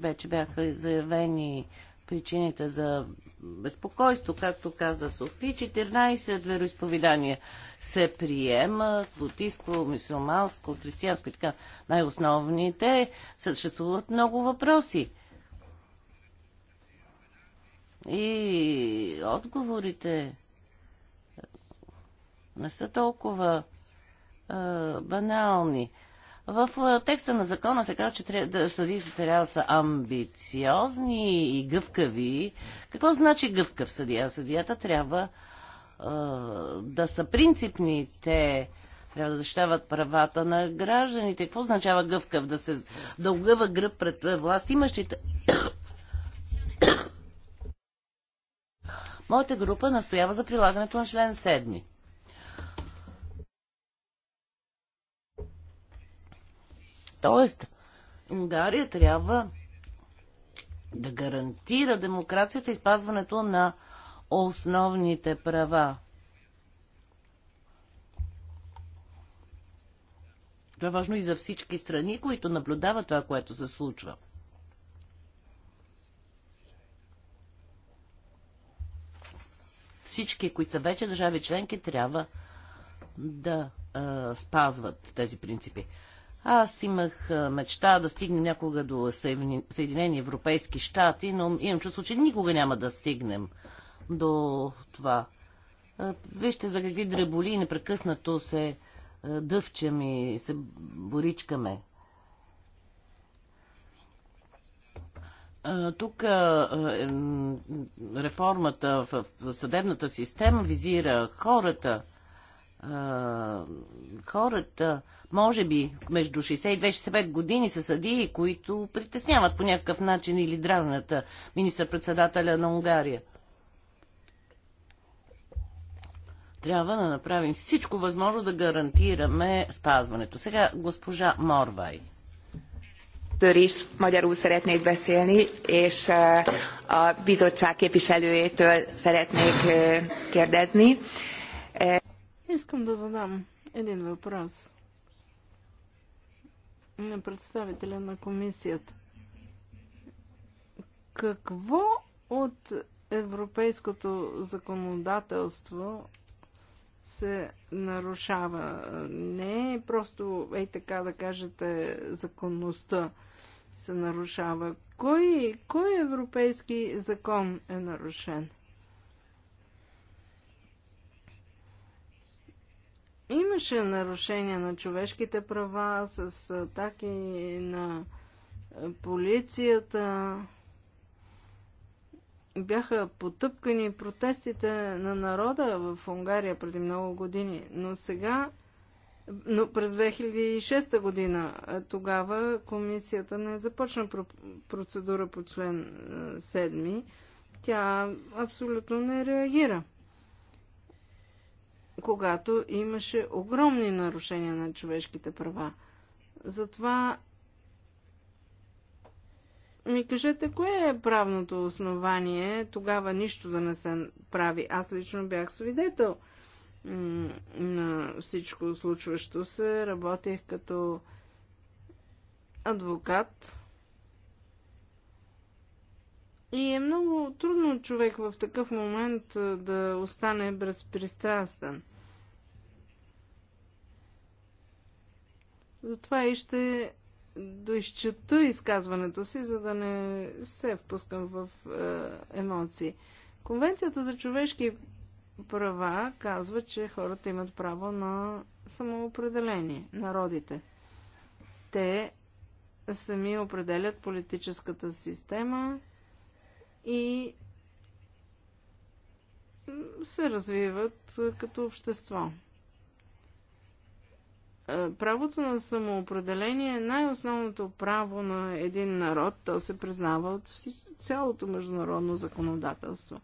Вече бяха заявени причините за безпокойство, както каза Софи. 14 вероисповедания се приема, будистко, мусулманско, християнско и така. Най-основните съществуват много въпроси. И отговорите не са толкова а, банални. В текста на закона се казва, че съдиите трябва да са амбициозни и гъвкави. Какво значи гъвкав съдия? Съдията трябва е, да са принципни. Те трябва да защитават правата на гражданите. Какво означава гъвкав? Да се да огъва гръб пред власт имащите. (coughs) Моята група настоява за прилагането на член 7. Тоест, Унгария трябва да гарантира демокрацията и спазването на основните права. Това е важно и за всички страни, които наблюдават това, което се случва. Всички, които са вече държави членки, трябва да е, спазват тези принципи. Аз имах мечта да стигнем някога до Съединени Европейски щати, но имам чувство, че никога няма да стигнем до това. Вижте за какви дреболи непрекъснато се дъвчем и се боричкаме. Тук реформата в съдебната система визира хората, а, хората, може би между 62 и 65 години са съдии, които притесняват по някакъв начин или дразнат министър-председателя на Унгария. Трябва да направим всичко възможно да гарантираме спазването. Сега госпожа Морвай. Először is magyarul szeretnék beszélni, és a bizottság képviselőjétől szeretnék kérdezni. Искам да задам един въпрос на представителя на комисията. Какво от европейското законодателство се нарушава? Не е просто, ей така да кажете, законността се нарушава. Кой, кой европейски закон е нарушен? Имаше нарушения на човешките права с атаки на е, полицията. Бяха потъпкани протестите на народа в Унгария преди много години, но сега но през 2006 година е, тогава комисията не започна процедура по член 7. Е, Тя абсолютно не реагира когато имаше огромни нарушения на човешките права. Затова ми кажете, кое е правното основание тогава нищо да не се прави? Аз лично бях свидетел на всичко случващо се. Работех като адвокат и е много трудно човек в такъв момент да остане безпристрастен. Затова и ще доизчета изказването си, за да не се впускам в е, емоции. Конвенцията за човешки права казва, че хората имат право на самоопределение, народите. Те сами определят политическата система, и се развиват като общество. Правото на самоопределение е най-основното право на един народ. То се признава от цялото международно законодателство.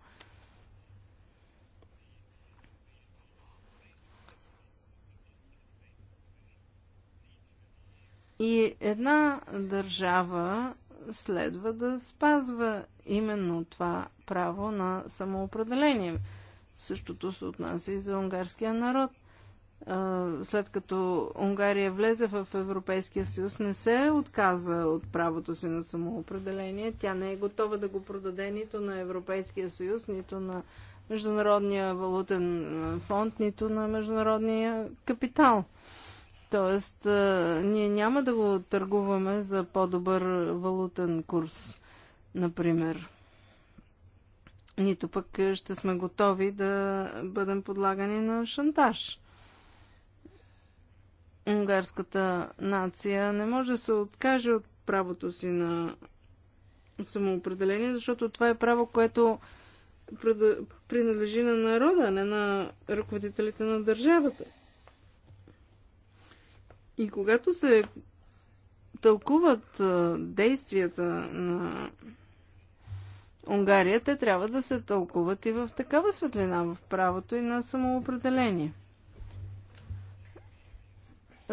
И една държава следва да спазва именно това право на самоопределение. Същото се отнася и за унгарския народ. След като Унгария влезе в Европейския съюз, не се отказа от правото си на самоопределение. Тя не е готова да го продаде нито на Европейския съюз, нито на Международния валутен фонд, нито на Международния капитал. Тоест, ние няма да го търгуваме за по-добър валутен курс, например. Нито пък ще сме готови да бъдем подлагани на шантаж. Унгарската нация не може да се откаже от правото си на самоопределение, защото това е право, което принадлежи на народа, а не на ръководителите на държавата. И когато се тълкуват действията на Унгария, те трябва да се тълкуват и в такава светлина в правото и на самоопределение.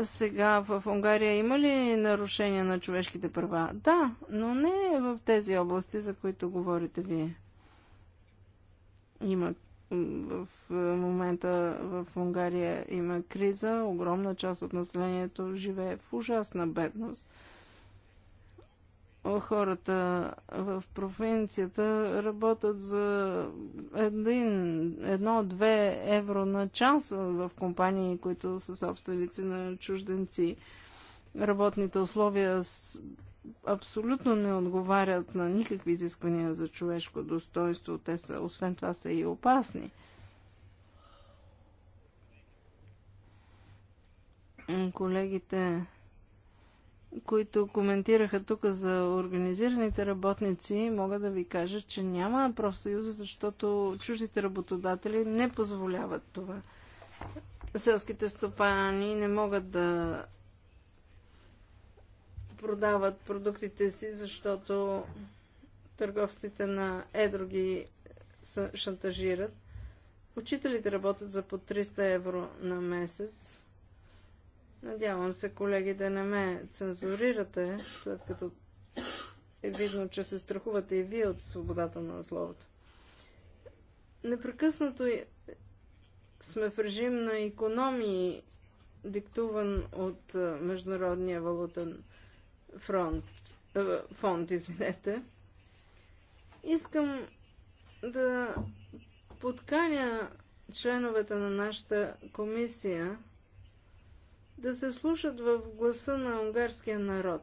Сега в Унгария има ли нарушения на човешките права? Да, но не в тези области, за които говорите вие. Има в е, момента в Унгария има криза, огромна част от населението живее в ужасна бедност хората в провинцията работят за един, едно-две евро на час в компании, които са собственици на чужденци. Работните условия абсолютно не отговарят на никакви изисквания за човешко достоинство. Те са, освен това, са и опасни. Колегите, които коментираха тук за организираните работници, мога да ви кажа, че няма профсъюз, защото чуждите работодатели не позволяват това. Селските стопани не могат да продават продуктите си, защото търговците на едро ги шантажират. Учителите работят за по 300 евро на месец. Надявам се, колеги, да не ме цензурирате, след като е видно, че се страхувате и вие от свободата на словото. Непрекъснато сме в режим на економии, диктуван от Международния валутен фронт, е, фонд, извинете. Искам да подканя членовете на нашата комисия да се слушат в гласа на унгарския народ.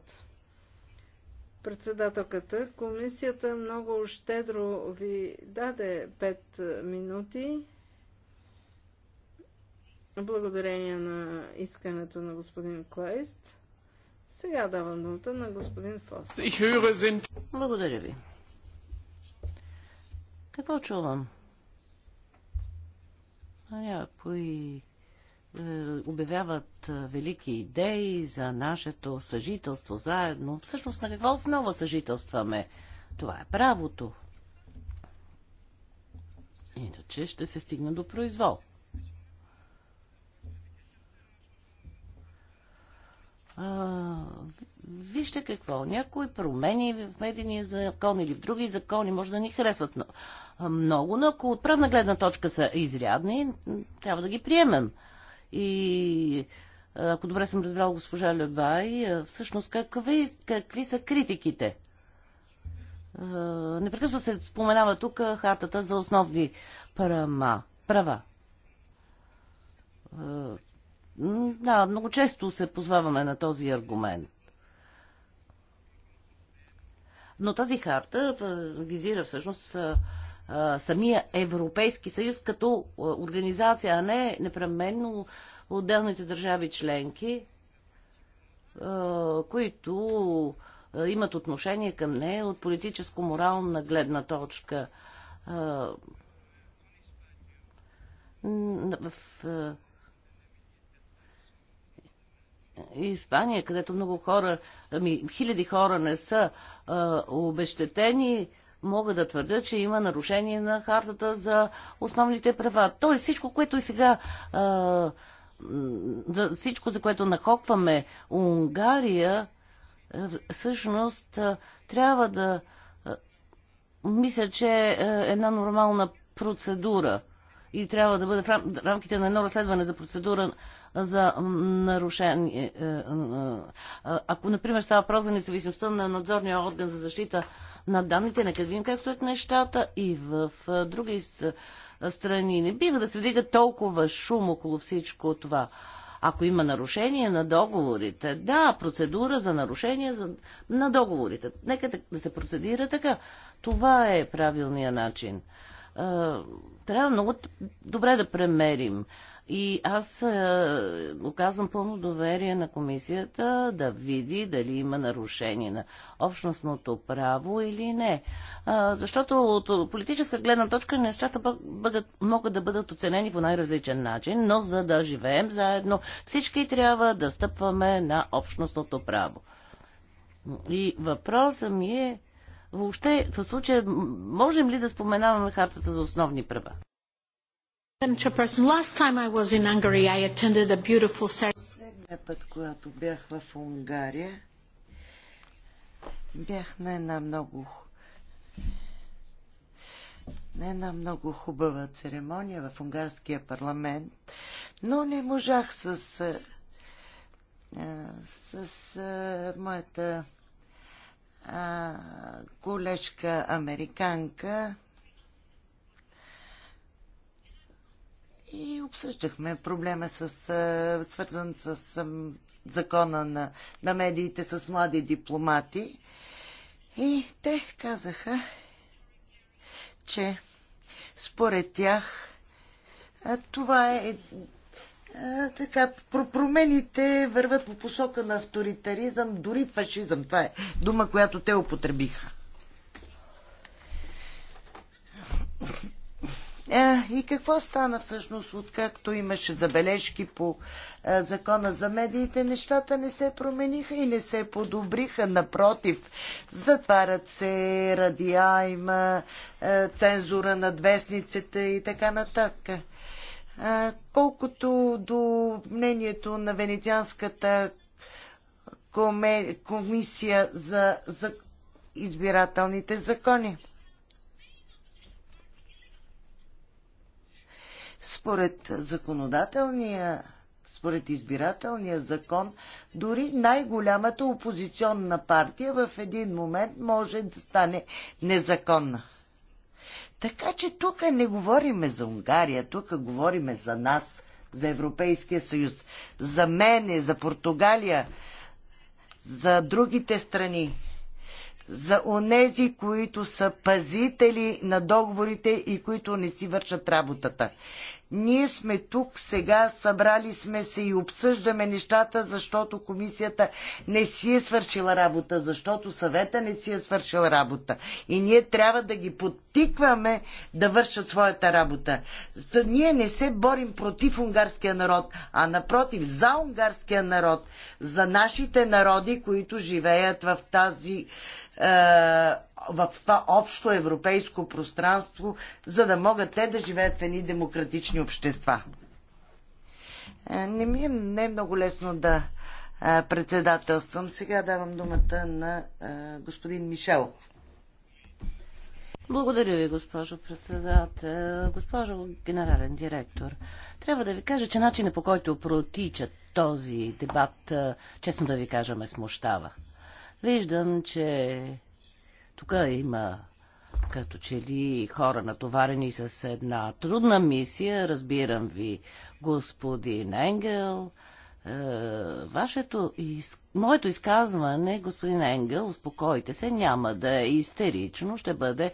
Председателката, комисията много щедро ви даде 5 е, минути благодарение на искането на господин Клайст. Сега давам думата на господин Фос. Благодаря ви. Какво чувам? Някои е, обявяват е, велики идеи за нашето съжителство заедно. Всъщност на какво основа съжителстваме? Това е правото. Иначе ще се стигне до произвол. А, вижте какво. Някои промени в медийния закон или в други закони може да ни харесват много, но ако от правна гледна точка са изрядни, трябва да ги приемем. И ако добре съм разбрал госпожа Лебай, всъщност какви, какви са критиките? Непрекъсно се споменава тук хатата за основни права. права да, много често се позваваме на този аргумент. Но тази харта визира всъщност самия Европейски съюз като организация, а не непременно отделните държави членки, които имат отношение към нея от политическо-морална гледна точка. В Испания, където много хора, ами, хиляди хора не са а, обещетени, мога да твърдя, че има нарушение на хартата за основните права. Тоест всичко, което и сега. А, за всичко, за което нахокваме Унгария, всъщност трябва да мисля, че е, е една нормална процедура и трябва да бъде в рамките на едно разследване за процедура за нарушение. Е, е, е, ако, например, става въпрос за независимостта на надзорния орган за защита на данните, нека видим как стоят нещата и в други страни. Не бива да се вдига толкова шум около всичко това. Ако има нарушение на договорите, да, процедура за нарушение за... на договорите. Нека да се процедира така. Това е правилният начин. Трябва много добре да премерим и аз е, оказвам пълно доверие на комисията да види дали има нарушение на общностното право или не. А, защото от политическа гледна точка нещата бъдат, могат да бъдат оценени по най-различен начин, но за да живеем заедно всички трябва да стъпваме на общностното право. И въпросът ми е въобще в случая можем ли да споменаваме хартата за основни права? Последния път, когато бях в Унгария, бях на една много на една много хубава церемония в унгарския парламент, но не можах с, с, с моята а, колежка американка и обсъждахме проблема с, свързан с закона на, на медиите с млади дипломати. И те казаха, че според тях това е така, промените върват по посока на авторитаризъм, дори фашизъм. Това е дума, която те употребиха. И какво стана всъщност, откакто имаше забележки по закона за медиите, нещата не се промениха и не се подобриха. Напротив, затварят се радиа, има цензура на вестниците и така нататък. Колкото до мнението на Венецианската комисия за, за избирателните закони. Според законодателния, според избирателния закон, дори най-голямата опозиционна партия в един момент може да стане незаконна. Така че тук не говориме за Унгария, тук говориме за нас, за Европейския съюз, за мене, за Португалия, за другите страни за онези, които са пазители на договорите и които не си вършат работата. Ние сме тук сега, събрали сме се и обсъждаме нещата, защото комисията не си е свършила работа, защото съвета не си е свършил работа. И ние трябва да ги подтикваме да вършат своята работа. То ние не се борим против унгарския народ, а напротив, за унгарския народ, за нашите народи, които живеят в тази е, в това общо европейско пространство, за да могат те да живеят в едни демократични общества. Е, не ми е, не е много лесно да е, председателствам. Сега давам думата на е, господин Мишел. Благодаря ви, госпожо председател. Госпожо генерален директор, трябва да ви кажа, че начинът по който протича този дебат, честно да ви кажа, ме смущава. Виждам, че тук има като че ли хора натоварени с една трудна мисия, разбирам ви, господин Енгел. Е, вашето, из... моето изказване, господин Енгел, успокойте се, няма да е истерично, ще бъде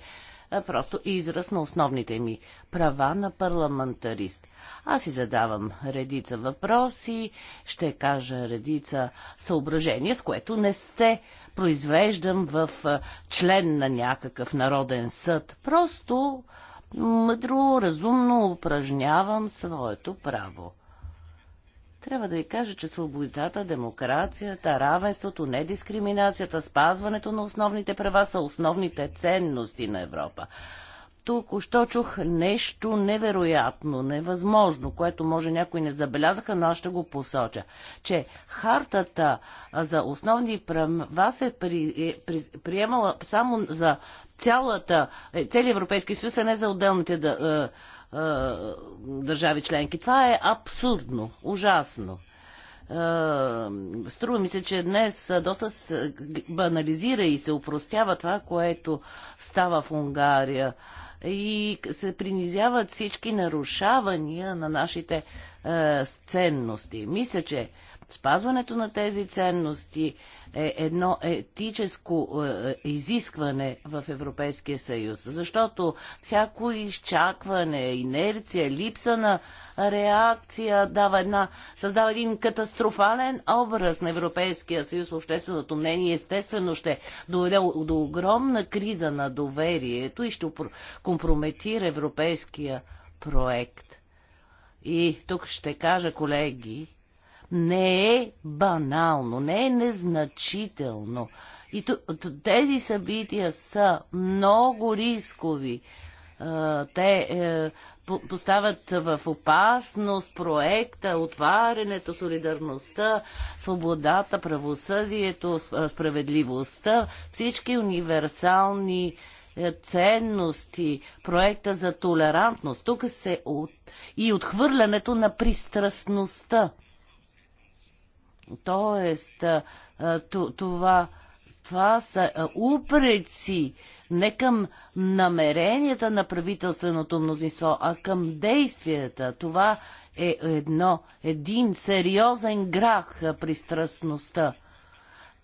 е, просто израз на основните ми права на парламентарист. Аз си задавам редица въпроси, ще кажа редица съображения, с което не сте произвеждам в член на някакъв народен съд. Просто мъдро, разумно упражнявам своето право. Трябва да ви кажа, че свободата, демокрацията, равенството, недискриминацията, спазването на основните права са основните ценности на Европа. Току-що чух нещо невероятно, невъзможно, което може някои не забелязаха, но аз ще го посоча, че хартата за основни права се при, е, при, приемала само за цялата, е, цели Европейски съюз, а не за отделните да, е, е, държави членки. Това е абсурдно, ужасно. Е, струва ми се, че днес доста се банализира и се упростява това, което става в Унгария и се принизяват всички нарушавания на нашите е, ценности. Мисля, че спазването на тези ценности е едно етическо е, изискване в Европейския съюз, защото всяко изчакване, инерция, липса на реакция дава една, създава един катастрофален образ на Европейския съюз. Общественото мнение естествено ще доведе до огромна криза на доверието и ще компрометира европейския проект. И тук ще кажа, колеги, не е банално, не е незначително. И тези събития са много рискови. Те е, поставят в опасност проекта, отварянето, солидарността, свободата, правосъдието, справедливостта, всички универсални е, ценности, проекта за толерантност. Тук се от... и отхвърлянето на пристрастността. Тоест, е, това, това са упреци не към намеренията на правителственото мнозинство, а към действията. Това е едно, един сериозен грах при страстността.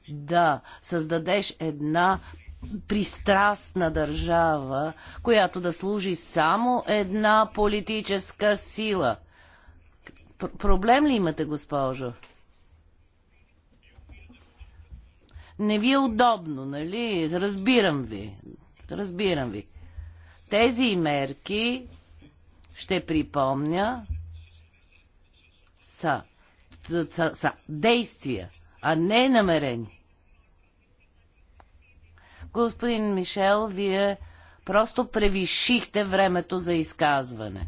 Да създадеш една пристрастна държава, която да служи само една политическа сила. Проблем ли имате, госпожо? Не ви е удобно, нали? Разбирам ви. Разбирам ви. Тези мерки, ще припомня, са, са, са действия, а не намерени. Господин Мишел, вие просто превишихте времето за изказване.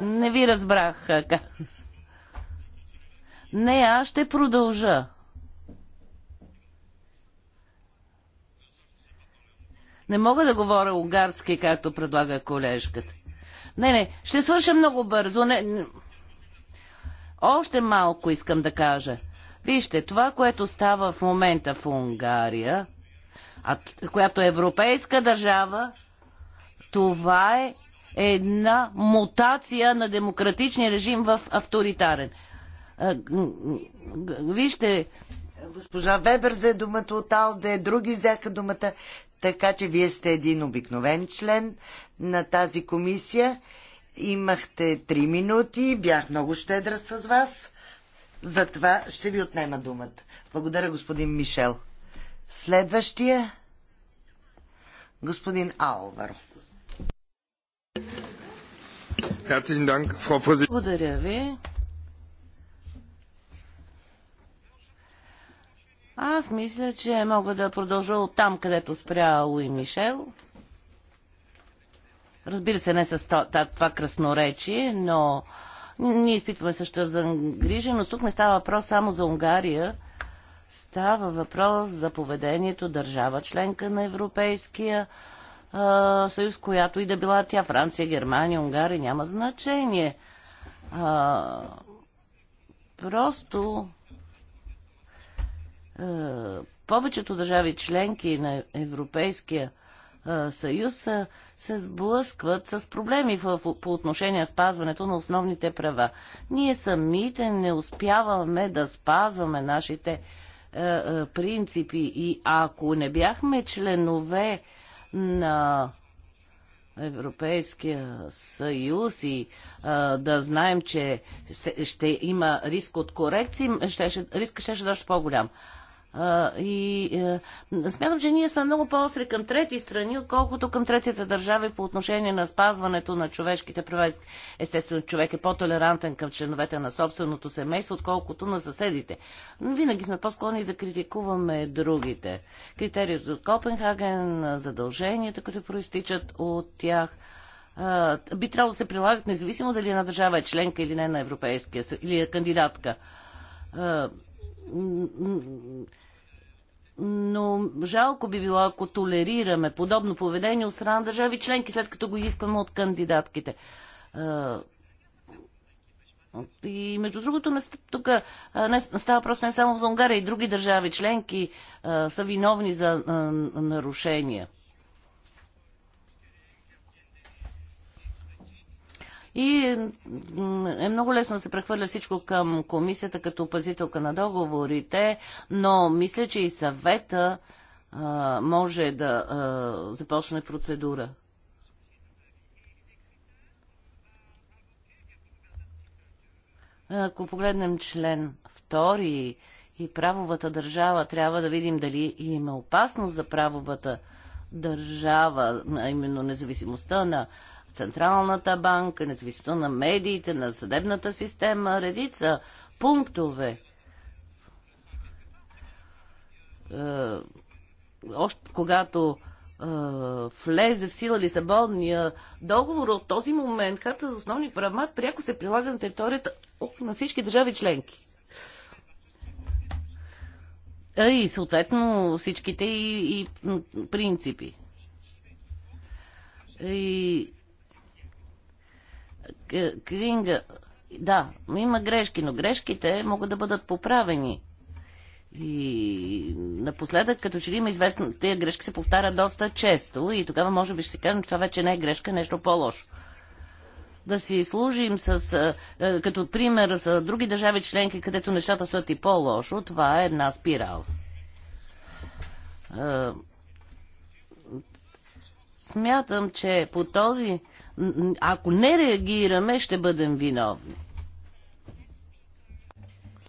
Не ви разбрах. Не, аз ще продължа. Не мога да говоря угарски, както предлага колежката. Не, не, ще свърша много бързо. Не... Още малко искам да кажа. Вижте, това, което става в момента в Унгария, а, която е европейска държава, това е една мутация на демократичния режим в авторитарен. Вижте, госпожа Вебер взе думата от Алде, други взеха думата. Така че вие сте един обикновен член на тази комисия. Имахте три минути, бях много щедра с вас. Затова ще ви отнема думата. Благодаря, господин Мишел. Следващия господин Алваро. Благодаря ви, Аз мисля, че мога да продължа от там, където спря Луи Мишел. Разбира се, не с това красноречие, но ние изпитваме същата загриженост. Тук не става въпрос само за Унгария. Става въпрос за поведението държава членка на Европейския а, съюз, която и да била тя Франция, Германия, Унгария, няма значение. А, просто е, повечето държави членки на Европейския е, съюз е, се сблъскват с проблеми в, по отношение спазването на основните права. Ние самите не успяваме да спазваме нашите е, е, принципи и ако не бяхме членове на Европейския съюз и а, да знаем, че ще, има риск от корекции, ще, ще, риск ще, ще е доста по-голям и а, е, смятам, че ние сме много по-остри към трети страни, отколкото към третите държави по отношение на спазването на човешките права. Естествено, човек е по-толерантен към членовете на собственото семейство, отколкото на съседите. Но винаги сме по-склонни да критикуваме другите. Критерият от Копенхаген, задълженията, които проистичат от тях – би трябвало да се прилагат независимо дали една държава е членка или не на Европейския или е кандидатка но жалко би било, ако толерираме подобно поведение от страна на държави членки, след като го изискваме от кандидатките. И между другото, тук не, става просто не само за Унгария, и други държави членки са виновни за нарушения. И е много лесно да се прехвърля всичко към комисията като пазителка на договорите, но мисля, че и съвета а, може да а, започне процедура. Ако погледнем член 2 и правовата държава, трябва да видим дали има опасност за правовата държава, а именно независимостта на Централната банка, независимо на медиите, на съдебната система, редица пунктове. Е, още когато е, влезе в сила Лисабонния договор, от този момент хата за основни права пряко се прилага на територията на всички държави членки. Е, и съответно всичките и, и принципи. И Кринга, да, има грешки, но грешките могат да бъдат поправени. И напоследък, като че ли има известно, тези грешки се повтарят доста често и тогава може би ще си кажем, това вече не е грешка, нещо по-лошо. Да си служим с, като пример с други държави членки, където нещата стоят и по-лошо, това е една спирал. Смятам, че по този ако не реагираме, ще бъдем виновни.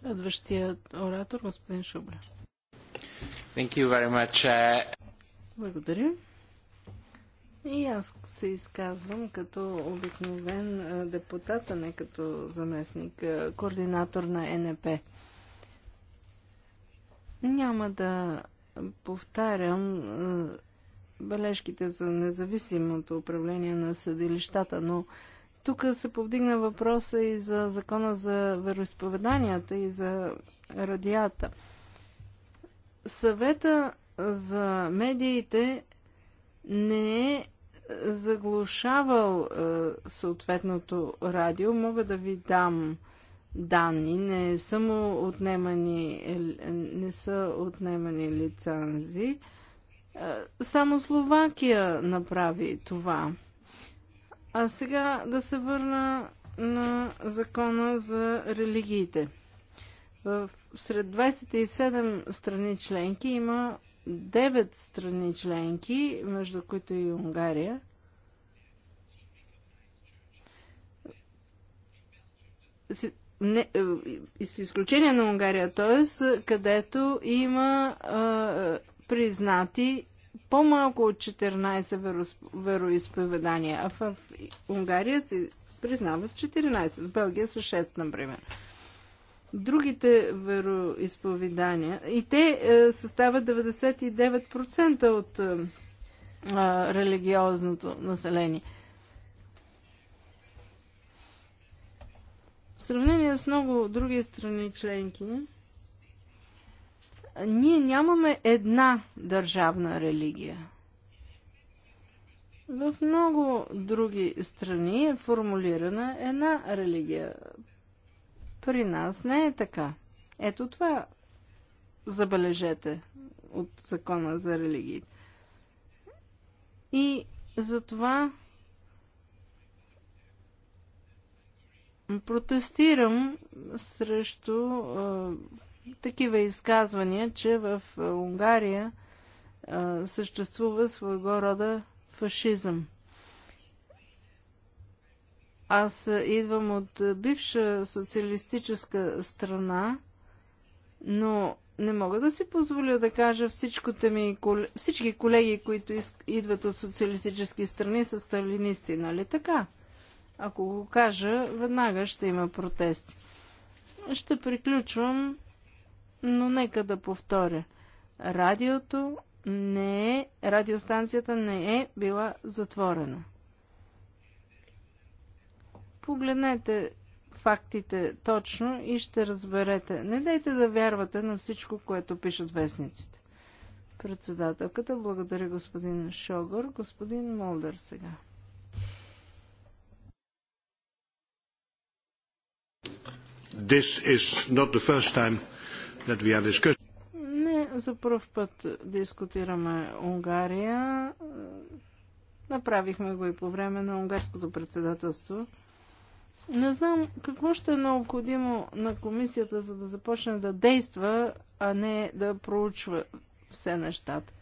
Следващият оратор, господин Шубля. Thank you very much. Uh, Благодаря. И аз се изказвам като обикновен депутат, а не като заместник, координатор на НП. Няма да повтарям бележките за независимото управление на съдилищата, но тук се повдигна въпроса и за закона за вероисповеданията и за радията. Съвета за медиите не е заглушавал е, съответното радио. Мога да ви дам данни. Не, само отнемани, не са отнемани лицензи. Е, само Словакия направи това. А сега да се върна на закона за религиите. Сред 27 страни членки има 9 страни членки, между които и Унгария, не, с е, изключение на Унгария, т.е. където има признати по-малко от 14 вероисповедания, а в Унгария се признават 14, в Белгия са 6, например. Другите вероисповедания, и те е, съставят 99% от е, е, религиозното население. В сравнение с много други страни членки, ние нямаме една държавна религия. В много други страни е формулирана една религия. При нас не е така. Ето това забележете от закона за религиите. И затова протестирам срещу такива изказвания, че в Унгария съществува своего рода фашизъм. Аз идвам от бивша социалистическа страна, но не мога да си позволя да кажа ми, всички колеги, които идват от социалистически страни, са сталинисти, нали така? Ако го кажа, веднага ще има протести. Ще приключвам но нека да повторя. Радиото не е, радиостанцията не е била затворена. Погледнете фактите точно и ще разберете. Не дайте да вярвате на всичко, което пишат вестниците. Председателката, благодаря господин Шогор, господин Молдър сега. This is not the first time that we are discussing. Не, за първ път дискутираме Унгария. Направихме го и по време на унгарското председателство. Не знам какво ще е необходимо на комисията, за да започне да действа, а не да проучва все нещата.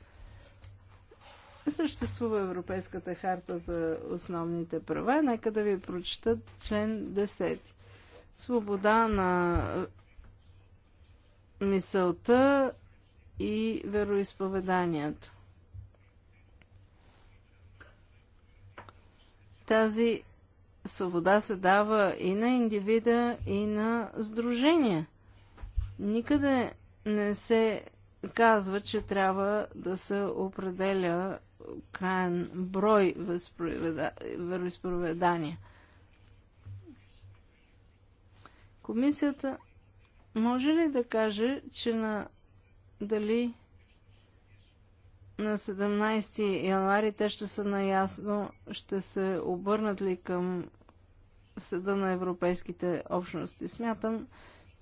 Съществува Европейската харта за основните права. Нека да ви прочитат член 10. Свобода на мисълта и вероисповеданието. Тази свобода се дава и на индивида, и на сдружения. Никъде не се казва, че трябва да се определя крайен брой вероисповедания. Комисията може ли да каже, че на дали на 17 януари те ще са наясно, ще се обърнат ли към Съда на европейските общности. Смятам,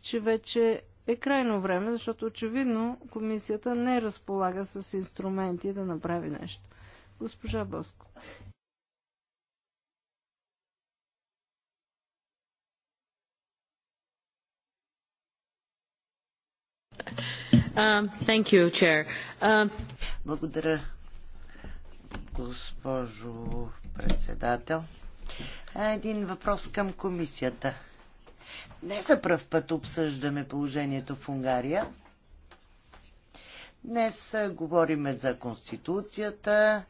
че вече е крайно време, защото очевидно комисията не разполага с инструменти да направи нещо. Госпожа Боско. Um, you, um, Благодаря, госпожо председател. Един въпрос към комисията. Не за пръв път обсъждаме положението в Унгария. Днес говориме за Конституцията.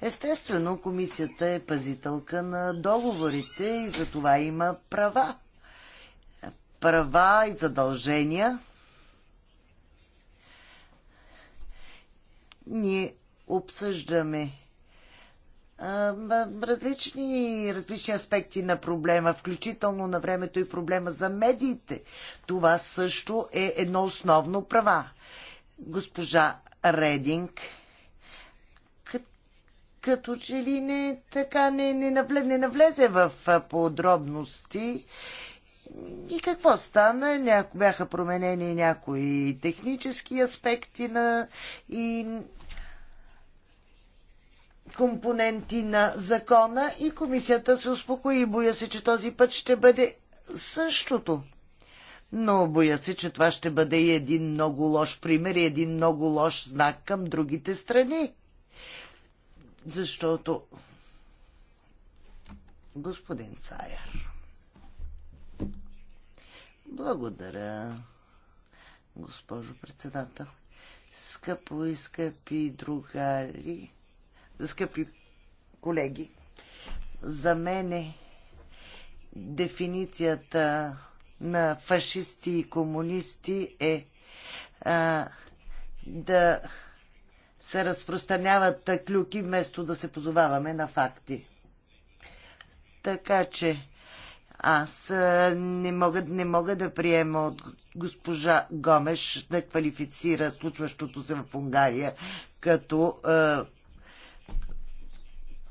Естествено, комисията е пазителка на договорите и за това има права. Права и задължения ние обсъждаме различни, различни аспекти на проблема, включително на времето и проблема за медиите. Това също е едно основно права. Госпожа Рединг, като че ли не така не, не, навлезе, не навлезе в подробности и какво стана? Няко, бяха променени някои технически аспекти на и компоненти на закона и комисията се успокои. Боя се, че този път ще бъде същото. Но боя се, че това ще бъде и един много лош пример и един много лош знак към другите страни. Защото господин Цаяр. Благодаря, госпожо председател. Скъпо и скъпи другари, скъпи колеги, за мене дефиницията на фашисти и комунисти е а, да се разпространяват клюки, вместо да се позоваваме на факти. Така че аз не мога, не мога да приема от госпожа Гомеш да квалифицира случващото се в Унгария като е,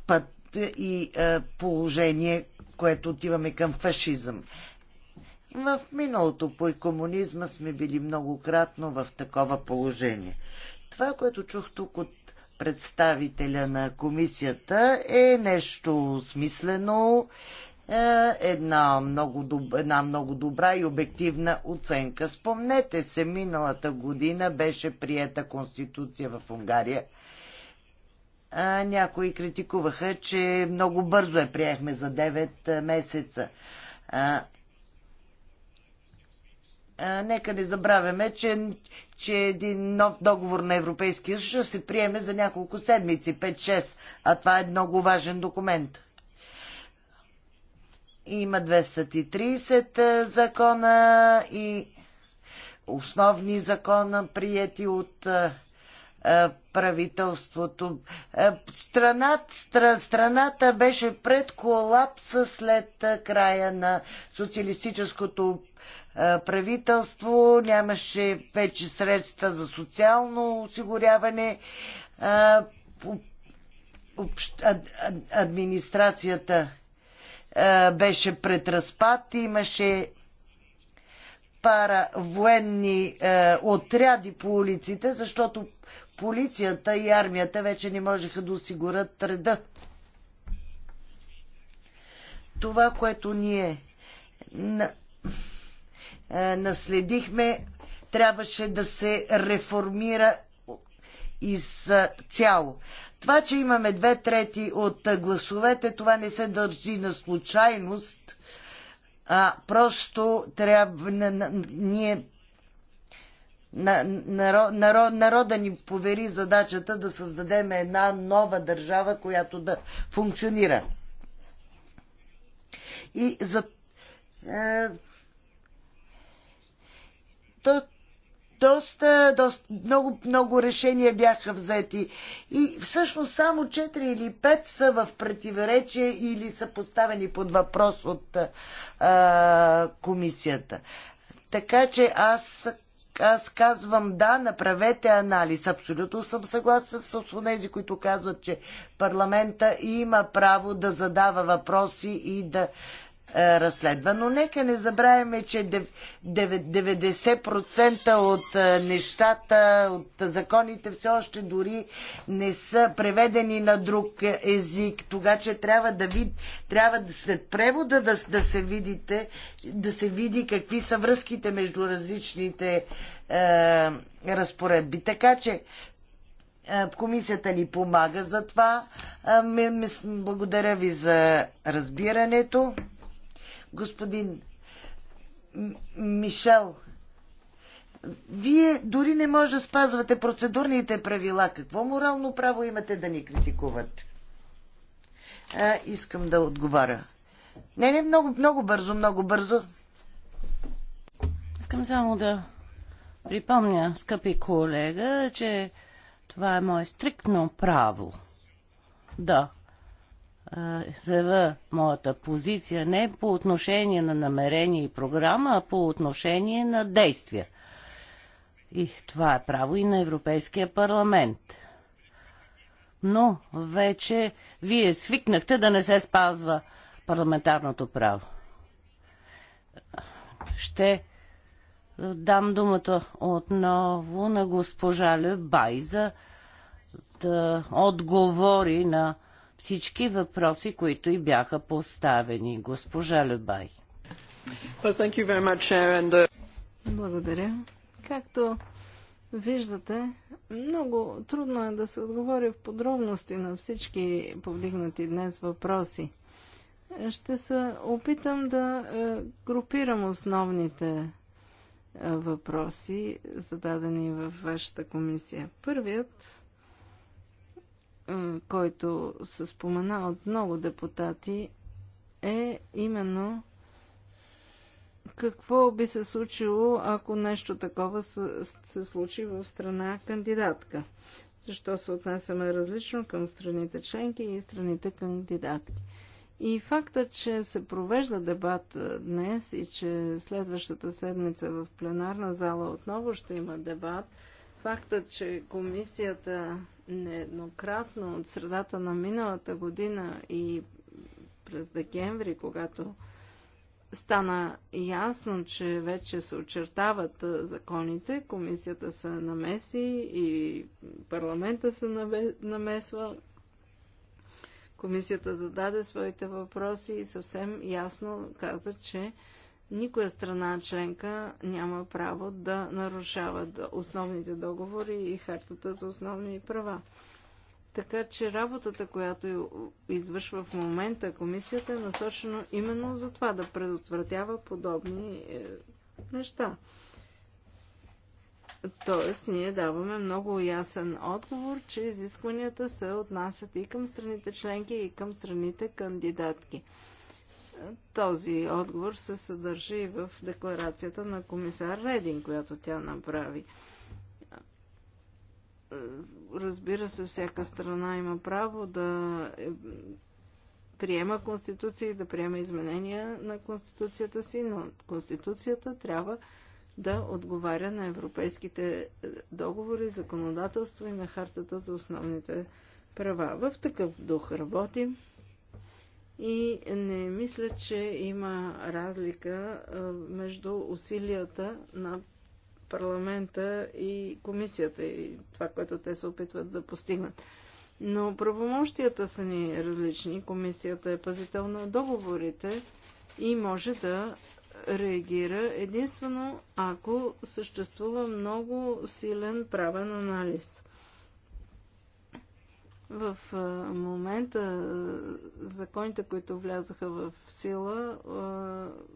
път и е, положение, което отиваме към фашизъм. В миналото по комунизма сме били многократно в такова положение. Това, което чух тук от представителя на комисията е нещо смислено е, една много, доб... една много добра и обективна оценка. Спомнете се, миналата година беше приета конституция в Унгария. А, някои критикуваха, че много бързо я приехме за 9 е, месеца. А, а, нека не забравяме, че, че един нов договор на Европейския съюз ще се приеме за няколко седмици, 5-6, а това е много важен документ. Има 230 закона и основни закона, прияти от правителството. Страната, стра, страната беше пред колапса след края на социалистическото правителство, нямаше вече средства за социално осигуряване, администрацията е, беше пред разпад, имаше пара военни е, отряди по улиците, защото полицията и армията вече не можеха да осигурят реда. Това, което ние на, е, наследихме, трябваше да се реформира изцяло. Това, че имаме две трети от гласовете, това не се държи на случайност, а просто трябва на, на, ние на, народ, народ, народа ни повери задачата да създадем една нова държава, която да функционира. И за е, то, доста, доста много, много решения бяха взети. И всъщност само 4 или 5 са в противоречие или са поставени под въпрос от а, комисията. Така че аз аз казвам да, направете анализ. Абсолютно съм съгласен с тези, които казват, че парламента има право да задава въпроси и да е, разследва. Но нека не забравяме, че 90% от е, нещата, от законите все още дори не са преведени на друг език. Тога, че трябва да ви, трябва да след превода да, да се видите, да се види какви са връзките между различните е, разпоредби. Така че е, Комисията ни помага за това. Благодаря ви за разбирането господин Мишел, вие дори не може да спазвате процедурните правила. Какво морално право имате да ни критикуват? А, искам да отговаря. Не, не, много, много бързо, много бързо. Искам само да припомня, скъпи колега, че това е мое стриктно право да заява моята позиция не по отношение на намерение и програма, а по отношение на действия. И това е право и на Европейския парламент. Но вече вие свикнахте да не се спазва парламентарното право. Ще дам думата отново на госпожа Лебайза за да отговори на всички въпроси, които и бяха поставени. Госпожа Любай. Uh, Благодаря. Както виждате, много трудно е да се отговори в подробности на всички повдигнати днес въпроси. Ще се опитам да е, групирам основните е, въпроси, зададени във вашата комисия. Първият който се спомена от много депутати, е именно какво би се случило, ако нещо такова се, се случи в страна кандидатка. Защо се отнасяме различно към страните членки и страните кандидатки. И факта, че се провежда дебат днес и че следващата седмица в пленарна зала отново ще има дебат, факта, че комисията нееднократно от средата на миналата година и през декември, когато стана ясно, че вече се очертават законите, комисията се намеси и парламента се намесва. Комисията зададе своите въпроси и съвсем ясно каза, че Никоя страна членка няма право да нарушава основните договори и хартата за основни права. Така че работата, която извършва в момента комисията, е насочена именно за това да предотвратява подобни е, неща. Тоест, ние даваме много ясен отговор, че изискванията се отнасят и към страните членки, и към страните кандидатки. Този отговор се съдържи в декларацията на комисар Редин, която тя направи. Разбира се, всяка страна има право да е, приема Конституция и да приема изменения на Конституцията си, но Конституцията трябва да отговаря на европейските е, договори, законодателство и на хартата за основните права. В такъв дух работим и не мисля, че има разлика между усилията на парламента и комисията и това, което те се опитват да постигнат. Но правомощията са ни различни. Комисията е пазител на договорите и може да реагира единствено ако съществува много силен правен анализ. В момента законите, които влязоха в сила,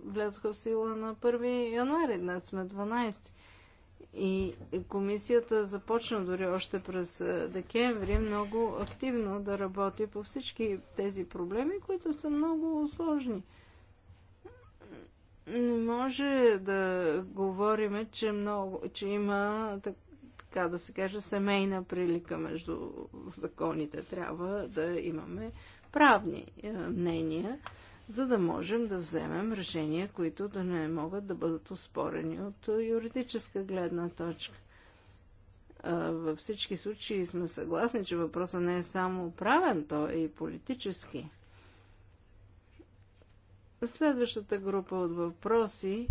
влязоха в сила на 1 януари. Днес сме 12. И комисията започна дори още през декември много активно да работи по всички тези проблеми, които са много сложни. Не може да говорим, че, много, че има така така да се каже, семейна прилика между законите. Трябва да имаме правни е, мнения, за да можем да вземем решения, които да не могат да бъдат успорени от е, юридическа гледна точка. Във всички случаи сме съгласни, че въпросът не е само правен, то е и политически. Следващата група от въпроси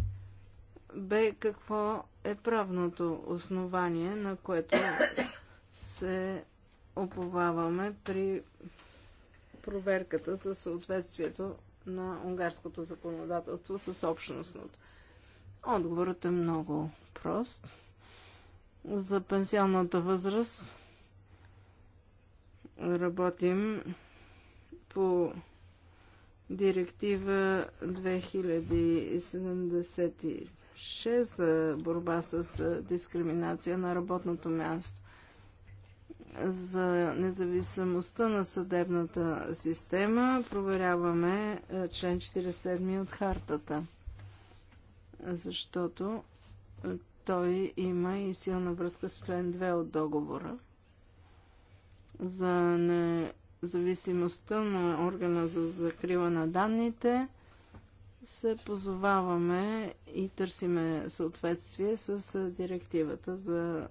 бе какво е правното основание, на което се оповаваме при проверката за съответствието на унгарското законодателство с общностното. Отговорът е много прост. За пенсионната възраст работим по директива 2070 6 за борба с дискриминация на работното място. За независимостта на съдебната система проверяваме член 47 от хартата, защото той има и силна връзка с член 2 от договора. За независимостта на органа за закрила на данните – се позоваваме и търсиме съответствие с директивата за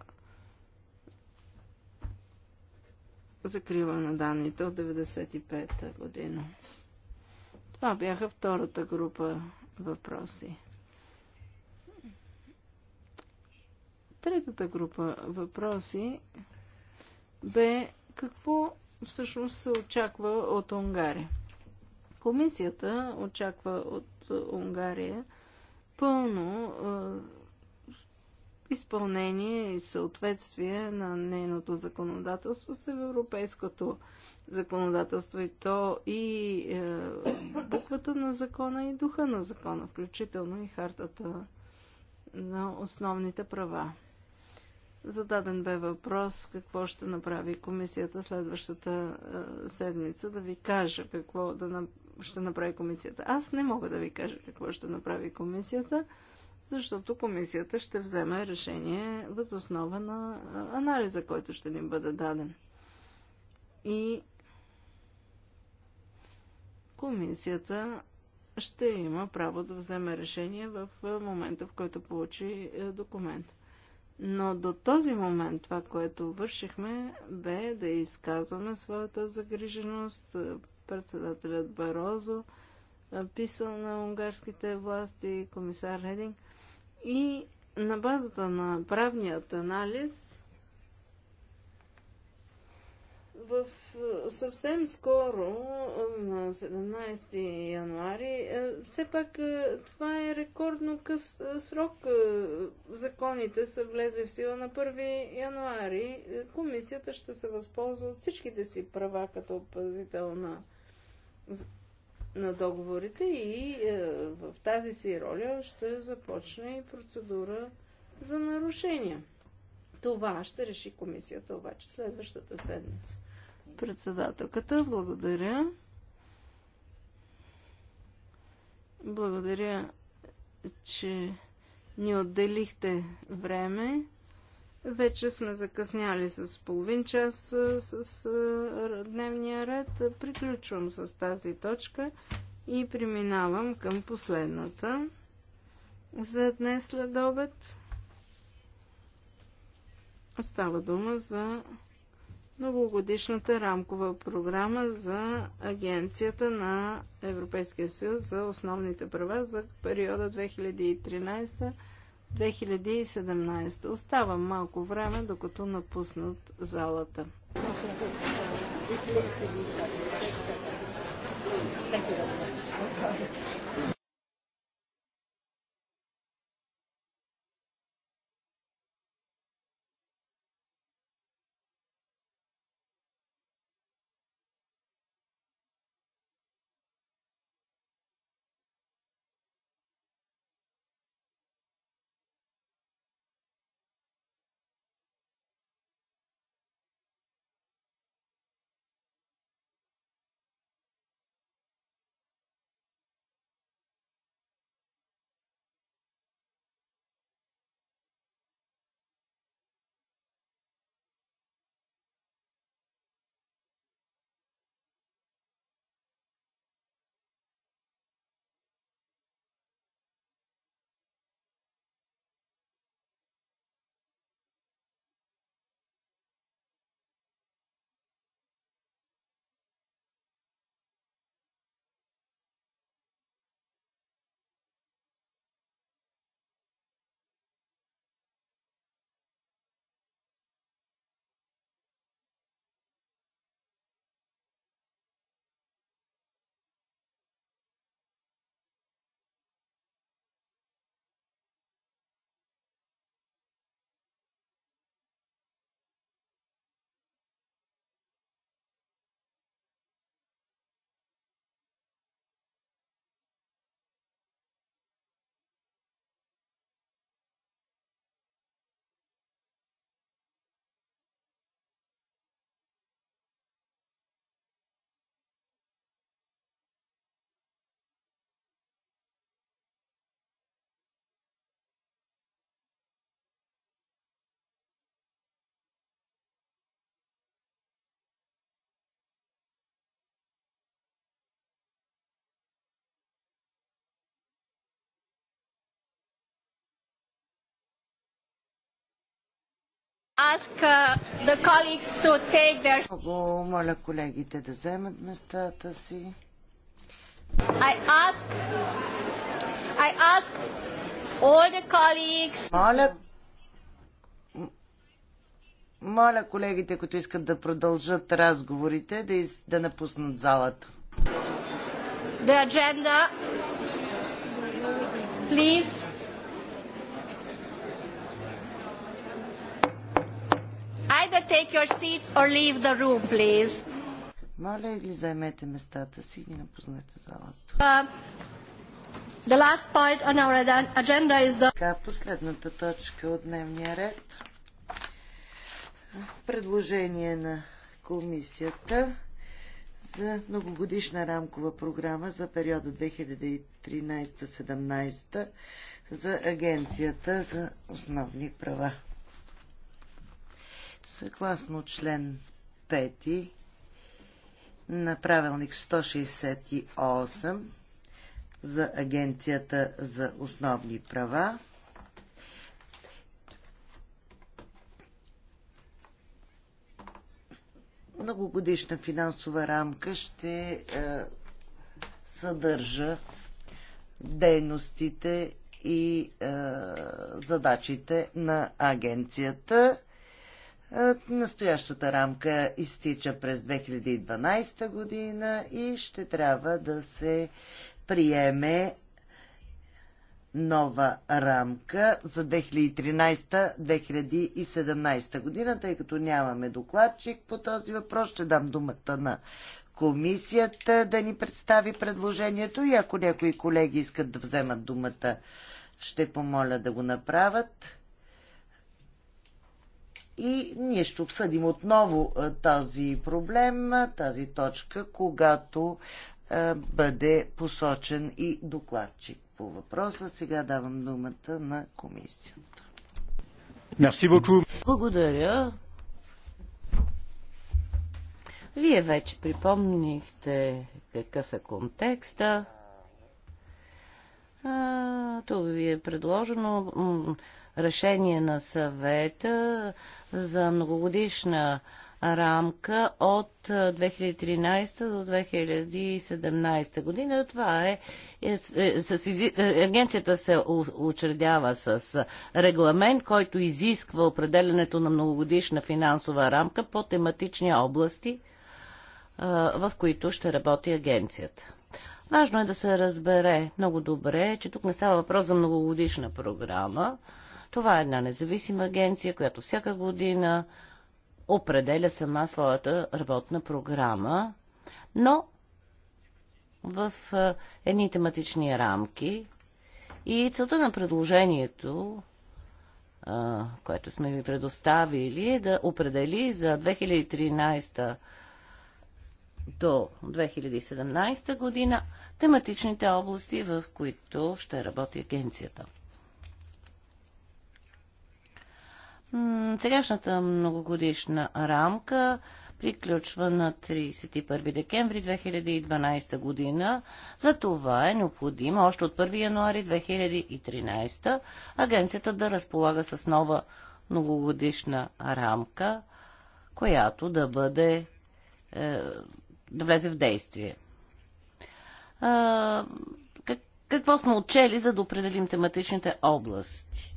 закрива на данните от 95-та година. Това бяха втората група въпроси. Третата група въпроси бе какво всъщност се очаква от Унгария. Комисията очаква от Унгария пълно е, изпълнение и съответствие на нейното законодателство с европейското законодателство и то и е, буквата на закона и духа на закона, включително и хартата на основните права. Зададен бе въпрос какво ще направи комисията следващата е, седмица, да ви кажа какво да, ще направи комисията. Аз не мога да ви кажа какво ще направи комисията, защото комисията ще вземе решение възоснова на анализа, който ще ни бъде даден. И комисията ще има право да вземе решение в момента, в който получи документ. Но до този момент това, което вършихме, бе да изказваме своята загриженост, председателят Барозо, писал на унгарските власти, комисар Рединг. И на базата на правният анализ в съвсем скоро, на 17 януари, все пак това е рекордно къс срок. Законите са влезли в сила на 1 януари. Комисията ще се възползва от всичките си права като опазител на на договорите и е, в тази си роля ще започне и процедура за нарушения. Това ще реши комисията обаче следващата седмица. Председателката, благодаря. Благодаря, че ни отделихте време. Вече сме закъсняли с половин час с дневния ред. Приключвам с тази точка и преминавам към последната за днес след обед. Става дума за многогодишната рамкова програма за Агенцията на Европейския съюз за основните права за периода 2013 2017. Остава малко време, докато напуснат залата. Thank you very much. Uh, моля колегите да вземат местата си. I ask, I ask all the colleagues... Моля, моля колегите, които искат да продължат разговорите, да, из, да напуснат залата. The agenda, please. Either take your seats or leave the room, please. Моля, или займете местата си или напуснете залата. Uh, the last part on our agenda is the... Така, последната точка от дневния ред. Предложение на комисията за многогодишна рамкова програма за периода 2013 2017 за Агенцията за основни права. Съгласно член 5 на правилник 168 за Агенцията за основни права, многогодишна финансова рамка ще е, съдържа дейностите и е, задачите на агенцията. Е, настоящата рамка изтича през 2012 година и ще трябва да се приеме нова рамка за 2013-2017 година, тъй като нямаме докладчик по този въпрос. Ще дам думата на комисията да ни представи предложението и ако някои колеги искат да вземат думата, ще помоля да го направят. И ние ще обсъдим отново този проблем, тази точка, когато бъде посочен и докладчик по въпроса. Сега давам думата на комисията. Благодаря. Вие вече припомнихте какъв е контекста. А, тук ви е предложено решение на съвета за многогодишна рамка от 2013 до 2017 година. Това е, е, е с, е, агенцията се учредява с регламент, който изисква определенето на многогодишна финансова рамка по тематични области, в които ще работи агенцията. Важно е да се разбере много добре, че тук не става въпрос за многогодишна програма, това е една независима агенция, която всяка година определя сама своята работна програма, но в едни тематични рамки. И целта на предложението, което сме ви предоставили, е да определи за 2013 до 2017 година тематичните области, в които ще работи агенцията. Сегашната многогодишна рамка приключва на 31 декември 2012 година. За това е необходимо още от 1 януари 2013 агенцията да разполага с нова многогодишна рамка, която да бъде е, да влезе в действие. какво сме отчели, за да определим тематичните области?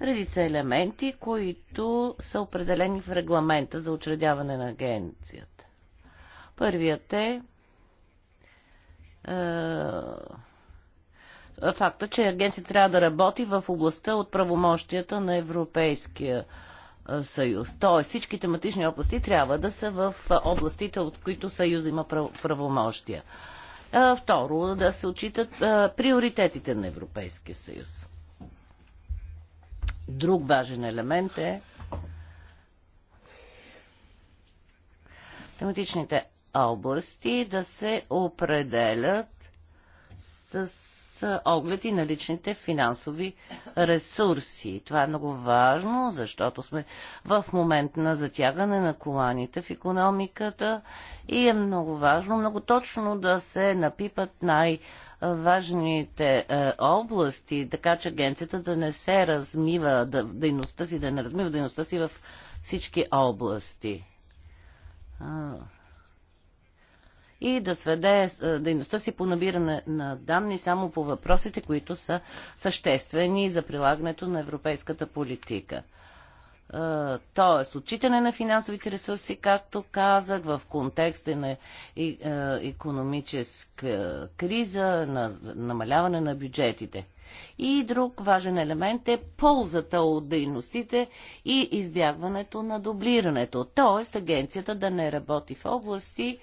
редица елементи, които са определени в регламента за учредяване на агенцията. Първият е, е факта, че агенцията трябва да работи в областта от правомощията на Европейския е, съюз. Тоест всички тематични области трябва да са в областите, от които съюз има правомощия. Е, второ, да се отчитат е, приоритетите на Европейския съюз. Друг важен елемент е тематичните области да се определят с оглед и на личните финансови ресурси. Това е много важно, защото сме в момент на затягане на коланите в економиката и е много важно, много точно да се напипат най- важните е, области, така че агенцията да не се размива да, дейността си, да не размива дейността си в всички области и да сведе е, дейността си по набиране на данни само по въпросите, които са съществени за прилагането на европейската политика. Е, тоест, отчитане на финансовите ресурси, както казах, в контекста на е, економическа криза, на намаляване на бюджетите. И друг важен елемент е ползата от дейностите и избягването на дублирането. Тоест, агенцията да не работи в области,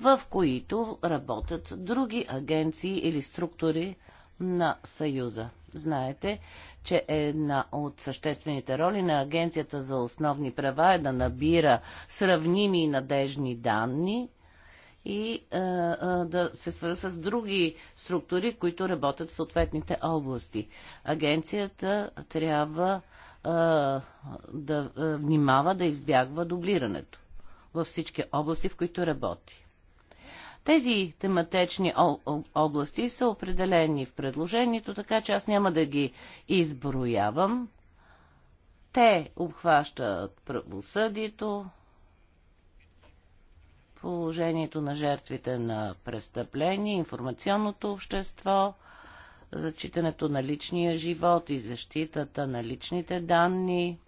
в които работят други агенции или структури на Съюза. Знаете, че една от съществените роли на Агенцията за основни права е да набира сравними и надежни данни и а, е, а, е, да се свързва с други структури, които работят в съответните области. Агенцията трябва а, е, да внимава да избягва дублирането във всички области, в които работи. Тези тематични области са определени в предложението, така че аз няма да ги изброявам. Те обхващат правосъдието, положението на жертвите на престъпления, информационното общество, зачитането на личния живот и защитата на личните данни,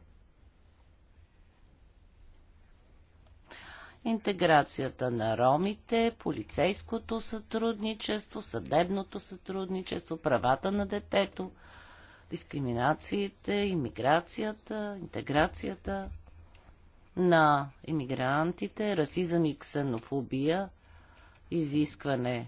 интеграцията на ромите, полицейското сътрудничество, съдебното сътрудничество, правата на детето, дискриминациите, иммиграцията, интеграцията на иммигрантите, расизъм и ксенофобия, изискване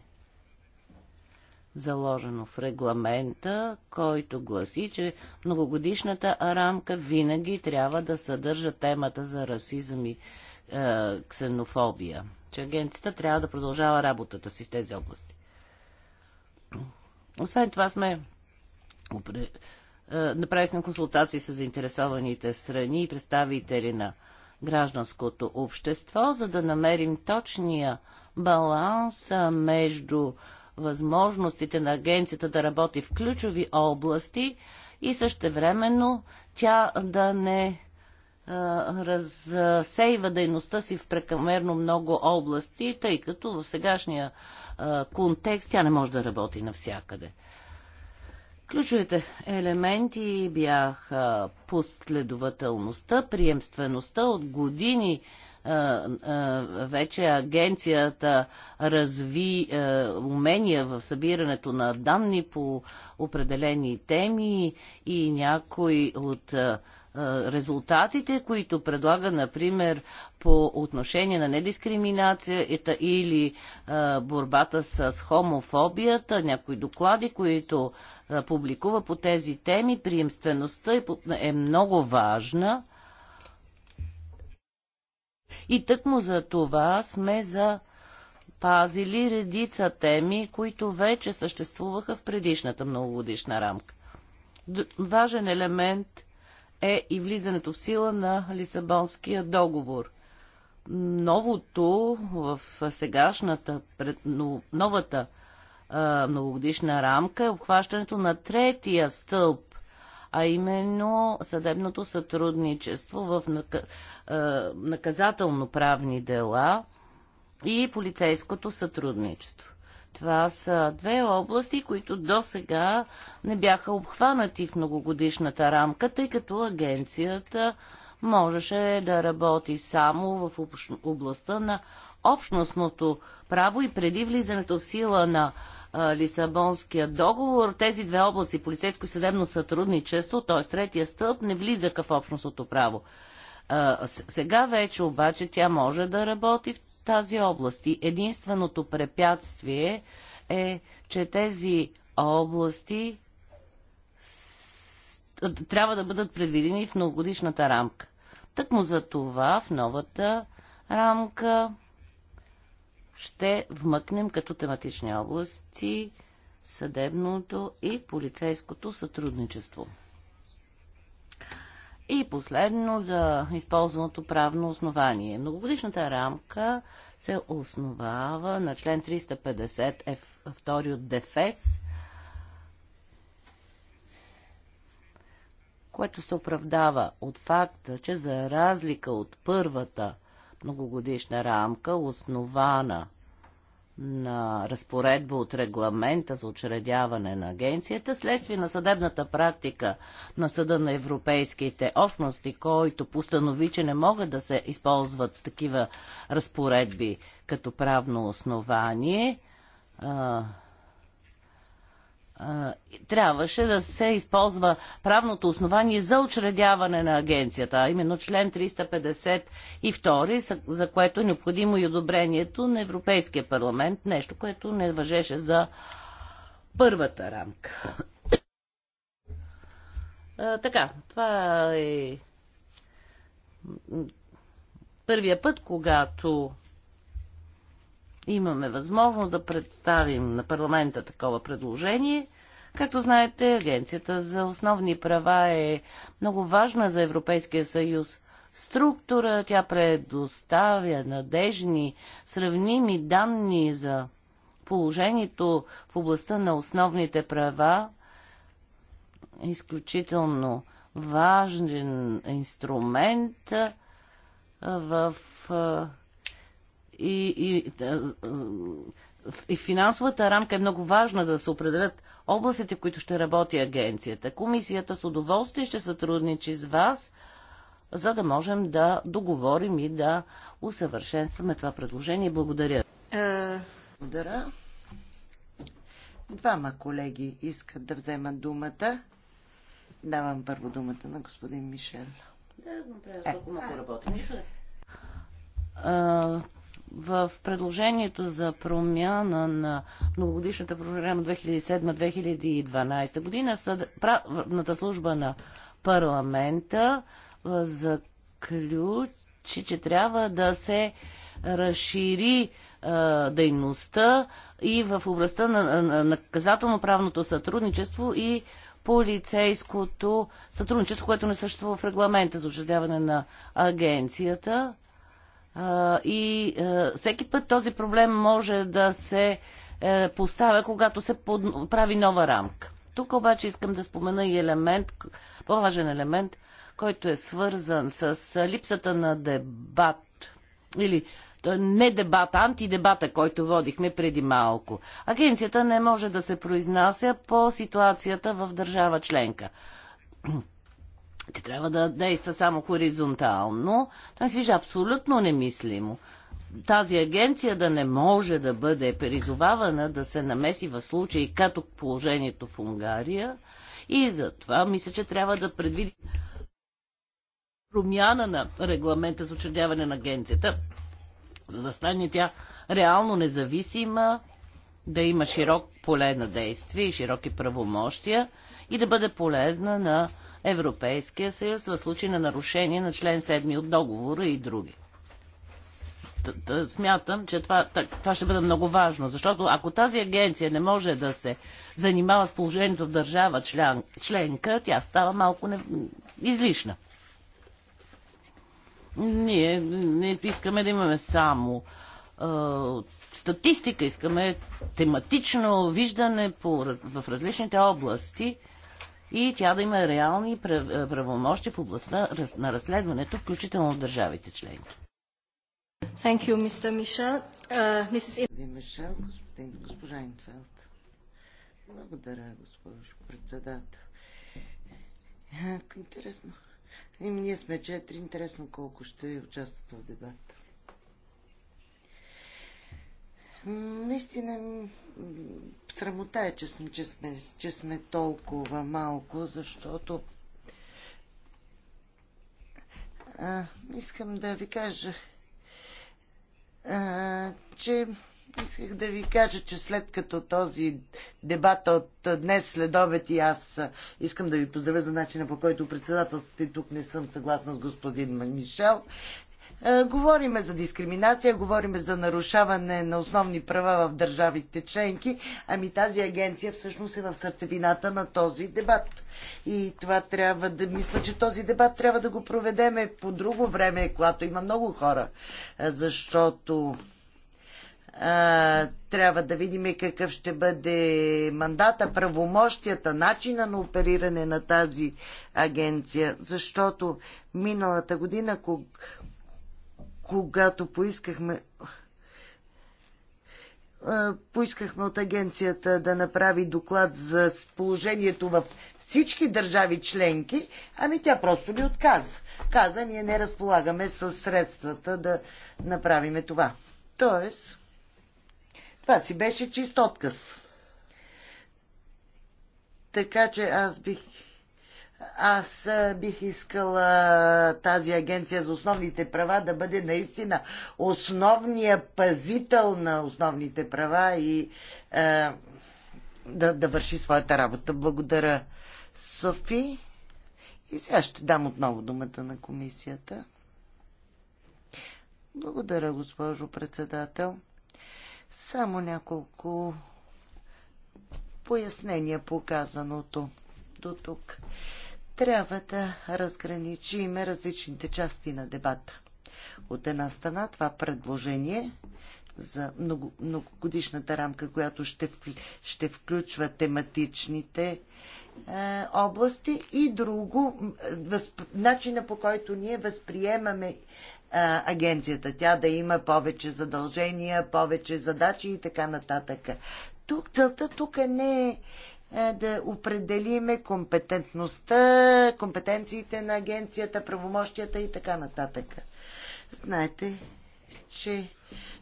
заложено в регламента, който гласи, че многогодишната рамка винаги трябва да съдържа темата за расизъм и ксенофобия е, ксенофобия. Че агенцията трябва да продължава работата си в тези области. Освен това сме е, направихме консултации с заинтересованите страни и представители на гражданското общество, за да намерим точния баланс е, между възможностите на агенцията да работи в ключови области и същевременно тя да не разсейва дейността си в прекамерно много области, тъй като в сегашния контекст тя не може да работи навсякъде. Ключовите елементи бяха последователността, приемствеността. От години вече агенцията разви умения в събирането на данни по определени теми и някои от резултатите, които предлага, например, по отношение на недискриминацията или борбата с хомофобията, някои доклади, които публикува по тези теми, приемствеността е много важна. И тъкмо за това сме за пазили редица теми, които вече съществуваха в предишната многогодишна рамка. Важен елемент е и влизането в сила на Лисабонския договор. Новото в сегашната, пред, но, новата а, многогодишна рамка е обхващането на третия стълб, а именно съдебното сътрудничество в наказателно-правни дела и полицейското сътрудничество. Това са две области, които до сега не бяха обхванати в многогодишната рамка, тъй като агенцията можеше да работи само в областта на общностното право и преди влизането в сила на Лисабонския договор, тези две облаци, полицейско и съдебно сътрудничество, т.е. третия стълб, не влизаха в общностното право. Сега вече обаче тя може да работи в тази област. И единственото препятствие е, че тези области трябва да бъдат предвидени в многогодишната рамка. Тъкмо за това в новата рамка ще вмъкнем като тематични области съдебното и полицейското сътрудничество. И последно за използваното правно основание. Многогодишната рамка се основава на член 350 F2 от ДФЕС, което се оправдава от факта, че за разлика от първата многогодишна рамка, основана на разпоредба от регламента за учредяване на агенцията, следствие на съдебната практика на Съда на европейските общности, който постанови, че не могат да се използват такива разпоредби като правно основание, трябваше да се използва правното основание за учредяване на агенцията, а именно член 352, за което е необходимо и одобрението на Европейския парламент, нещо, което не въжеше за първата рамка. А, така, това е първия път, когато имаме възможност да представим на парламента такова предложение. Както знаете, Агенцията за основни права е много важна за Европейския съюз структура. Тя предоставя надежни, сравними данни за положението в областта на основните права. Изключително важен инструмент в и, и, и финансовата рамка е много важна, за да се определят областите, в които ще работи агенцията. Комисията с удоволствие ще сътрудничи с вас, за да можем да договорим и да усъвършенстваме това предложение. Благодаря. Е, Благодаря. Двама колеги искат да вземат думата. Давам първо думата на господин Мишел. Да, направя е, толкова е. работи. Нищо в предложението за промяна на многогодишната програма 2007-2012 година правната служба на парламента заключи, че трябва да се разшири а, дейността и в областта на, на наказателно-правното сътрудничество и полицейското сътрудничество, което не съществува в регламента за учредяване на агенцията. И всеки път този проблем може да се е, поставя, когато се прави нова рамка. Тук обаче искам да спомена и елемент, по-важен елемент, който е свързан с липсата на дебат или е не дебата, антидебата, който водихме преди малко. Агенцията не може да се произнася по ситуацията в държава членка. Ти трябва да действа само хоризонтално. Това си вижда абсолютно немислимо. Тази агенция да не може да бъде призовавана да се намеси в случаи като положението в Унгария. И за това мисля, че трябва да предвиди промяна на регламента за учредяване на агенцията, за да стане тя реално независима, да има широк поле на действие и широки правомощия и да бъде полезна на Европейския съюз в случай на нарушение на член 7 от договора и други. Смятам, че това, това ще бъде много важно, защото ако тази агенция не може да се занимава с положението в държава член, членка, тя става малко не, излишна. Ние не искаме да имаме само статистика, искаме тематично виждане по, в различните области и тя да има реални е, правомощи в областта на разследването, включително от държавите членки. Thank you, Mr. Michel. Uh, Mrs. господин, госпожа Инфелд. Благодаря, госпожо председател. Е, интересно. И ами, ние сме четири. Интересно колко ще участват в дебата. Наистина срамота е, че сме, че, сме, че сме толкова малко, защото а, искам да ви кажа, а, че исках да ви кажа, че след като този дебат от днес след обед и аз искам да ви поздравя за начина по който председателствате тук не съм съгласна с господин Мишел. Е, говориме за дискриминация, говориме за нарушаване на основни права в държавите членки, ами тази агенция всъщност е в сърцевината на този дебат. И това трябва да мисля, че този дебат трябва да го проведеме по друго време, когато има много хора, е, защото а, е, трябва да видим какъв ще бъде мандата, правомощията, начина на опериране на тази агенция, защото миналата година, когато поискахме поискахме от агенцията да направи доклад за положението в всички държави членки, ами тя просто ни отказа. Каза, ние не разполагаме с средствата да направиме това. Тоест, това си беше чист отказ. Така че аз бих аз бих искала тази агенция за основните права да бъде наистина основния пазител на основните права и е, да, да върши своята работа. Благодаря, Софи. И сега ще дам отново думата на комисията. Благодаря, госпожо председател. Само няколко пояснения по казаното до тук трябва да разграничим различните части на дебата. От една страна това предложение за много, многогодишната рамка, която ще, ще включва тематичните е, области и друго, възп... начина по който ние възприемаме е, агенцията. Тя да има повече задължения, повече задачи и така нататък. Тук целта тук не е е, да определиме компетентността, компетенциите на агенцията, правомощията и така нататък. Знаете, че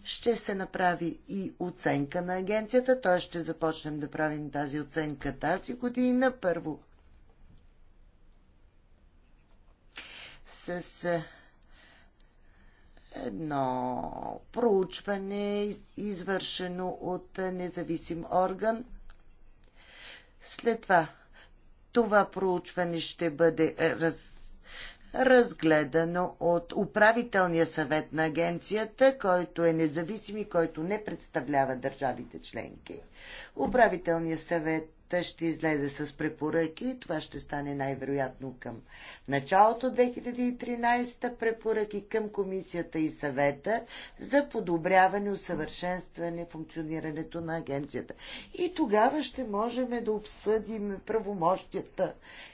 ще се направи и оценка на агенцията, т.е. ще започнем да правим тази оценка тази година. Първо с е, едно проучване, извършено от независим орган – след това това проучване ще бъде е, раз, разгледано от управителния съвет на агенцията, който е независим и който не представлява държавите членки. Управителният съвет ще излезе с препоръки. и Това ще стане най-вероятно към началото 2013 препоръки към комисията и съвета за подобряване, усъвършенстване функционирането на агенцията. И тогава ще можем да обсъдим правомощията,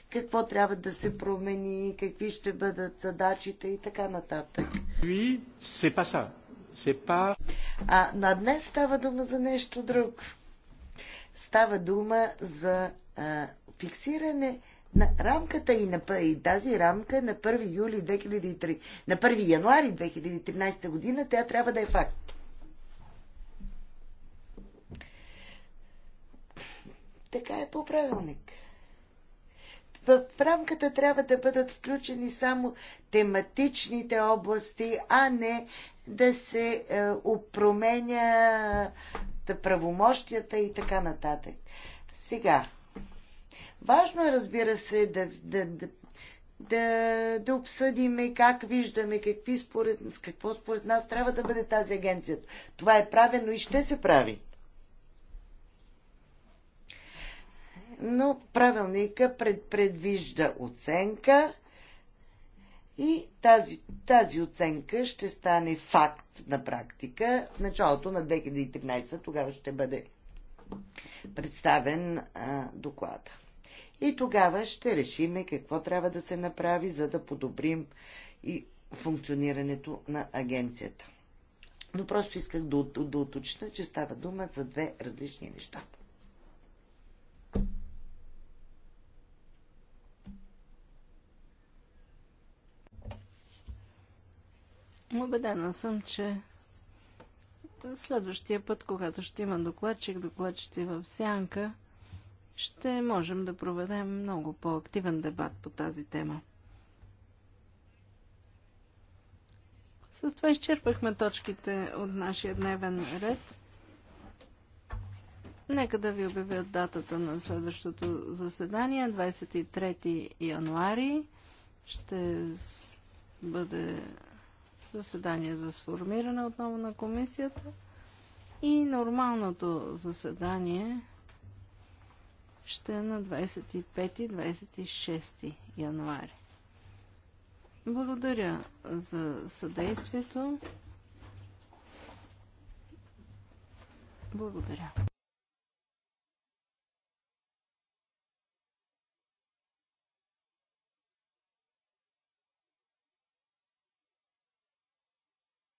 какво трябва да се промени, какви ще бъдат задачите и така нататък. Oui, се паса. Се па. А на днес става дума за нещо друго. Става дума за а, фиксиране на рамката и, на, и тази рамка на 1 юли 2003, на 1 януари 2013 година тя трябва да е факт. Така е по правилник. В рамката трябва да бъдат включени само тематичните области, а не да се е, променя правомощията и така нататък. Сега, важно е, разбира се, да, да, да, да, да обсъдиме как виждаме, какви според, какво според нас трябва да бъде тази агенция. Това е правено и ще се прави. Но правилника пред, предвижда оценка, и тази, тази оценка ще стане факт на практика в началото на 2013. Тогава ще бъде представен доклада. И тогава ще решиме какво трябва да се направи, за да подобрим и функционирането на агенцията. Но просто исках да, да, да уточня, че става дума за две различни неща. Убедена съм, че следващия път, когато ще има докладчик, докладчици в сянка, ще можем да проведем много по-активен дебат по тази тема. С това изчерпахме точките от нашия дневен ред. Нека да ви обявя датата на следващото заседание. 23 януари ще бъде заседание за сформиране отново на комисията и нормалното заседание ще е на 25-26 януари. Благодаря за съдействието. Благодаря.